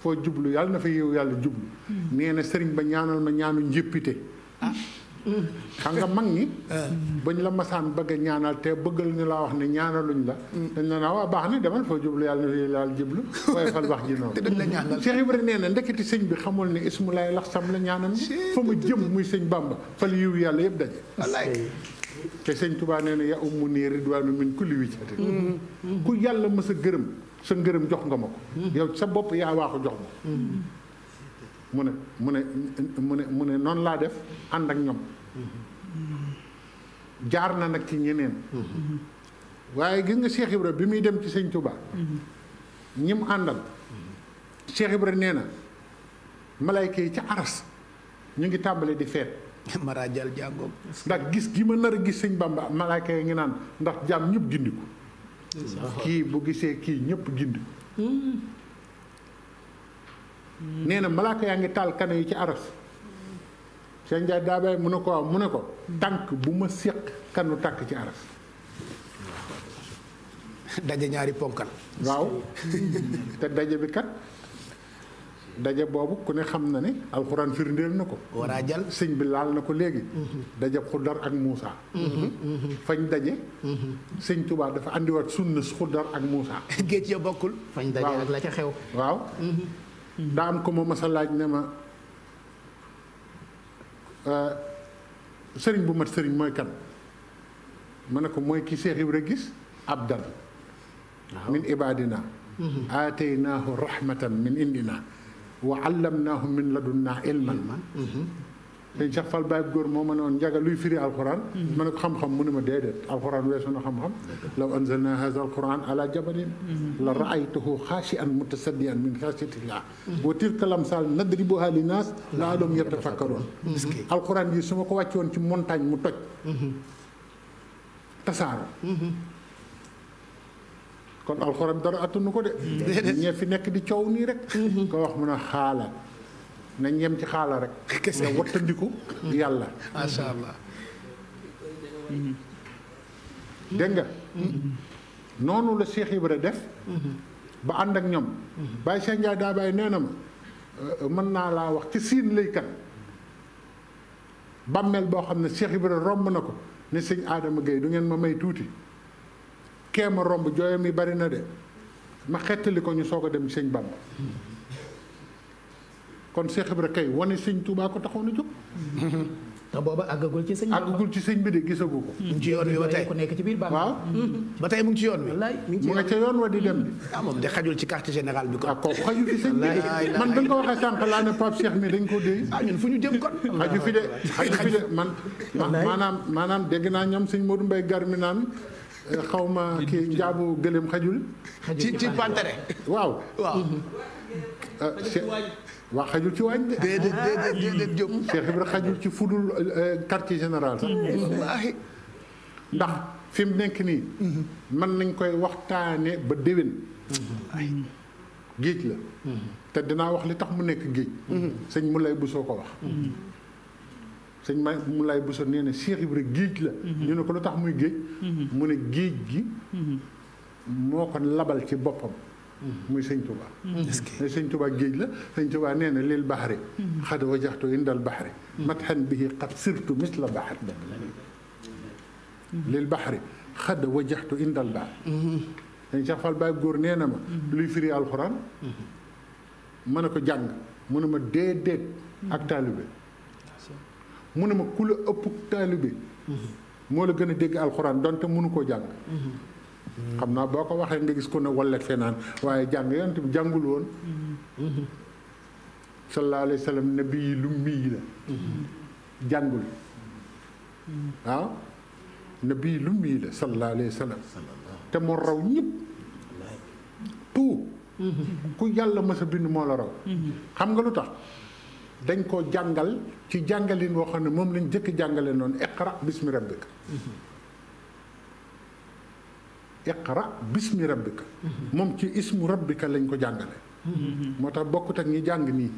foo jublu yàlla na fa yow yàlla jublu. Hmm. nee na sëriñ ba ñaanal ma ñaanu njéppite. Ah. xam nga mag ñi. bañ la masaan bëgg a ñaanal te bëggal ñu laa wax ne ñaanaluñ la. dañ la naa waa baax na demal foo jublu yàlla na laal jublu waaye fal wax ji noonu. te dañ la ñaanal Cheikh Ibrahima nee na ndeketi sëñ bi xamul ne ismu laay lax sam la ñaanam. fa mu jëm muy sëñ Bamba fal yiw yàlla yëpp daje. wallaay te sëñ Tuubaa nee na ya ummu nii ridwaanu min kulli wijhati mm-hmm. mm-hmm. ku yàlla mës a gërëm sa ngërëm jox nga ma ko. Mm-hmm. yow sa bopp yaa waaxu jox ma mune mune mune mune non la def and ak ñom jaar na nak ci ñeneen waye gi nga Cheikh Ibra bi mi dem ci seigne Touba ñim andal Cheikh Ibra neena malaika yi aras ñu ngi tambalé di mara maraajal jàngoom ndax gis gi ma nar gis seigne Bamba malaika yi ngi naan ndax jam ñëpp gindiku ki bu gisé ki ñëpp gindiku hmm. Hmm. Nenek malaka yang yaa ngi taal kan yi ci aras seen njaay daabay mu ne ko mu ne ko bu ma kanu tak ci aras dajje ñaari ponkal waaw te dajje bi kat dajje bobu ku ne xam na ne alquran firndel nako wara jall señ bi laal nako legi dajje daje ak musa fañ dajje señ tubaa dafa wat sunna xuddar ak musa geet ya bokul fañ dajje ak la ca xew waaw mhm. daa am ko ma masa laaj ne ma sëriñ bu mat sëriñ mooy kan ma ne ko mooy ki Seex Ibra gis abdan min ibadina aataynaahu rahmatan min indina wa allamnaahu min ladunnaa ilman sëñ Cheikh Fall góor moo ma ne woon njaga luy firi alxuraan. Mhm. ma ne ko xam-xam mu ne ma déedéet alxuraan weesu na xam-xam. law anzalna haza alxuraan ala jabalin mhm. la raaytahu xaashian mutasaddian min xaashatillah. Mhm. wa tilka lamsaal alxuraan yi su ma ko wàccoon ci montagne mu toj. tasaaro. kon alxuraan dara attanu ko de. ñee nekk di coow nii rek. ko wax mu ne xaala. nañ yem ci xaala rek. kese nga wattandiku. yàlla. macha allah. dégg nga. noonu la Cheikh Ibra def. ba ànd ak ñoom. Baye Cheikh Ndiaye daa bàyyi nee na ma euh, mën naa laa wax ci siin lay kan bàmmeel boo xam ne Cheikh Ibra romb na ko ne sëñ Adama Gueye du ngeen ma may tuuti kee romb jooyam yi bari na de ma xettali ko ñu soog a dem sëñ Bamba. kon Cheikh Ibra kay wane sëñ Touba ko taxoon a jóg. te booba àggagul ci sëñ bi àggagul ci sëñ bi de gisagu ko. mu ngi ci yoon wi nekk ci biir bànq. waaw ba mu ngi ci yoon wi. Mm-hmm. mu nga ca wa di dem bi. ah moom de xajul ci quartier général bi ko ah kooku xaju fi man dañ ko waxee sànq laa ne Pape mi dañ ko déy. ah ñun fu ñu jëm kon. xaju fi de xaju fi de man. maanaam maanaam dégg naa ñoom sëñ Modou Mbaye garmi naan eh, xaw ma kii njaabu gëlëm xajul. ci ci pantere waaw. waaw. Eh, waa xajul ci waañ de. déedéet déedéet déedéet Jóob. Cheikh Ibra xajul ci fudul quartier général sax. wallaahi ndax fi mu nekk nii. mën nañ koy waxtaane ba déwén. ay géej la. te dinaa wax li tax mu nekk géej. sëñ mu lay busoo ko wax. sëñ ma mu lay busoo nee na Cheikh Ibra géej la. ñu ne ko lu tax muy géej. mu ne géej gi. moo ko labal ci boppam. موي سيغ توبا اسكي سيغ توبا جيجلا سيغ توبا نينا ليل بحر خد وجهت عند البحر مدحا به قد صرت مثل بحر ليل بحر خد وجهت عند البحر سيغ يعني شاف الباي غور نينا ما لي فري القران منكو جانغ منما ديدت اك طالب منما كولو اوب طالب مولا غنا ديك القران دونت منكو جانغ xam naa boo ko waxee nga gis ko ne wallet fenaan waaye jàng yonent bi jàngul woon sallallahu alayhi wa sallam nabi yi lu mii la jàngul waaw nabi yi lu mii la sallallahu alayhi te moo raw ñëpp tout ku yàlla ma sa bind moo la raw xam nga lu tax dañ ko jàngal ci jàngalin woo xam ne moom lañ jëkk jàngale noonu iqra bismi rabbika iqra bismi rabbika moom ci ismu rabbika lañ ko jàngale moo tax bokkut ak ñi jàng nii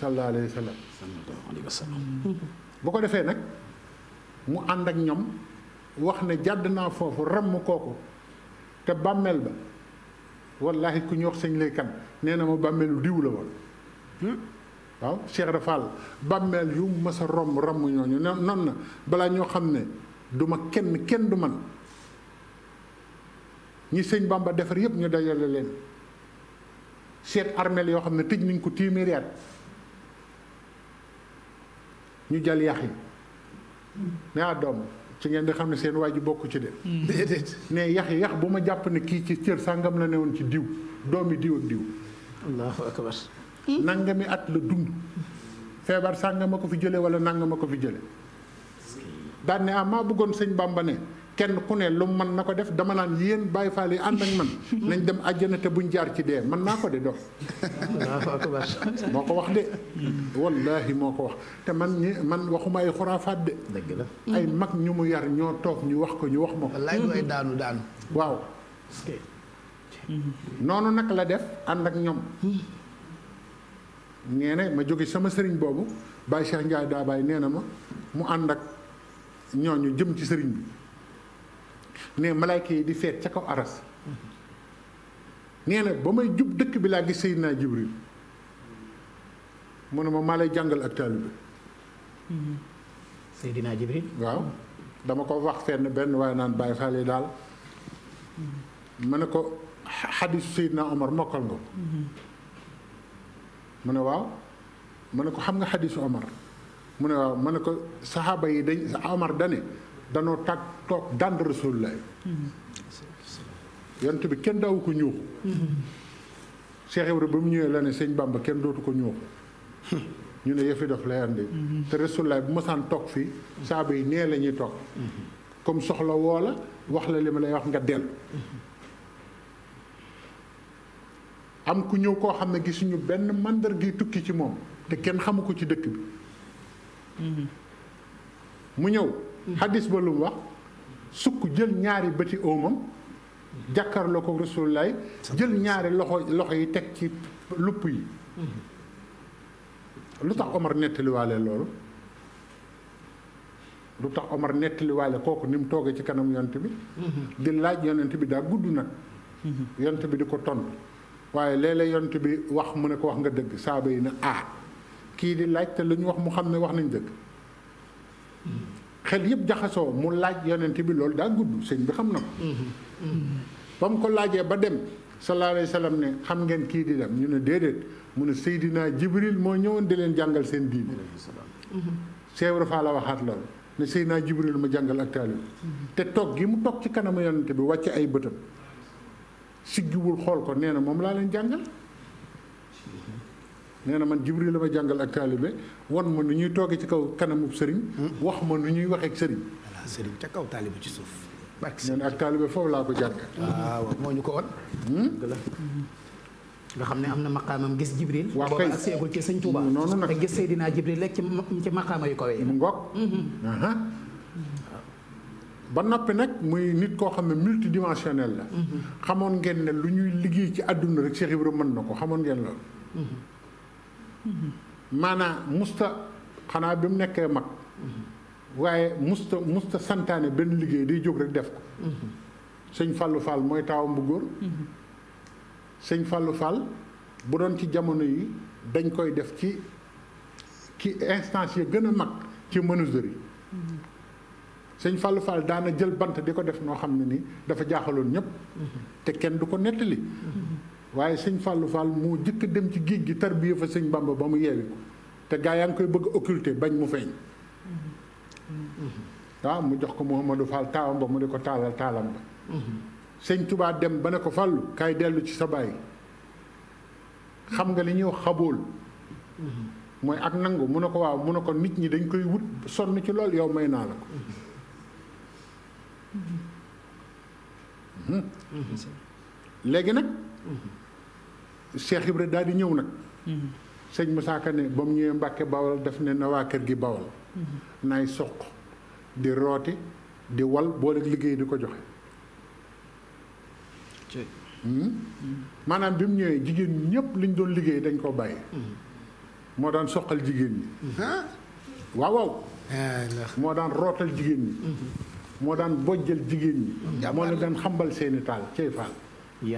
sallallahu alayhi wa sallam sallallahu alayhi bu ko defee nag mu ànd ak ñoom wax ne jàdd naa foofu ramm kooku te bàmmeel ba wallahi ku ñu wax lay kan nee na ma bàmmeelu diw la woon waaw Cheikh Rafal bàmmeel yu mës a romb ramm ñooñu noonu na balaa ñoo xam ne duma kenn kenn du man ñi sëñ Bamba defar yépp ñu dajale leen seet armeel yoo xam ne tëj nañ ko téeméeri at ñu jal yax yi ne ah doom ci ngeen di xam ne seen waay ji bokk ci de mm. ne yax yi yax bu ma jàpp ne kii ci cër sàngam la ne newoon ci diw doomi diw ak diw allahu akbar hmm? nangami at la dund feebar sàngam sàngama ko fi jële wala nangama ko fi jële daan ne ah maa bëggoon sëñ Bamba ne kenn ku ne lu man nako def dama nan yeen bàyyi and ak man nañ dem aljana te buñ jaar ci de man nako de dox moko wax de wallahi moko wax te man man waxuma ay mak de deug la ay mag ñu mu yar ño tok ñu wax ko ñu wax ma wallahi ay daanu daanu waaw nonu nak la def and ak ñom ma sama serigne bobu Baye Cheikh Ndiaye da bàyyi neena ma mu and ak ñoñu jëm ci serigne ne malaayka yi di feet ca kaw aras nee na ba may jub dëkk bi laa gis Seydina Jibril mënuma ne maa lay jàngal ak taalibe Seydina Jibril waaw dama ko wax fenn benn waaye naan Baye Fall yi daal ma ne ko xadisu Seydina Omar mokkal nga mu ne waaw ma ne ko xam nga xadisu Omar mu ne waaw ma ne ko saxaaba yi dañ Omar dane danoo tag toog dànd rasulullaay yant bi kenn daawu ko ñuuxu Cheikh ba mu ñëwee la ne sëñ Bamba kenn dootu ko ñuuxu ñu ne yëfi daf lay andi te rasulullaay bu mosaan toog fii saaba yi nee la ñuy toog comme soxla woo la wax la lim ma lay wax nga dellu am ku ñëw koo xam ne gisuñu benn màndar gi tukki ci moom te kenn xamu ko ci dëkk bi mu ñëw xadis ba lu mu wax sukk jël ñaari bëti óomam jàkkaarloo ko rasulullah jël ñaari loxo loxo yi teg ci lupp yi lu tax Omar nettaliwaale loolu lu tax Omar nettaliwaale kooku ni mu toogee ci kanam yonent bi di laaj yonent bi daa gudd nag yonent bi di ko tontu waaye léeg-léeg bi wax mu ne ko wax nga dëgg saaba yi na aar ah, kii di laaj te lu ñu wax mu xam ne wax nañ dëgg xel yëpp jaxasoo mu laaj yonent bi loolu daa gudd sëñ bi xam na ko mm-hmm. Mm-hmm. ba mu ko laajee ba dem sallallahu alayhi wasallam ne xam ngeen kii di dem ñu ne déedéet mu ne Seydina Jibril moo ñëwoon di leen jàngal seen diine mm-hmm. seebra faa la waxaat loolu ne Seydina Jibril ma jàngal ak taalib te toog gi mu toog ci kanamu yonent bi wàcce ay bëtam siggiwul xool ko nee na moom laa leen jàngal nee na man Jibril la ma jàngal ak taalibe wan ma nu ñuy toogee ci kaw kanamu sëriñ wax ma nu ñuy waxee ak sëriñ ca kaw taalibe ci suuf nee na ak taalibe foofu laa ko jàng moo ñu ko won hmm? nga xam ne am na maqaamam gis Jibril waaw kay ak seegul ci sëñ Touba noonu nag te gis dinaa Jibril lekk ci maqaama yu kawee mu ngoog hmm, hmm. ba noppi nag muy nit koo xam ne multidimensionnel la xamoon ngeen ne lu ñuy liggéey ci àdduna rek Cheikh mën na ko xamoon ngeen loolu maanaam musta xanaa bi mu nekkee mag waaye musta musta santaane benn liggéey day jóg rek def ko sëñ Fallou Fall mooy taawam bu góor sëñ Fallou Fall bu doon ci jamono yi dañ koy def ci ci instance yi gën a mag ci menuiserie sëñ Fallou Fall daana jël bant di ko def noo xam ne ni dafa jaaxaloon ñëpp te kenn du ko nettali waaye sëñ Fallou Fall moo jëkk dem ci géej gi tarbiya fa sëñ Bamba ba mu yeewi ko te gaa yaa ngi koy bëgg occulter bañ mu feeñ waaw mu jox ko Mouhamadou Fall taawam ba mu ne ko taalal taalam ba sëñ dem ba ne ko Fallou kaay dellu ci sa bàyyi xam nga li ñuy wax xabool mooy ak nangu mu ne ko waaw mu ne ko nit ñi dañ koy wut sonn ci lool yow may naa la ko hmm? mm-hmm. léegi nag mm-hmm. Cheikh Ibra daal di ñëw nag. Mhm. sëñ Moussa Ka ne ba mu ñëwee Mbàkke Bawol daf ne na waa kër gi Bawol. Mhm. nay soq di rooti di wal boole liggéey di ko joxe. Hmm? Mhm. maanaam bi mu ñëwee jigéen ñëpp liñ doon liggéey dañ koo bàyyi. moo daan soqal jigéen ñi. waaw waaw. moo daan rootal jigéen ñi. moo daan bojjal jigéen ñi. moo la daan xambal seeni taal cey faal.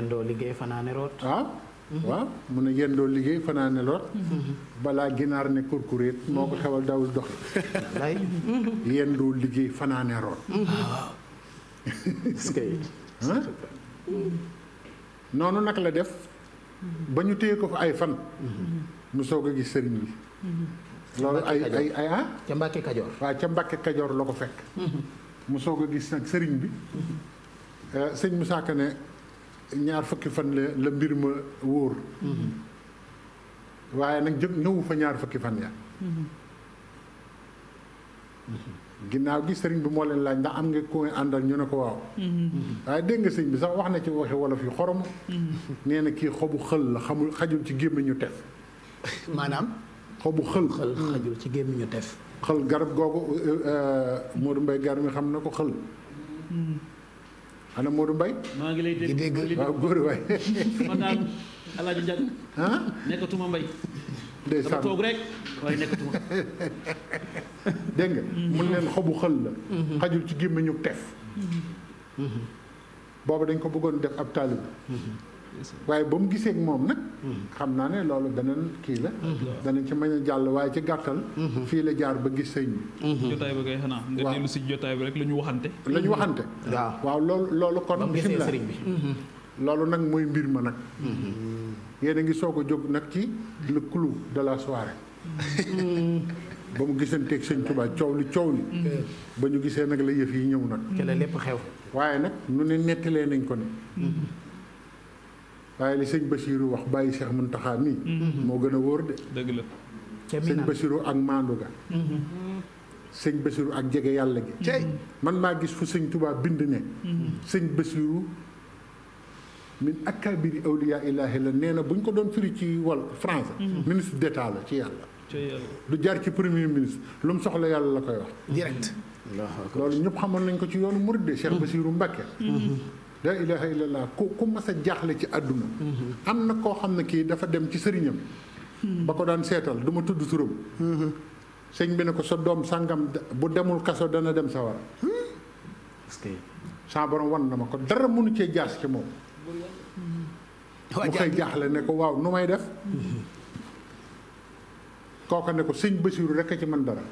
doo liggéey fanaane root. ah. Mm-hmm. waaw mu ne yéen doo liggéey fanaa lool mm-hmm. balaa ginaar ne kurkuréet mm-hmm. moo ko xewal dawul dox yéen doo liggéey fanaa root ah. noonu nag la def ba ñu téye ko fa ay fan mu soog a gis sëriñ bi loolu ay ay ah ca Mbàkke Kajoor waaw ca Mbàkke Kajoor la ko fekk mu soog a gis nag sëriñ bi eh, sëñ Musaa Ka ne ñaar fukki fan la la mbir ma wóor mm-hmm. waaye nag jëkk ñëwu fa ñaar fukki fan ya mm-hmm. ginnaaw gi sëriñ bi moo leen laaj ndax am nga ko àndal ñu ne ko waaw mm-hmm. waaye dégg nga sëriñ bi sax wax na ci waxi wolof yu xorom nee kii xobu xël la xamul xajul ci gémmiñu tef maanaam xobu xël xël xajul ci gémmiñu tef xël garab googu euh, euh, Modou Mbaye gar mi xam na ko xël ana Modou Mbaye. maa ngi lay dégg waaw góor waay. ma daal Alaaji nekkatuma Mbaye. ndeysaan dama toog rek waaye nekkatuma. dégg mun leen xobu xël la. Mm-hmm. Mm-hmm. xajul ci gémmiñu tef. Mm-hmm. boobu dañ ko bëggoon def ab taalib. waaye ba mu gisee ak moom nag. xam naa ne loolu beneen kii la. Mhm. danañ ci mën a jàll waaye ci gàttal. Mhm. fii la jaar ba gis sëñ bi. Mhm. jotaay ba kay xanaa. nga dellu si jotaay bi rek la ñu waxante. la ñu waxante. waaw waaw loolu loolu kon. bisimilah loolu nag mooy mbir ma nag. yéen a ngi soog a jóg nag ci le clou de la soirée. ba mu gisanteeg sëñ Tuubaa coow li coow li. ba ñu gisee nag la yëf yi ñëw nag. ca lépp xew. waaye nag nu ne nettalee nañ ko ne. waaye li sëñ Bachirou wax bàyyi mun Mountakha mii. Mm-hmm. moo gën a wóor de. dëgg la sëñ Bachirou ak maandu ga. Mm-hmm. sëñ Bachirou ak jege yàlla gi. Mm-hmm. man maa gis fu sëñ Touba bind ne. sëñ Bachirou min akabiri awliyaa ilaahi la nee na bu ñu ko doon firi ci wal France. ministre d'état la ci yàlla. du jar ci premier ministre lu mu soxla yàlla la koy wax. direct. loolu ñëpp xamoon nañ ko ci yoonu Mouride Cheikh Bachirou Mbacké. la ilaha illallah ku ku mas a jaaxle ci àdduna mm-hmm. am na koo xam ne kii dafa dem ci sëriñam mm-hmm. ba ko daan seetal du tudd turam mm-hmm. sëñ bi ne ko sa doom sàngam bu demul kaso dana dem sa war hmm? sa borom wan na ma ko dara mënu cee jaas ci moom mu xëy jaaxle ne ko waaw nu may def kooka ne ko sëñ Basiru rekk a ci mën dara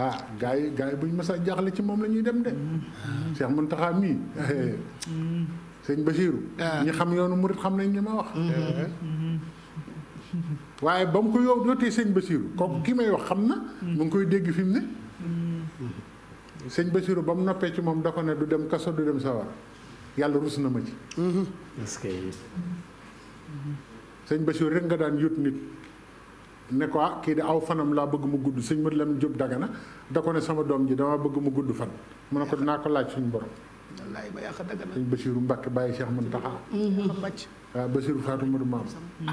ah gars yi gars yi buñ mës a jaaxle ci moom la ñuy dem de. Mm-hmm. Cheikh Mountakha mii. Eh, mm-hmm. sëñ Bachirou. Ah. ñi xam yoonu murit xam nañ li ma wax. Mm-hmm. waaye ba mu ko yow dootee sëñ Bachirou kooku ki may wax xam na. mu ngi koy dégg fi mu ne. sëñ Bachirou ba mu noppee ci moom da ne du dem kaso du dem sawar yàlla rus na ma ci. est-ce que. sëñ Bachirou rek nga daan yót nit. ne ko ah, kii de aw fanam laa bëgg mu gudd sëñ Modou Lamine Diop Dagana da ko ne sama doom ji dama bëgg mu gudd fan mu ne ko dinaa ko laaj suñu borom. wallaay ba yàq dëgg la. sëñ Bachirou Mbacke bàyyi Cheikh Mountakha. Mm-hmm. waaw ah.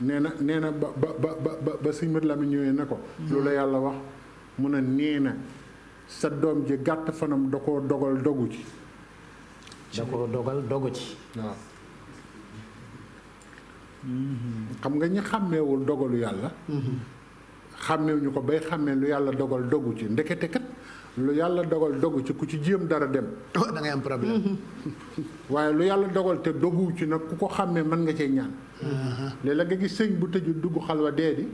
nee na nee na ba ba ba ba sëñ Modou Lamine ñëwee ne ko. loolu mm-hmm. la yàlla wax mu ne nee na sa doom ji gàtt fanam da koo dogal dogu ci. da koo dogal dogu ci waaw. xam nga ñi xàmmeewul dogalu yàlla. xàmmeewuñu ko bay xàmmee lu yàlla dogal dogu ci ndekete kat lu yàlla dogal dogu ci ku ci jéem dara dem. Oh, da am problème. waaye lu yàlla dogal te dogu ci nag ku ko xàmmee mën nga cee ñaan. Uh-huh. léeg-léeg nga gis sëñ bu tëju dugg xalwa dee di.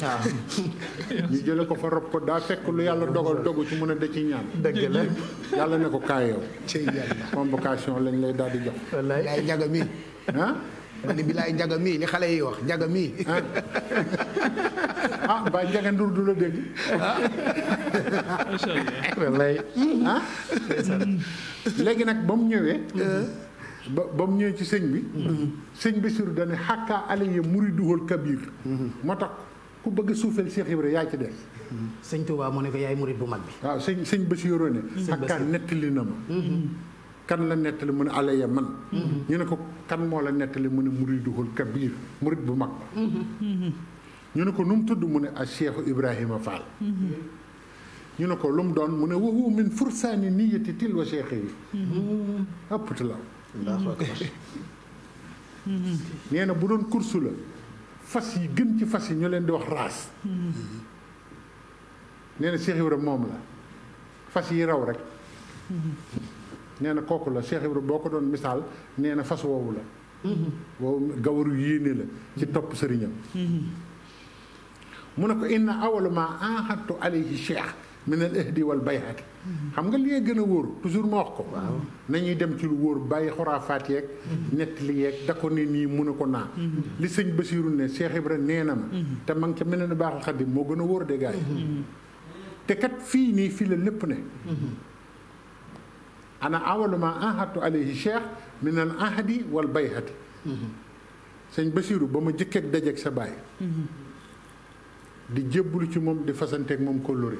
waaw ñu jële ko fa rob ko daa fekk lu yàlla dogal dogu ci mun a da ci ñaan. dëgg la yàlla ne ko kaayoo. ci yàlla convocation lañ lay daal di jox. wallaay ay njaga mi ma ni bilaay njaga mii li xale yi wax njaga mii ah ba njaga ndur du la dégg ah. léegi nag ba mu ñëwee ba ba mu ñëwee ci sëñ bi sëñ bi sur dane xàkkaa aliya muriduhul kabir moo tax ku bëgg suufeel Cheikh Ibra yaa ci des sëñ Tuubaa moo ne ko yaay murid bu mag bi waaw sëñ sëñ Basiru ne xàkkaa nettali na ma mm-hmm. kan la nettali mu ne alaya man mm-hmm. ñu ne ko kan moo la nettali mu ne muriduhul kabir murid bu mag ba mm-hmm. ñu ne ko nu mu tudd mu ne a cheikhu ibrahima fall mm-hmm. ñu ne ko lu mu doon mu ne wahu min fursaani niyati til wa cheikh yi ëpptu nee na bu doon kursu la fas yi gën ci fas yi ñu leen di wax raas nee na cheikh ibrahima moom la fas yi raw rek neena koku la cheikh ibrahim boko don misal neena fas wowu la wowu gawru yene la ci top serignam munako inna awwal ma ahadtu alayhi cheikh من الاهدي والبيهات خم قال لي غنا وور توجور موخكو نانيي ديم تي وور باي خرافات ياك نيت لي ياك داكو ني ني مونوكو نا لي سيغ بشيرو ني شيخ ابراهيم نينام تا مانك تا منن باخ خديم مو غنا وور دي غاي تي كات في ني في لي لب ني ana awalu ma ahadtu alayhi cheikh min al ahdi wal bayhati sëñ Basiru ba ma jëkk ak dajeeg sa baay di jébbulu ci moom di fasanteeg moom kóllëre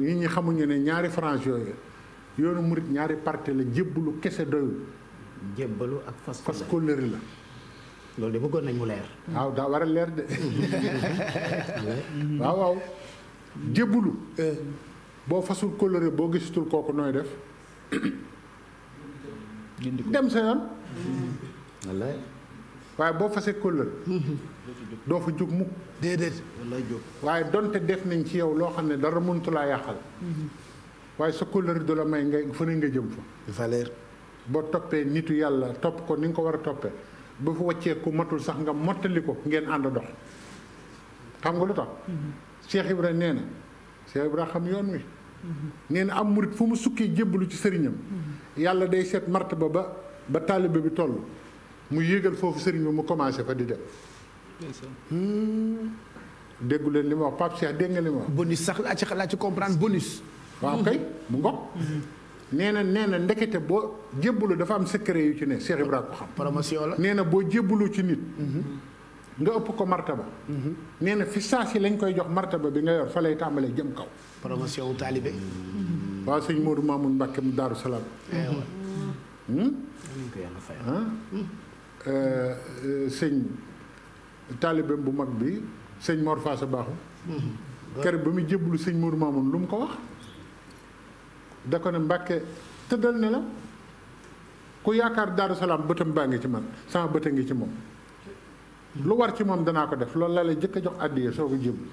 nit ñi xamuñu ne ñaari franc yooyu yoonu murit ñaari parti la jébbulu kese doyul jébbalu ak fas fas kóllëre la de bëggoon nañ mu leer waaw daa war a leer de waaw waaw jébbulu euh. bo fasul coloré bo gisutul koku noy def dem sa yon wallahi way bo fasé coloré do fa jóg mukk déedéet wallaay jóg waaye donte def nañ ci yow lo xamné dara muntu la yàqal way sa coloré do la may ngay fa nga jëm fa valeur bo topé nitu yalla top ko ni nga wara topé bu fa wacce ku matul sax nga motali ko ngeen and dox xam nga lutax cheikh ibrahim neena cheikh ibrahim xam nee na am murit fu mu sukkee jébbalu ci sëriñam yàlla day seet martaba ba ba ba taalibe bi toll mu yéegal foofu sëriñ bi mu commencé fa di dem hmm. déggu leen li ma wax Pape Cheikh dégg nga li ma wax bonus sax laa ci laa ci comprendre bonus waaw kay mu ngoog nee na nee na ndekete boo jébbalu dafa am secret yu ci ne Cheikh Ibrahima ko xam promotion la nee na boo jébbalu ci nit nga ëpp ko martaba nee fi saasi lañ koy jox martaba bi nga yor fa lay tàmbalee jëm kaw promotion wu talibé waaw sëñ Modou Mamoun Mbacke mu Daaru Salaam hmm? ah? eh, sëñ talibé bu mag bi sëñ Mor Faasa Baaxu hmm. kër ba mu jébbalu sëñ Modou Mamoun lu ko wax da ko ne Mbacke ne la ku ci man sama bëta ngi ci lu war ci moom danaa ko def loolu la lay jëkk a jox àddiya soo ko jébul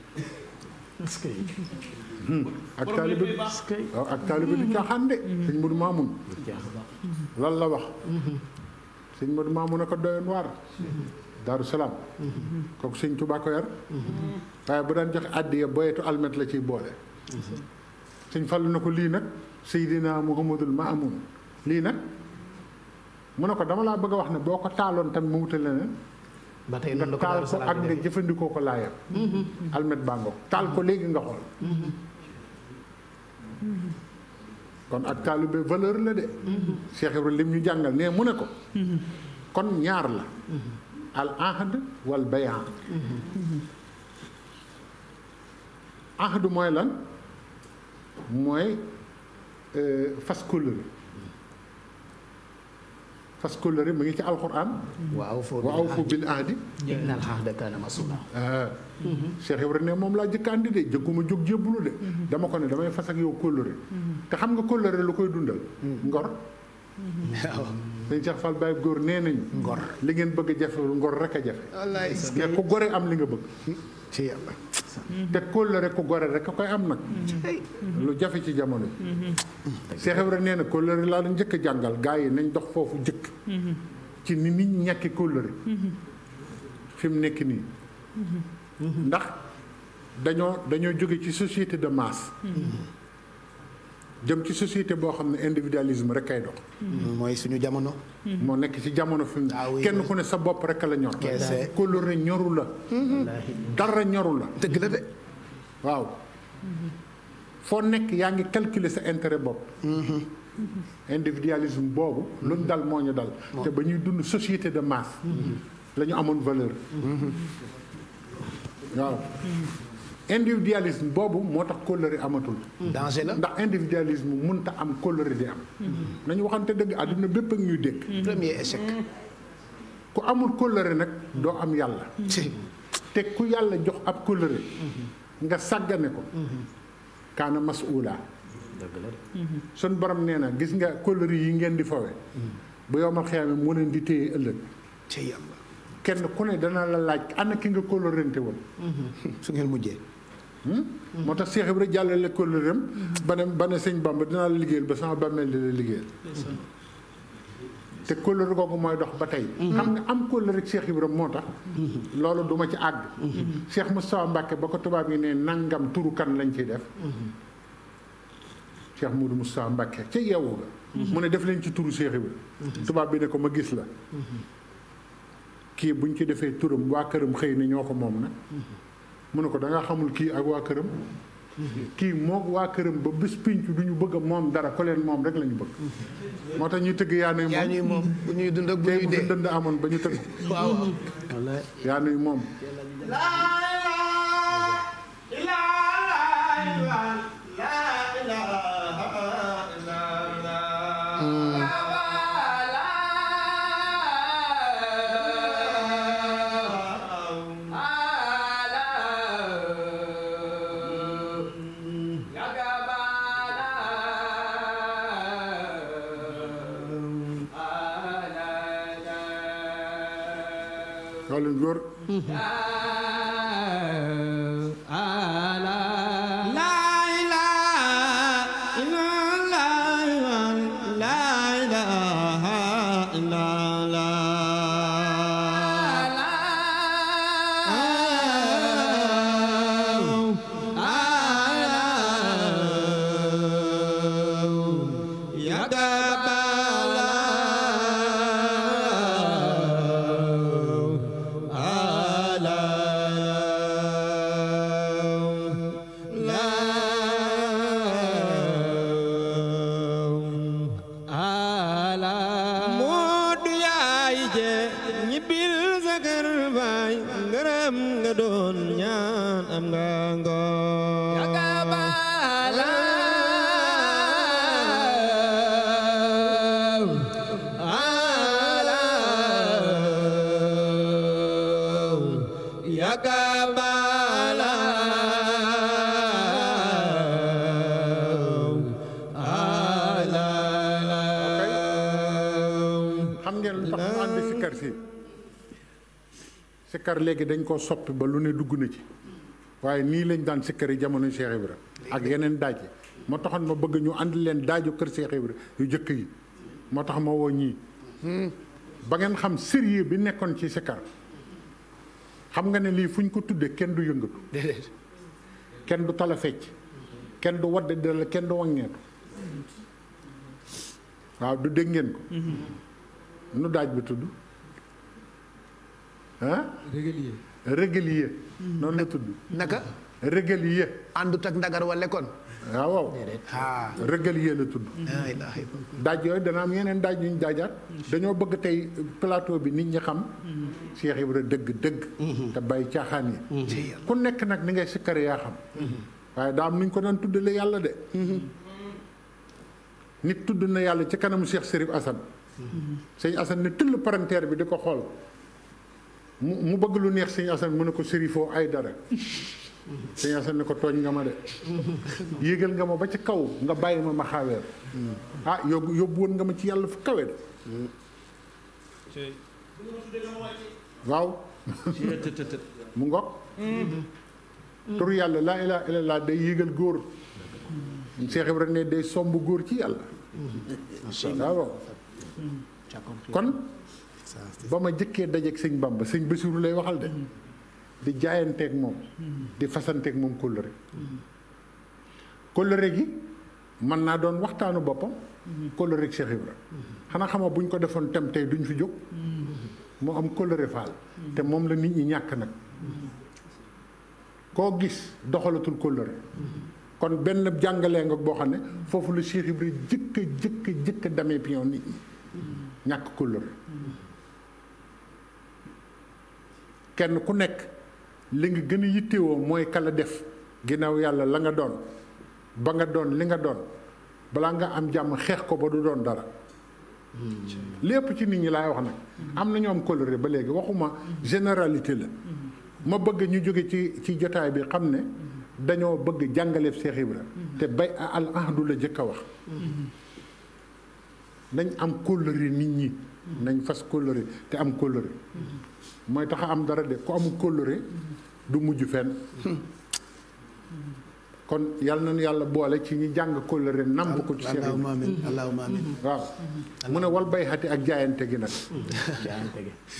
hmm. ak taalib waaw ak taalibe du caaxaan de hmm. sëñ Modou Mamoun la wax hmm. sëñ Modou Mamoun a ko doyoon waar Daaru Salaam kooku sëñ Tuubaa ko yar waaye bu daan joxe àddiya boyetu almet la ciy boole sëñ Fallu na ko lii nag Seydina Muhammadul Mamoun lii nag mu ne ko dama laa bëgg a wax ne boo ko taaloon tam mu wutal leneen ba tey noonu la ko taal ko ak nga jëfandikoo ko laayam mm-hmm. almet bàngo taal ko léegi nga xool mm-hmm. kon ak taalube valeur la de mm-hmm. Cheikh lim ñu jàngal nee mu ne ko kon ñaar la al ahd wal bayan ahd mooy lan mooy euh, fas kóllëre fas kóllëre mu ngi ci alquran. waaw foofu bil ahdi. innal ahda kaana mas'uula. Ah. Mhm. Cheikh Ibrahima ne moom laa jëkk andi de jëkkuma jóg jébbalu de. Mhm. dama ko ne damay fas yow kóllëre. Mhm. te xam nga kóllëre lu koy dundal. ngor. li ngeen bëgg a jafe ngor rek a jafe. wallaay ku gore am li nga bëgg. ci yàlla te kóllëre ku gore rek a koy am nag lu jafe ci jamono yi Cheikh nee na kóllëre laa la njëkk a jàngal gaa yi nañ dox foofu jëkk ci ni nit ñàkki kóllëre fi mu nekk nii ndax dañoo dañoo jóge ci société de masse jëm ci société boo xam ne individualisme rek kay dox. Mm-hmm. mooy suñu jamono. Mm-hmm. moo nekk ci jamono fi mu ah kenn ku ne sa bopp rek la ñor. kese kóllëre ñoru la. Mm-hmm. dara ñoru la. dëgg la de waaw. foo nekk yaa ngi calculer sa intérêt bopp. individualisme boobu. luñ dal moo ñu dal. te ba ñuy dund société de masse. lañu amoon valeur. waaw. individualisme boobu moo tax kóllëre amatul. danger la ndax individualisme mënta am kóllëre di am. Mm-hmm. nañu waxante dëgg àdduna bépp ak ñuy dégg. Mm-hmm. premier échec. ku amul kóllëre nag doo am yàlla. Mm-hmm. te ku yàlla jox ab kóllëre. nga sàggane ko. kaana masuula. sun borom nee na gis nga kóllëre yi ngeen di fawe bu yowmal xiyaame moo leen di téye ëllëg. kenn ku ne dana la laaj ana ki nga kóllërante woon. Hmm? moo tax Cheikh Ibra jàllale kóllëreem ba ne ba ne sëñ Bamba dinaa la liggéeyal ba sama bàmmeel di la liggéeyal te kóllëre googu mooy dox ba tey hmm. xam nga am kóllëre Cheikh Ibra moo tax hmm. loolu duma ci àgg Cheikh Moustapha Mbacke ba ko tubaab yi ne nangam turu kan lañ ciy def Cheikh Moudou Moustapha Mbacke ca yeewu ga mu ne def leen ci turu Cheikh Ibra tubaab bi ne ko ma gis la kii buñ ci defee turam waa këram xëy na ñoo ko moom na mu ne ko da xamul kii ak waa këram kii moo waa këram ba bés pinc du ñu bëgg a moom dara ko leen moom rek lañu ñu bëgg moo tax ñuy tëgg yaa nuy moom bu ñuy dund ak bu ñuy dee dënd amoon ba ñu tëgg waaw yaa nuy moom laa ilaaha illallaah xale yor sikkar léegi dañ koo soppi ba lu ne dugg na ci waaye nii lañ daan sikkar yi jamono bi Ibra ak yeneen daaj yi moo taxoon ma bëgg ñu àndi leen daaju kër Cheikh Ibra yu jëkk yi moo tax ma woo ñii ba ngeen xam sérieux bi nekkoon ci sikkar xam nga ne lii fu ñu ko tuddee kenn du yëngatu kenn du tal a fecc kenn du wadd dala kenn du wàññeetu waaw du dégg ngeen ko mm-hmm. nu daaj bi tudd ah. régalier. régalier. noonu la tudd. naka. régalier. àndut ak ndagar wala kon. Ah, waaw ah régalier la tudd. daaj yooyu dana am yeneen daaj yu ñu dañoo bëgg tey plateau bi nit ñi xam. Mm-hmm. Cheikh Ibra dëgg dëgg. Mm-hmm. te bàyyi caaxaan yi. Mm-hmm. ku nekk nag ni ngay sikkar yaa xam. waaye daa am nu ñu ko doon tuddale yàlla de. nit tudd na yàlla ci kanamu Cheikh Serif Assane. sëñ Assane ne tull parenteer bi di ko xool. mu mu bëgg lu neex sëñ Assane mu ne ko sérifoo ay dara sëñ Assane ne ko tooñ nga ma de yéegal nga ma ba ca kaw nga bàyyi ma ma xaaweer ah yóbbu woon nga ma ci yàlla fu kawe de waaw mu ngoog tur yàlla laa ilaaha illallaah day yéegal góor Cheikh Ibrahima ne day somb góor ci yàlla kon ba ma jëkkee dajeeg sëñ Bamba sëñ Basiru lay waxal de di jaayanteeg moom di fasanteeg moom kóllëre kóllëre gi mën naa doon waxtaanu boppam kóllëre ak Cheikh Ibra xanaa xama bu ñu ko defoon tem tey duñu fi jóg moo am kóllëre faal te moom la nit ñi ñàkk nag koo gis doxalatul kóllëre kon benn jàngalee nga boo xam ne foofu la Cheikh Ibra jëkk jëkk jëkk damee pion nit ñi ñàkk kóllëre kenn ku nekk li nga gën a yittewoo mooy kala def ginnaaw yàlla la nga doon ba nga doon li nga doon balaa nga am jàmm xeex ko ba du doon dara hmm. lépp ci nit ñi laay wax nag am na am coloré ba léegi waxuma généralité la ma bëgg ñu jóge ci ci jotaay bi xam ne dañoo bëgg jàngaleef Cheikh la te bay a ahdu la jëkk a wax nañ am coloré nit ñi nañ fas coloré te am coloré mooy tax a am dara de ku amul kóllëre du mujj fenn kon yal nañu yàlla boole ci ñi jàng kóllëre namp ko ci seen allahumma mu ne wal bayxati ak jaayante gi nag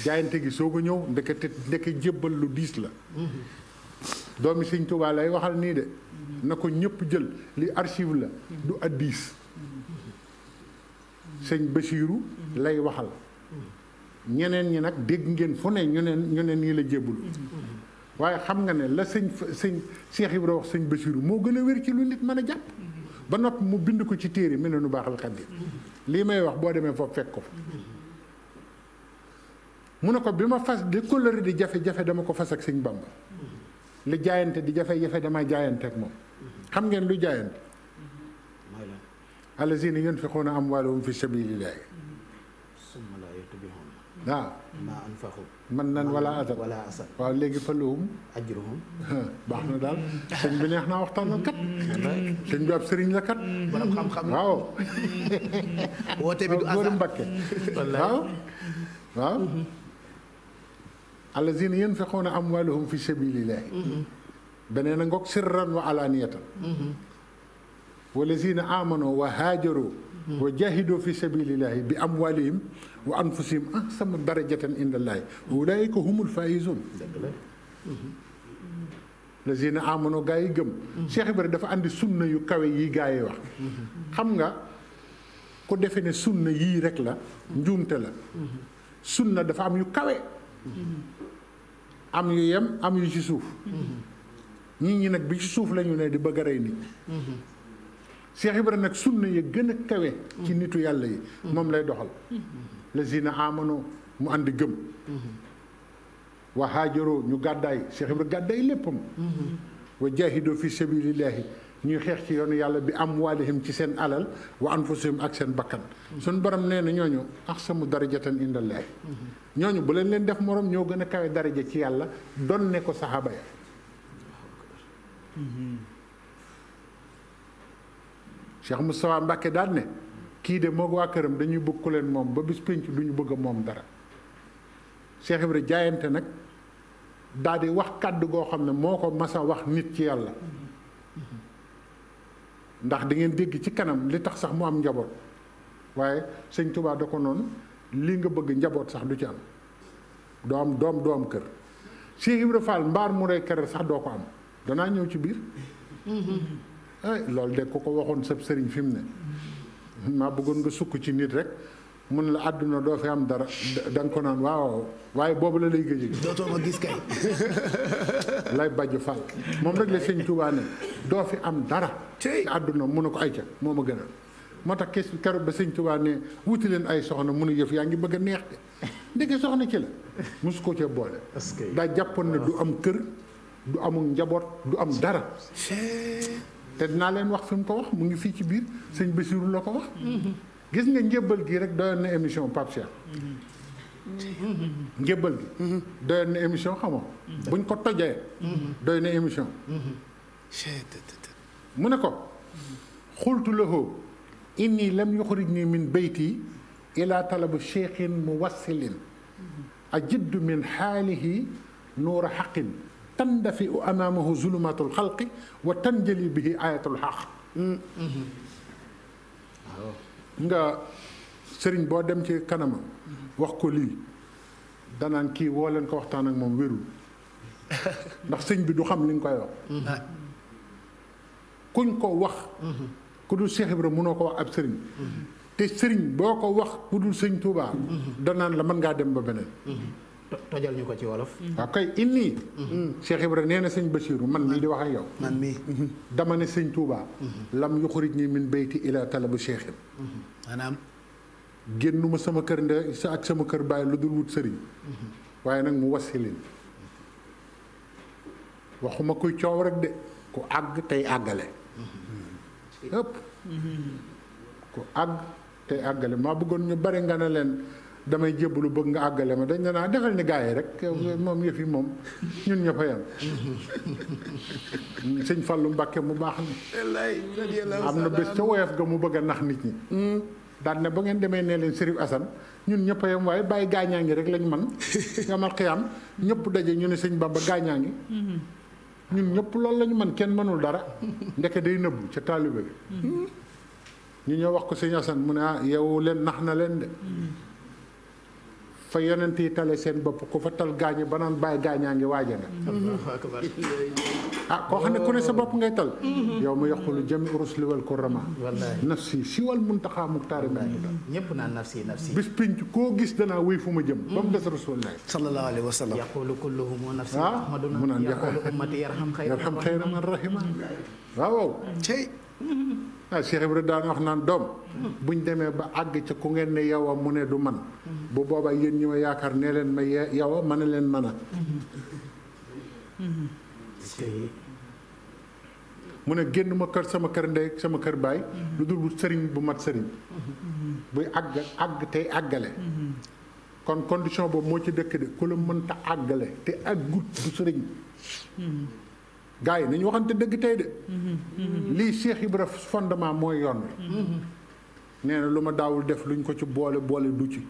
jaayante gi soo ko ñëw ndekete ndeke jébbal lu diis la doomi Sëñ Tuubaa lay waxal nii de na ko ñëpp jël li archive la du hadiis sëñ Basiiru lay waxal ñeneen ñi nag dégg ngeen fu ne ñu ne nii la jébbul waaye xam nga ne la sëñ sëñ Cheikh Ibra wax sëñ Basiru moo gën a wér ci lu nit mën a jàpp ba noppi mu bind ko ci téere mel ne nu baax xaddi lii may wax boo demee foofu fekk ko mu ne ko bi ma fas li kóllëre di jafe-jafe dama ko fas sëñ Bamba li jaayante di jafe-jafe dama jaayante moom xam ngeen lu jaayante allazina yunfiquuna amwaalahum fi sabilillahi نعم ما انفقوا منا ولا اثر ولا اثر قال لي فلوهم اجرهم بحنا دال شن بني احنا وقتنا نكت شن جاب سرين لكت ولا خم خم هاو هو تبي دو اثر والله هاو هاو الذين ينفقون اموالهم في سبيل الله بنينا نقول سرا وعلانيه والذين امنوا وهاجروا wa jahidu fi sabilillahi bi am amwalihim wa anfusihim ahsanu darajatan indallahi ulaika humul faizun mm-hmm. lazina amano gaa yi gëm mm-hmm. Cheikh Ibrahima dafa àndi sunna yu kawe yi gaa yi wax mm-hmm. xam nga ko defe ne sunna yii rek la njuumte la sunna dafa am yu kawe am yu yem am yu ci suuf ñii ñi nag bi ci suuf lañu ne di bëgg a rey nit Cheikh Ibra nak sunna ya gëna kawé ci nitu yalla yi mom lay doxal lazina amano mu àndi gëm wa haajaro ñu gaday Cheikh Ibra gaday leppam wa jahidu fi sabilillah ñu xex ci yoonu yalla bi am walihim ci sen alal wa anfusihim ak sen bakkan sun borom neena ñoñu ñooñu axsamu darajatan indallahi ñoñu bu leen leen def morom ño gëna kawé daraja ci yalla don ne ko sahaba ya Cheikh Moustapha Mbacke daal ne kii de moo waa këram dañuy bëgg ku leen moom ba bis pénc du ñu bëgg a moom dara Cheikh Ibra jaayante nag daldi wax kàdd goo xam ne moo ko masa wax nit ci yàlla ndax di ngeen dégg ci kanam li tax sax mu am njaboot waaye sëñ Tuubaa da ko noonu lii nga bëgg njaboot sax du ci am doo doom doom doo am kër Cheikh Ibra Fall mbaar mu rey kër sax doo ko am danaa ñëw ci biir Eh, loolu de ko ko waxoon sab sëriñ fi mu ne maa bëggoon nga sukk ci nit rek mun la àdduna doo fi am dara da nga ko naan waaw waaye boobu la lay gëj dootoo ma gis kay lay bàjju fàll moom rek la sëñ Tuubaa doo fi am dara ci àdduna mun a ko ayca moo ma gënal moo tax kes keroog ba sëñ Tuubaa ne wuti leen ay soxna mun a yëf yaa ngi bëgg a neex de ndeke soxna ci la mosu ko cee boole daa jàppoon ne du am kër du amul njaboot du am dara تدنا لين وقت فيم كوا مني في كبير سين بسيرو لا كوا جس نجيبل غيرك دار نيميشن بابشة نجيبل دار نيميشن خمو بني كتة جاي دار نيميشن شهد منكو قلت له إني لم يخرجني من بيتي إلى طلب شيخ موصل أجد من حاله نور حق تندفئ امامه ظلمات الخلق وتنجلي به ايه الحق nga serigne bo dem ci kanama wax ko lii danaan ki wo len ko waxtan ak mom wérul ndax serigne bi du xam li nga koy wax kuñ ko wax ku dul Cheikh Ibra mënoo ko wax ab serigne te serigne boko wax ku dul sëñ Tuubaa danaan la man nga dem ba benen tojal ñu ko ci wolof. waaw mm-hmm. ah, kay mm-hmm. mm. nee na sëñ Bachirou man mii di wax ak yow. man mii. Mm-hmm. dama ne sëñ Touba. lam yuxrij ni min bayti ila talabu Cheikh. génnuma sama kër nde ak sama kër bàyyi lu dul wut sëriñ. waaye nag mu wasilin waxuma kuy coow rek de ku àgg tey àggale. ëpp. ku àgg tey àggale maa bëggoon ñu bari nga ne leen. damay jébbalu bëgg nga agalé ma dañ na ah, defal ni gaay rek mom yëf yi moom ñun ñafa yam señ fallu mbacké mu baax ni am na bés ca woyof ga mu bëgg nax nit ñi hmm. daan na ba ngeen démé né leen Serif Assane ñun ñëpp a way bay gañangi rek lañ man nga mal xiyam ñëpp dajé ñu né señ baba gañangi hmm. ñun ñëpp loolu lañ man kenn mënul dara ndeke day neub ci talibé bi hmm. ñu wax ko señ Assane mu né ah, yow leen nax na leen de fa yonent yi tale seen bopp ku fa tal gaañu ba naan bàyyi gaañaa ngi waaja nga ah koo xam ne ku ne sa bopp ngay tal yow mu yaqulu jami urusli wal kurama nafsi si wal muntaxa muxtaari mbaay ñëpp naan nafsi nafsi bis pinc koo gis danaa wuy fu ma jëm ba mu des rasulullah sallallahu alayhi wa sallam yaqulu kulluhum nafsi ah? ahmaduna mu naan yaqulu ummati yarham xayra man rahima waaw waaw ah Cheikh Ibrahima daan wax naan doom buñ demee ba àgg ca ku ngeen ne yow a mu ne du man bu boobaa yéen ñi ma yaakaar nee leen ma yow a ma leen mën mu ne génn ma kër sama kër ndey sama kër baay lu dul wut sëriñ bu mat sëriñ buy àgg àgg tey àggale kon condition boobu moo ci dëkk de ku la mënta àggale te àggut du sëriñ gars yi nañu waxante dëgg tey de. lii Cheikh Ibra fondement mooy yoon wi. nee na lu ma daawul def luñ ko ci boole boole du ci.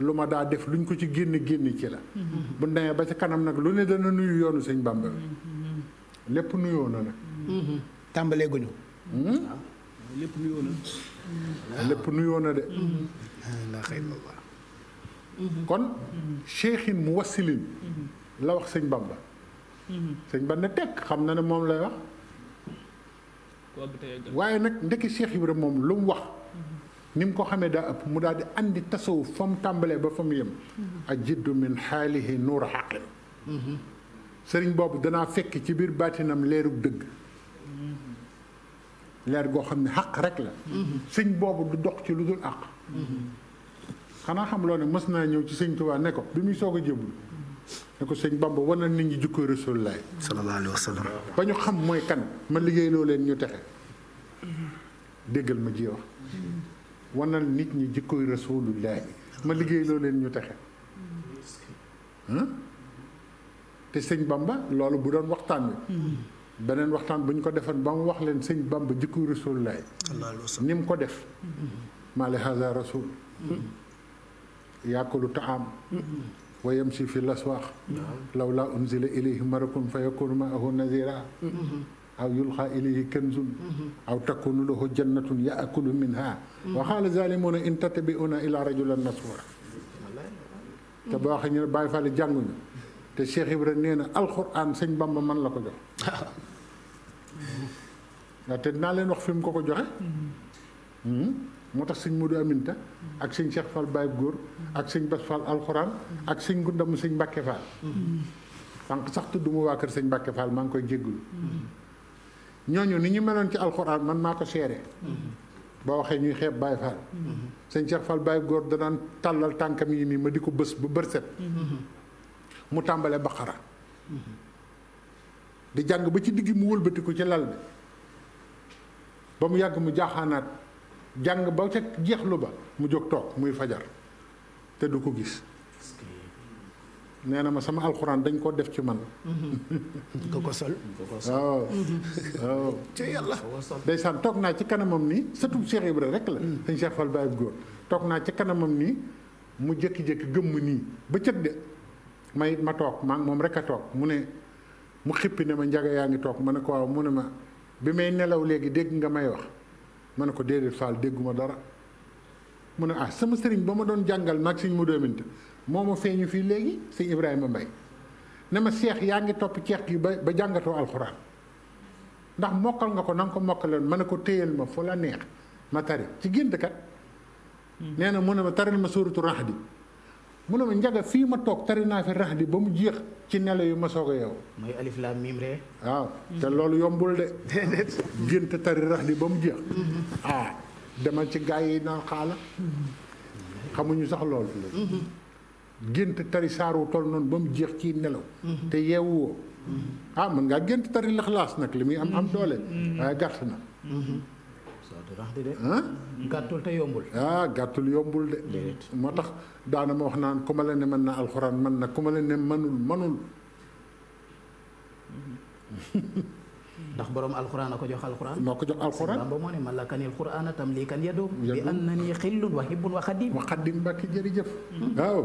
lu ma daa def luñ ko ci génn génn ci la. bu demee ba ci kanam nag lu ne dana nuyu yoonu sëñ Bamba bi lépp nuyoo na tàmbalee guñu. Hmm? lépp nuyoo lépp nuyoo de. kon. Cheikhin mu wasilin la wax sëñ ba sëñ ba ne tekk xam na ne moom lay wax. waaye nag ndekki Cheikh Ibra moom lu mu wax. ni mu ko xamee daa ëpp mu daal di andi tasawu fa tàmbalee ba fa mu yem. ak jiddu min xaalihi nuur xaqin. sëriñ boobu danaa fekk ci biir baatinam leerub dëgg. leer goo xam ne xaq rek la. sëñ boobu du dox ci lu dul àq. xanaa xam loo ne mës naa ñëw ci sëñ Tuubaa ne ko bi muy soog a jébul ne ko sëñ Bamba war na nit ñi jukkoo Rasulullaay sallallahu alayhi wa ba ñu xam mooy kan ma liggéey loo leen ñu texe déggal ma ji wax wanal nit ñi jikkooy rasulullahi ma liggéey loo leen ñu texe te sëñ bamba loolu bu doon waxtaan wi beneen waxtaan bu ñu ko defan ba mu wax leen sëñ bamba jikkooy rasulullahi ni mu ko def maa li haza rasul yaakulu taam ويمشي في الأسواق لولا أنزل إليه ملك فيكون معه نذيرا أو يلقى إليه كنز أو تكون له جنة يأكل منها وقال الظالمون إن تتبعون إلى رجلا مسحورا te boo waxee ñu تي شيخ Fall نينا القران سيغ Ibrahima مان لاكو جو sëñ Bamba man la ko jox ndaxte motax seigne modou aminta ak seigne cheikh fall baye goor ak seigne bass fall alcorane ak seigne gundam seigne mbacke fall sank sax tuduma wa keur seigne mbacke fall mang koy jéggul ñoñu ni ñu melon ci alcorane man mako séré ba waxe ñuy xeb baye fall seigne cheikh fall baye goor da nan talal tankam yi ni ma diko bëss bu bërset mu tambalé bakara di jang ba ci diggi mu wëlbeutiku ci lal bi ba mu yag mu jaxanaat Jangan ba ca jeexlu ba mu jóg toog muy fajar te du ko gis neena ma sama alxuraan dañ ko def ci man ko ko sol waaw waaw ci day san tok na ci kanamam ni sëtub Cheikh ibrahim rek la sëñ Cheikh Fall Baye góor tok na ci kanamam ni mu jekki jekki gem ni ba ci de may ma tok maa mom rek tok toog mu ne mu xippi ne ma njaga yaangi tok ma ko mu ma bi may nelaw legi deg nga may wax ma ne ko déedéet Fall dégguma dara mu ne ah sama sëriñ ba ma doon jàngal mag sëñ mu doominta moo ma feeñu fii léegi si Ibrahima Mbaye ne ma seex yaa ngi topp ceex gi ba ba jàngatoo alxuraan ndax mokkal nga ko na nga ko mokkaloon ma ne ko téyal ma fu la neex ma tari ci gént kat hmm. nee na mun ne ma taral ma suuratu raxdi mu ma njaga fi ma tok tari naa fi rahdi di ba mu jeex ci nelo yu ma soog yow. mooy alif laam mim re waaw te loolu yombul de. gént tari rahdi di ba mu jeex. ah dama ci gaay yi naan xaala. xamuñu sax loolu. gént tari saaru tol non ba mu jeex ci nelo te yewu ah man nga gént tari l'ikhlas nak limi am am doole. waaye gàtt na. ah gàttul te yombul ah gàttul yombul de moo tax daana ma wax naan ku ma la ne mën na alxuraan mën na ku ma la ne mënul mënul ndax borom alxuraan a ko jox alxuraan moo ko jox alxuraan ba moo ne man la kanil xuraan tam lii kan yadu bi an na nii xillun wa hibbun wa xadim wa xadim mbàkki jërëjëf waaw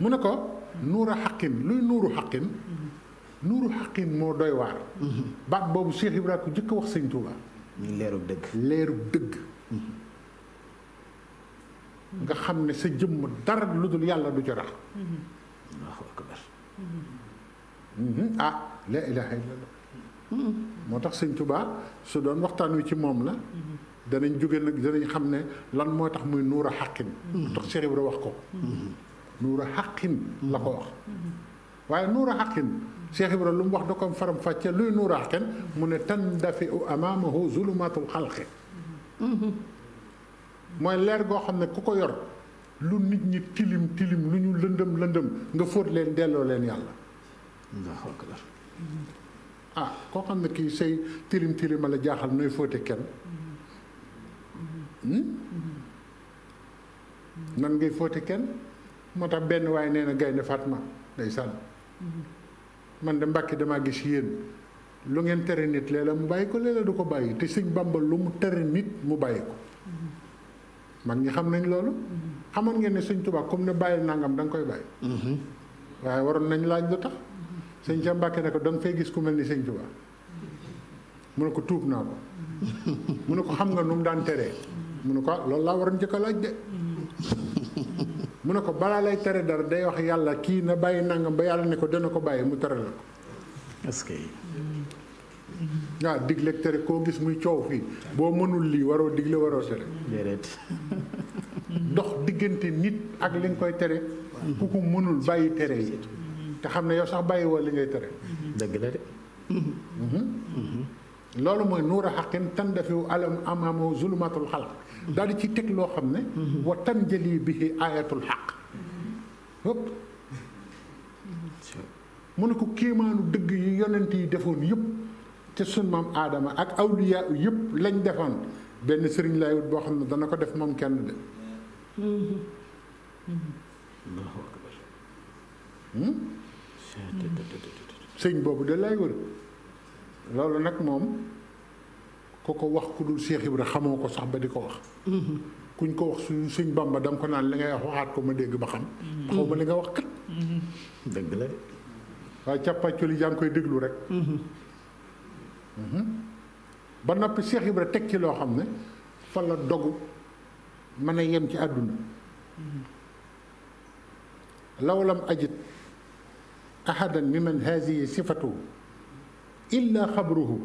mu ne ko nuura xaqin luy nuuru xaqin nuuru xaqin moo doy waar baat boobu Cheikh Ibrahima ko jëkk wax sëñ Tuubaa muy leerub dëgg. leerub nga xam ne sa jëmm dara lu dul yàlla du ci mm-hmm. ah, mm-hmm. moo tax sëñ Tuubaa su doon waxtaan wi ci moom la. Mm-hmm. danañ jóge nag danañ xam ne lan moo tax muy nuur a xàqin. tax Cheikh Ibra wax ko. nuur xàqin la ko wax. waaye nuura xaqin cheikh ibra lu mu wax da ko faram fàcce luy nuura xaqin mu ne tan dafi u amaamahu zulumatul xalqi mooy leer goo xam ne ku ko yor lu nit ñi tilim tilim lu ñu lëndëm lëndëm nga fóot leen delloo leen yàlla ah koo xam ne kii say tilim tilima la jaaxal nooy fóote kenn nan ngay fóote kenn moo tax benn waaye nee na gaynde Fatma day sànn Mm-hmm. man de Mbàkke damaa gis yéen lu ngeen tere nit léeg-la mu bàyyi ko léeg du ko bàyyi te sëñ Bàmba lu mu tere nit mu bàyyi ko mm-hmm. mag ñi xam nañ loolu mm-hmm. xamoon ngeen ne sëñ Tuubaa comme ne bàyyil nangam da nga koy bàyyi waaye waroon nañ laaj lu tax sëñ sa Mbàkke ne ko da nga gis ku mel ni sëñ Tuubaa mu ne ko tuub naa ko mu ne ko xam nga nu mu daan teree mu ne ko ah, loolu laa waroon njëkk a laaj de mu ne ko balaa lay tere dara day wax yàlla kii na bàyyi nangam ba yàlla ne ko dana ko bàyyi mu tere la ko. que. waaw digle ak tere koo gis muy coow fii boo mënul lii waroo digle waroo tere. déedéet. dox diggante nit ak li nga koy tere. ku ko mënul bàyyi tere yi. te xam ne yow sax bàyyi woo li ngay tere. dëgg la de. Mhm. Mhm. loolu mooy nuura xaqin tandafiu alam amamo zulumatul xalq daal di ci teg loo xam ne wa tanjali bihi ayatul xaq yëpp mu ne ko kéemaanu dëgg yi yonent yi defoon yëpp te sun maam aadama ak awliya yëpp lañ defoon benn sëriñ lay wut boo xam ne dana ko def moom kenn de sëñ boobu de lay wër loolu nag moom ku ko wax ku dul Cheikh Ibra xamoo ko sax ba di ko wax. kuñ ko wax suñu suñ bamba dam ko naan li ngay wax waxaat ko ma dégg ba xam. xaw ma li nga wax kat. dëgg la waaye càppaacoli jaa ngi koy déglu rek. ba noppi Cheikh Ibra teg ci loo xam ne fa la dogu mën a yem ci àdduna. lawlam ajit ahadan mi man haasihi sifatu إلا خبره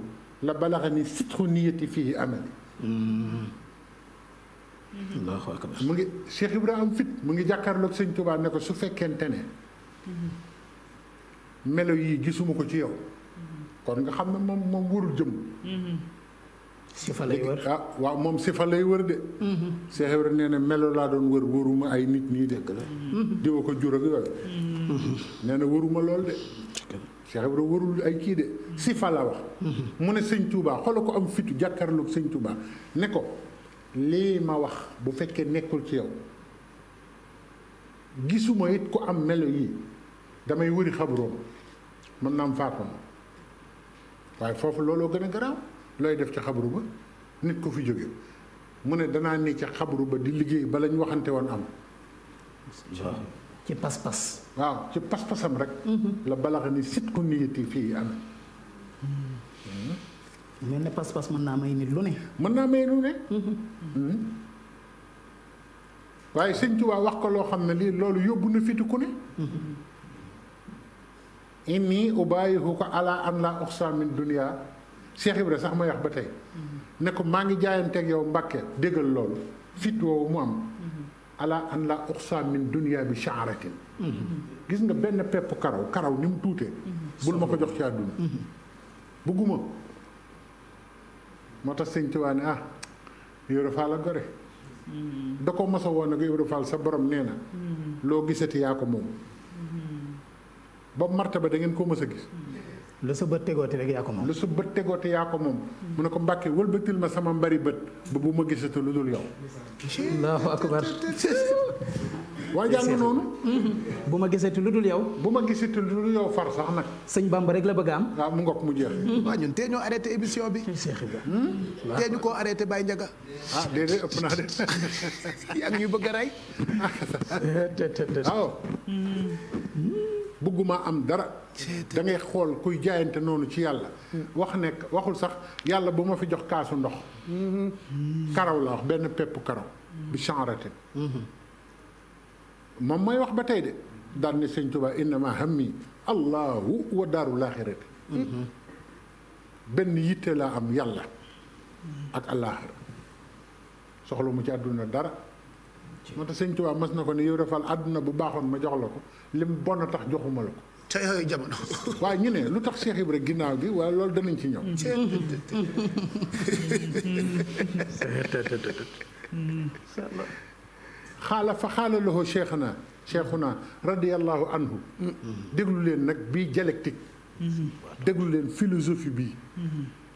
لبلغني ستر نيتي فيه أملي الله أكبر مجي شيخ إبراهيم فت مجي جاكر لك سنة توبا نكو سوفي كنتنة ملو يي جسو مكو تيو كون نغا خامن مم مم ور جم سيفالي ور آه، وا مم سيفالي ور دي شيخ إبراهيم نينا ملو لا دون ور وروما اي نيت ني دك Cheikh Ibra warul ay kii de si la wax. Mm-hmm. mu ne sëñ Touba xoola ko am fitu jàkkaarloog sëñ Touba ne ko lii ma wax bu fekkee nekkul ci yow gisuma it ku am melo yi damay wëri xabroom mën naa am faatu ma waaye foofu looloo gën a garaaw looy def ci xabru ba nit ko fi jóge mu ne dana ne ca xabru ba di liggéey ba lañ waxante woon am. ci pas-pas. waaw ci pas-pasam rek. Mhm. la balax ni sit ku niyati fii am. Mhm. mel ne pas-pas mën naa may nit lu ne. mën naa may lu ne. Mhm. waaye sëñ Tuubaa wax ko loo xam ne lii loolu yóbbu na fiti ku ne. inni ubaayihu ko ala an la uxsa min dunia Cheikh Ibra sax may wax ba tey. ne ko maa ngi jaayanteeg yow Mbàkke déggal loolu fit woowu mu am. ala an la uxsa min dunia bi chaaratin gis nga benn pepp karaw karaw ni mu tuute bul ma ko jox ci àdduna bugguma moo tax sëñ Tuubaa ne ah Ibra a gore da ko mosa woon nag Ibra Faal sa borom nee na loo gisati yaa ko moom ba martaba da ngeen ko mës a gis lu sa bët tegooti rek yaa ko moom. lu sa bët tegooti yaa ko moom. mu ne ko mbàkke wëlbatil ma sama mbari bët ba bu ma gisatu lu dul yow. a allahu akbar waa jàng noonu. bu ma gisati lu dul yow. bu ma gisati lu dul yow far sax nag. sëñ Bamba rek la bëgg am. waaw ah, mu ngoog mu jeex. waaw ñun tee ñoo arrêté émission bi. Cheikh Ibrahima. Hmm? tee ñu koo arrêté Baye Ndiaga. ah déedéet ëpp naa de. yaa ngi ñuy bëgg a rey. waaw. am dara. da xool kuy jaayante noonu ci yàlla. wax nekk waxul sax yàlla bu ma fi jox kaasu ndox. Hmm. karaw la wax benn pepp karaw. Hmm. bi chanraté. moom mooy wax ba tey de daan ne sëñ Tuubaa innama hammi allahu wa daarul aaxirati benn yitte laa am yàlla ak àllaaxira soxla mu ci àdduna dara moo tax sëñ Tuubaa mas na ko ne yow defal àdduna bu baaxoon ma jox la ko lim bon tax joxuma la ko te yooyu jamono waaye ñu ne lu tax Cheikh Ibra ginnaaw gi wala loolu danañ ci ñëw فخال له شيخنا شيخنا رضي الله عنه دغلو لين نك بي ديالكتيك دغلو لين فيلوسوفي بي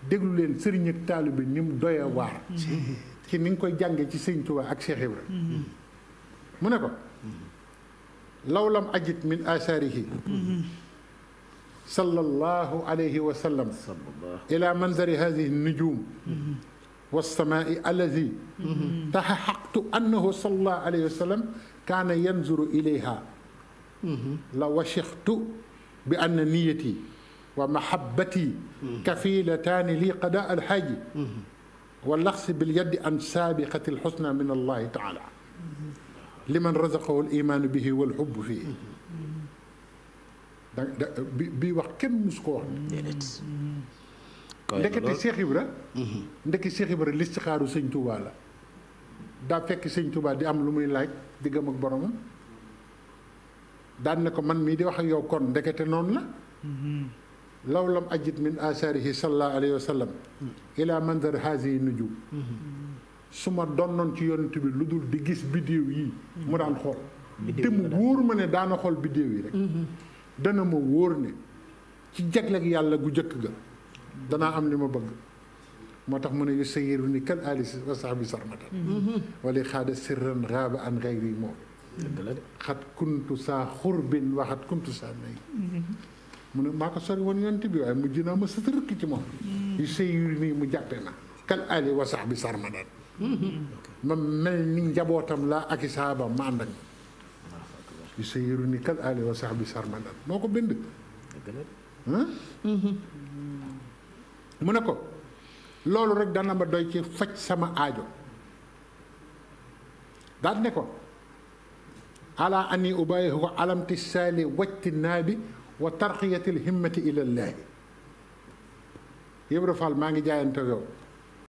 دغلو لين سيرن اك طالب نيم دويا وار كي نين كوي جانغي سي سيرن توبا اك شيخ ابراهيم منكو لو لم اجد من اثاره صلى الله عليه وسلم الى منظر هذه النجوم والسماء الذي تحققت أنه صلى الله عليه وسلم كان ينظر إليها لوشخت بأن نيتي ومحبتي كفيلتان لي قضاء الحج واللخص باليد أن سابقة الحسنى من الله تعالى لمن رزقه الإيمان به والحب فيه بي wax kenn musu ndekete Cheikh Ibra mhm. ndekki Cheikh Ibra listixaaru sëñ Touba la daa fekk sëñ Touba di am lu muy laaj di gëm ak boromam daan ne ko man mii di wax ak yow kon ndekete noonu la mhm. law lam ajit min asaarihi sallallahu alayhi wa sallam mhm. ila manzar haasi nujum su ma donnoon ci yonent bi lu dul di gis biddéew yi mu daan xool te mu wóor ma ne daana xool biddéew yi rek dana ma wóor ne ci jagleeg yàlla gu jëkk ga دنا أمل مبغ ما تخمن يسيرني كل آلس وصعب يصير مدر ولخاد سر غاب عن غيري مو خد كنت سا خرب وخد كنت سا نهي من ما كسر وني أنت بيوه مجنا مستر كتما يسيرني مجابنا كل آلي وصعب يصير مدر ملني جابوتم لا أكسابا ما عندك يسيرني كل آلي وصعب يصير مدر ما كو بند ها mu ne ko loolu rek dana ma doy ci faj sama aajo daal ne ko ala ani ubayihu ko alamti saali wajti naabi wa tarxiyatil himmati ilallaahi Ibra Fall maa ngi jaayante yow